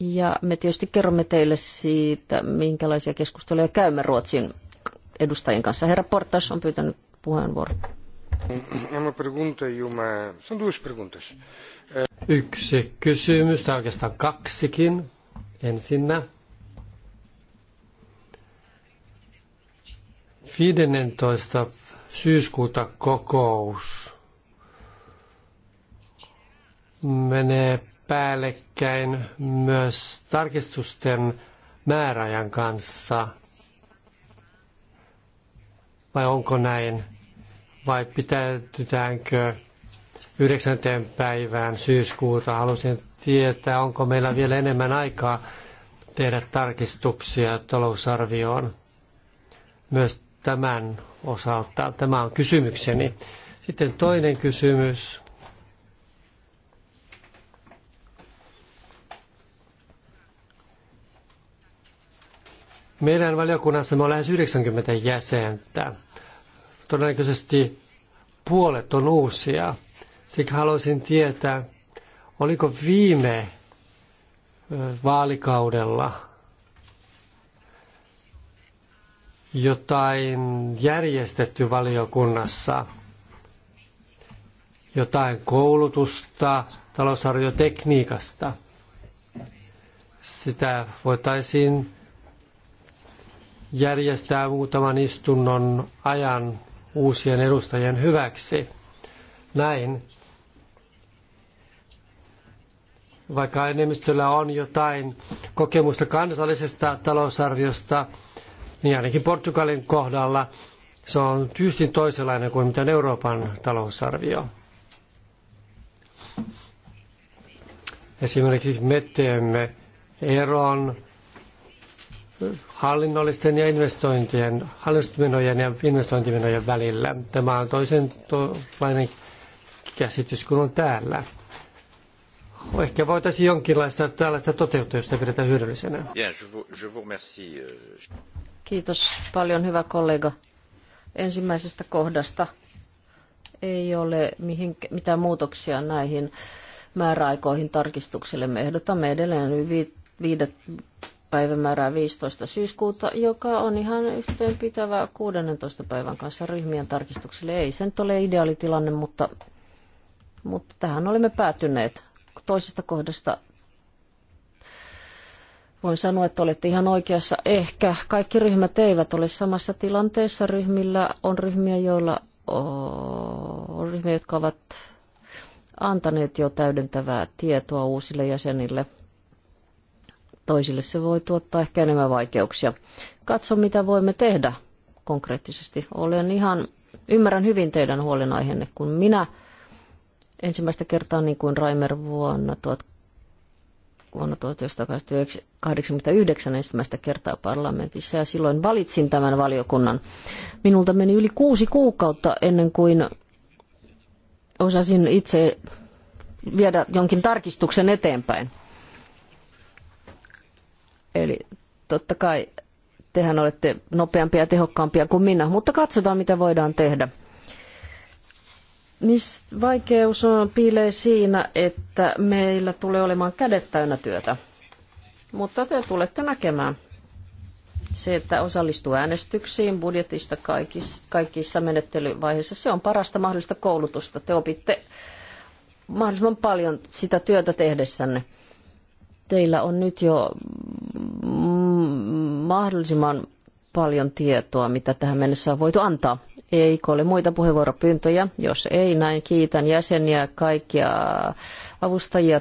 Ja me tietysti kerromme teille siitä, minkälaisia keskusteluja käymme Ruotsin edustajien kanssa. Herra Portas on pyytänyt puheenvuoron. E Yksi kysymys, tai oikeastaan kaksikin. Ensinnä. 15. syyskuuta kokous menee päällekkäin myös tarkistusten määräajan kanssa. Vai onko näin? vai pitäytytäänkö 9. päivään syyskuuta. Haluaisin tietää, onko meillä vielä enemmän aikaa tehdä tarkistuksia talousarvioon myös tämän osalta. Tämä on kysymykseni. Sitten toinen kysymys. Meidän valiokunnassamme on lähes 90 jäsentä todennäköisesti puolet on uusia. Siksi haluaisin tietää, oliko viime vaalikaudella jotain järjestetty valiokunnassa, jotain koulutusta talousarviotekniikasta. Sitä voitaisiin järjestää muutaman istunnon ajan uusien edustajien hyväksi. Näin. Vaikka enemmistöllä on jotain kokemusta kansallisesta talousarviosta, niin ainakin Portugalin kohdalla se on tyystin toisenlainen kuin mitä Euroopan talousarvio. Esimerkiksi me teemme eron hallinnollisten ja investointien, hallinnollisten ja investointimenojen välillä. Tämä on toisen toisenlainen käsitys kuin on täällä. Ehkä voitaisiin jonkinlaista tällaista toteuttaa, jos sitä pidetään hyödyllisenä. Euh. Kiitos paljon, hyvä kollega. Ensimmäisestä kohdasta ei ole mihin, mitään muutoksia näihin määräaikoihin tarkistuksille. Me ehdotamme edelleen viidet päivämäärää 15. syyskuuta, joka on ihan yhteenpitävä 16. päivän kanssa ryhmien tarkistuksille. Ei se nyt ole ideaalitilanne, mutta, mutta tähän olemme päätyneet. Toisesta kohdasta voin sanoa, että olette ihan oikeassa. Ehkä kaikki ryhmät eivät ole samassa tilanteessa. Ryhmillä on ryhmiä, joilla on ryhmiä, jotka ovat antaneet jo täydentävää tietoa uusille jäsenille – Toisille se voi tuottaa ehkä enemmän vaikeuksia. Katso, mitä voimme tehdä konkreettisesti. Olen ihan, ymmärrän hyvin teidän huolenaiheenne, kun minä ensimmäistä kertaa, niin kuin Raimer vuonna, tuot, vuonna 1989 ensimmäistä kertaa parlamentissa, ja silloin valitsin tämän valiokunnan. Minulta meni yli kuusi kuukautta ennen kuin osasin itse viedä jonkin tarkistuksen eteenpäin. Eli totta kai tehän olette nopeampia ja tehokkaampia kuin minä, mutta katsotaan mitä voidaan tehdä. Mis vaikeus on, piilee siinä, että meillä tulee olemaan kädet täynnä työtä. Mutta te tulette näkemään se, että osallistuu äänestyksiin budjetista kaikissa, kaikissa menettelyvaiheissa, se on parasta mahdollista koulutusta. Te opitte mahdollisimman paljon sitä työtä tehdessänne teillä on nyt jo mm, mahdollisimman paljon tietoa, mitä tähän mennessä on voitu antaa. Eikö ole muita puheenvuoropyyntöjä? Jos ei, näin kiitän jäseniä, kaikkia avustajia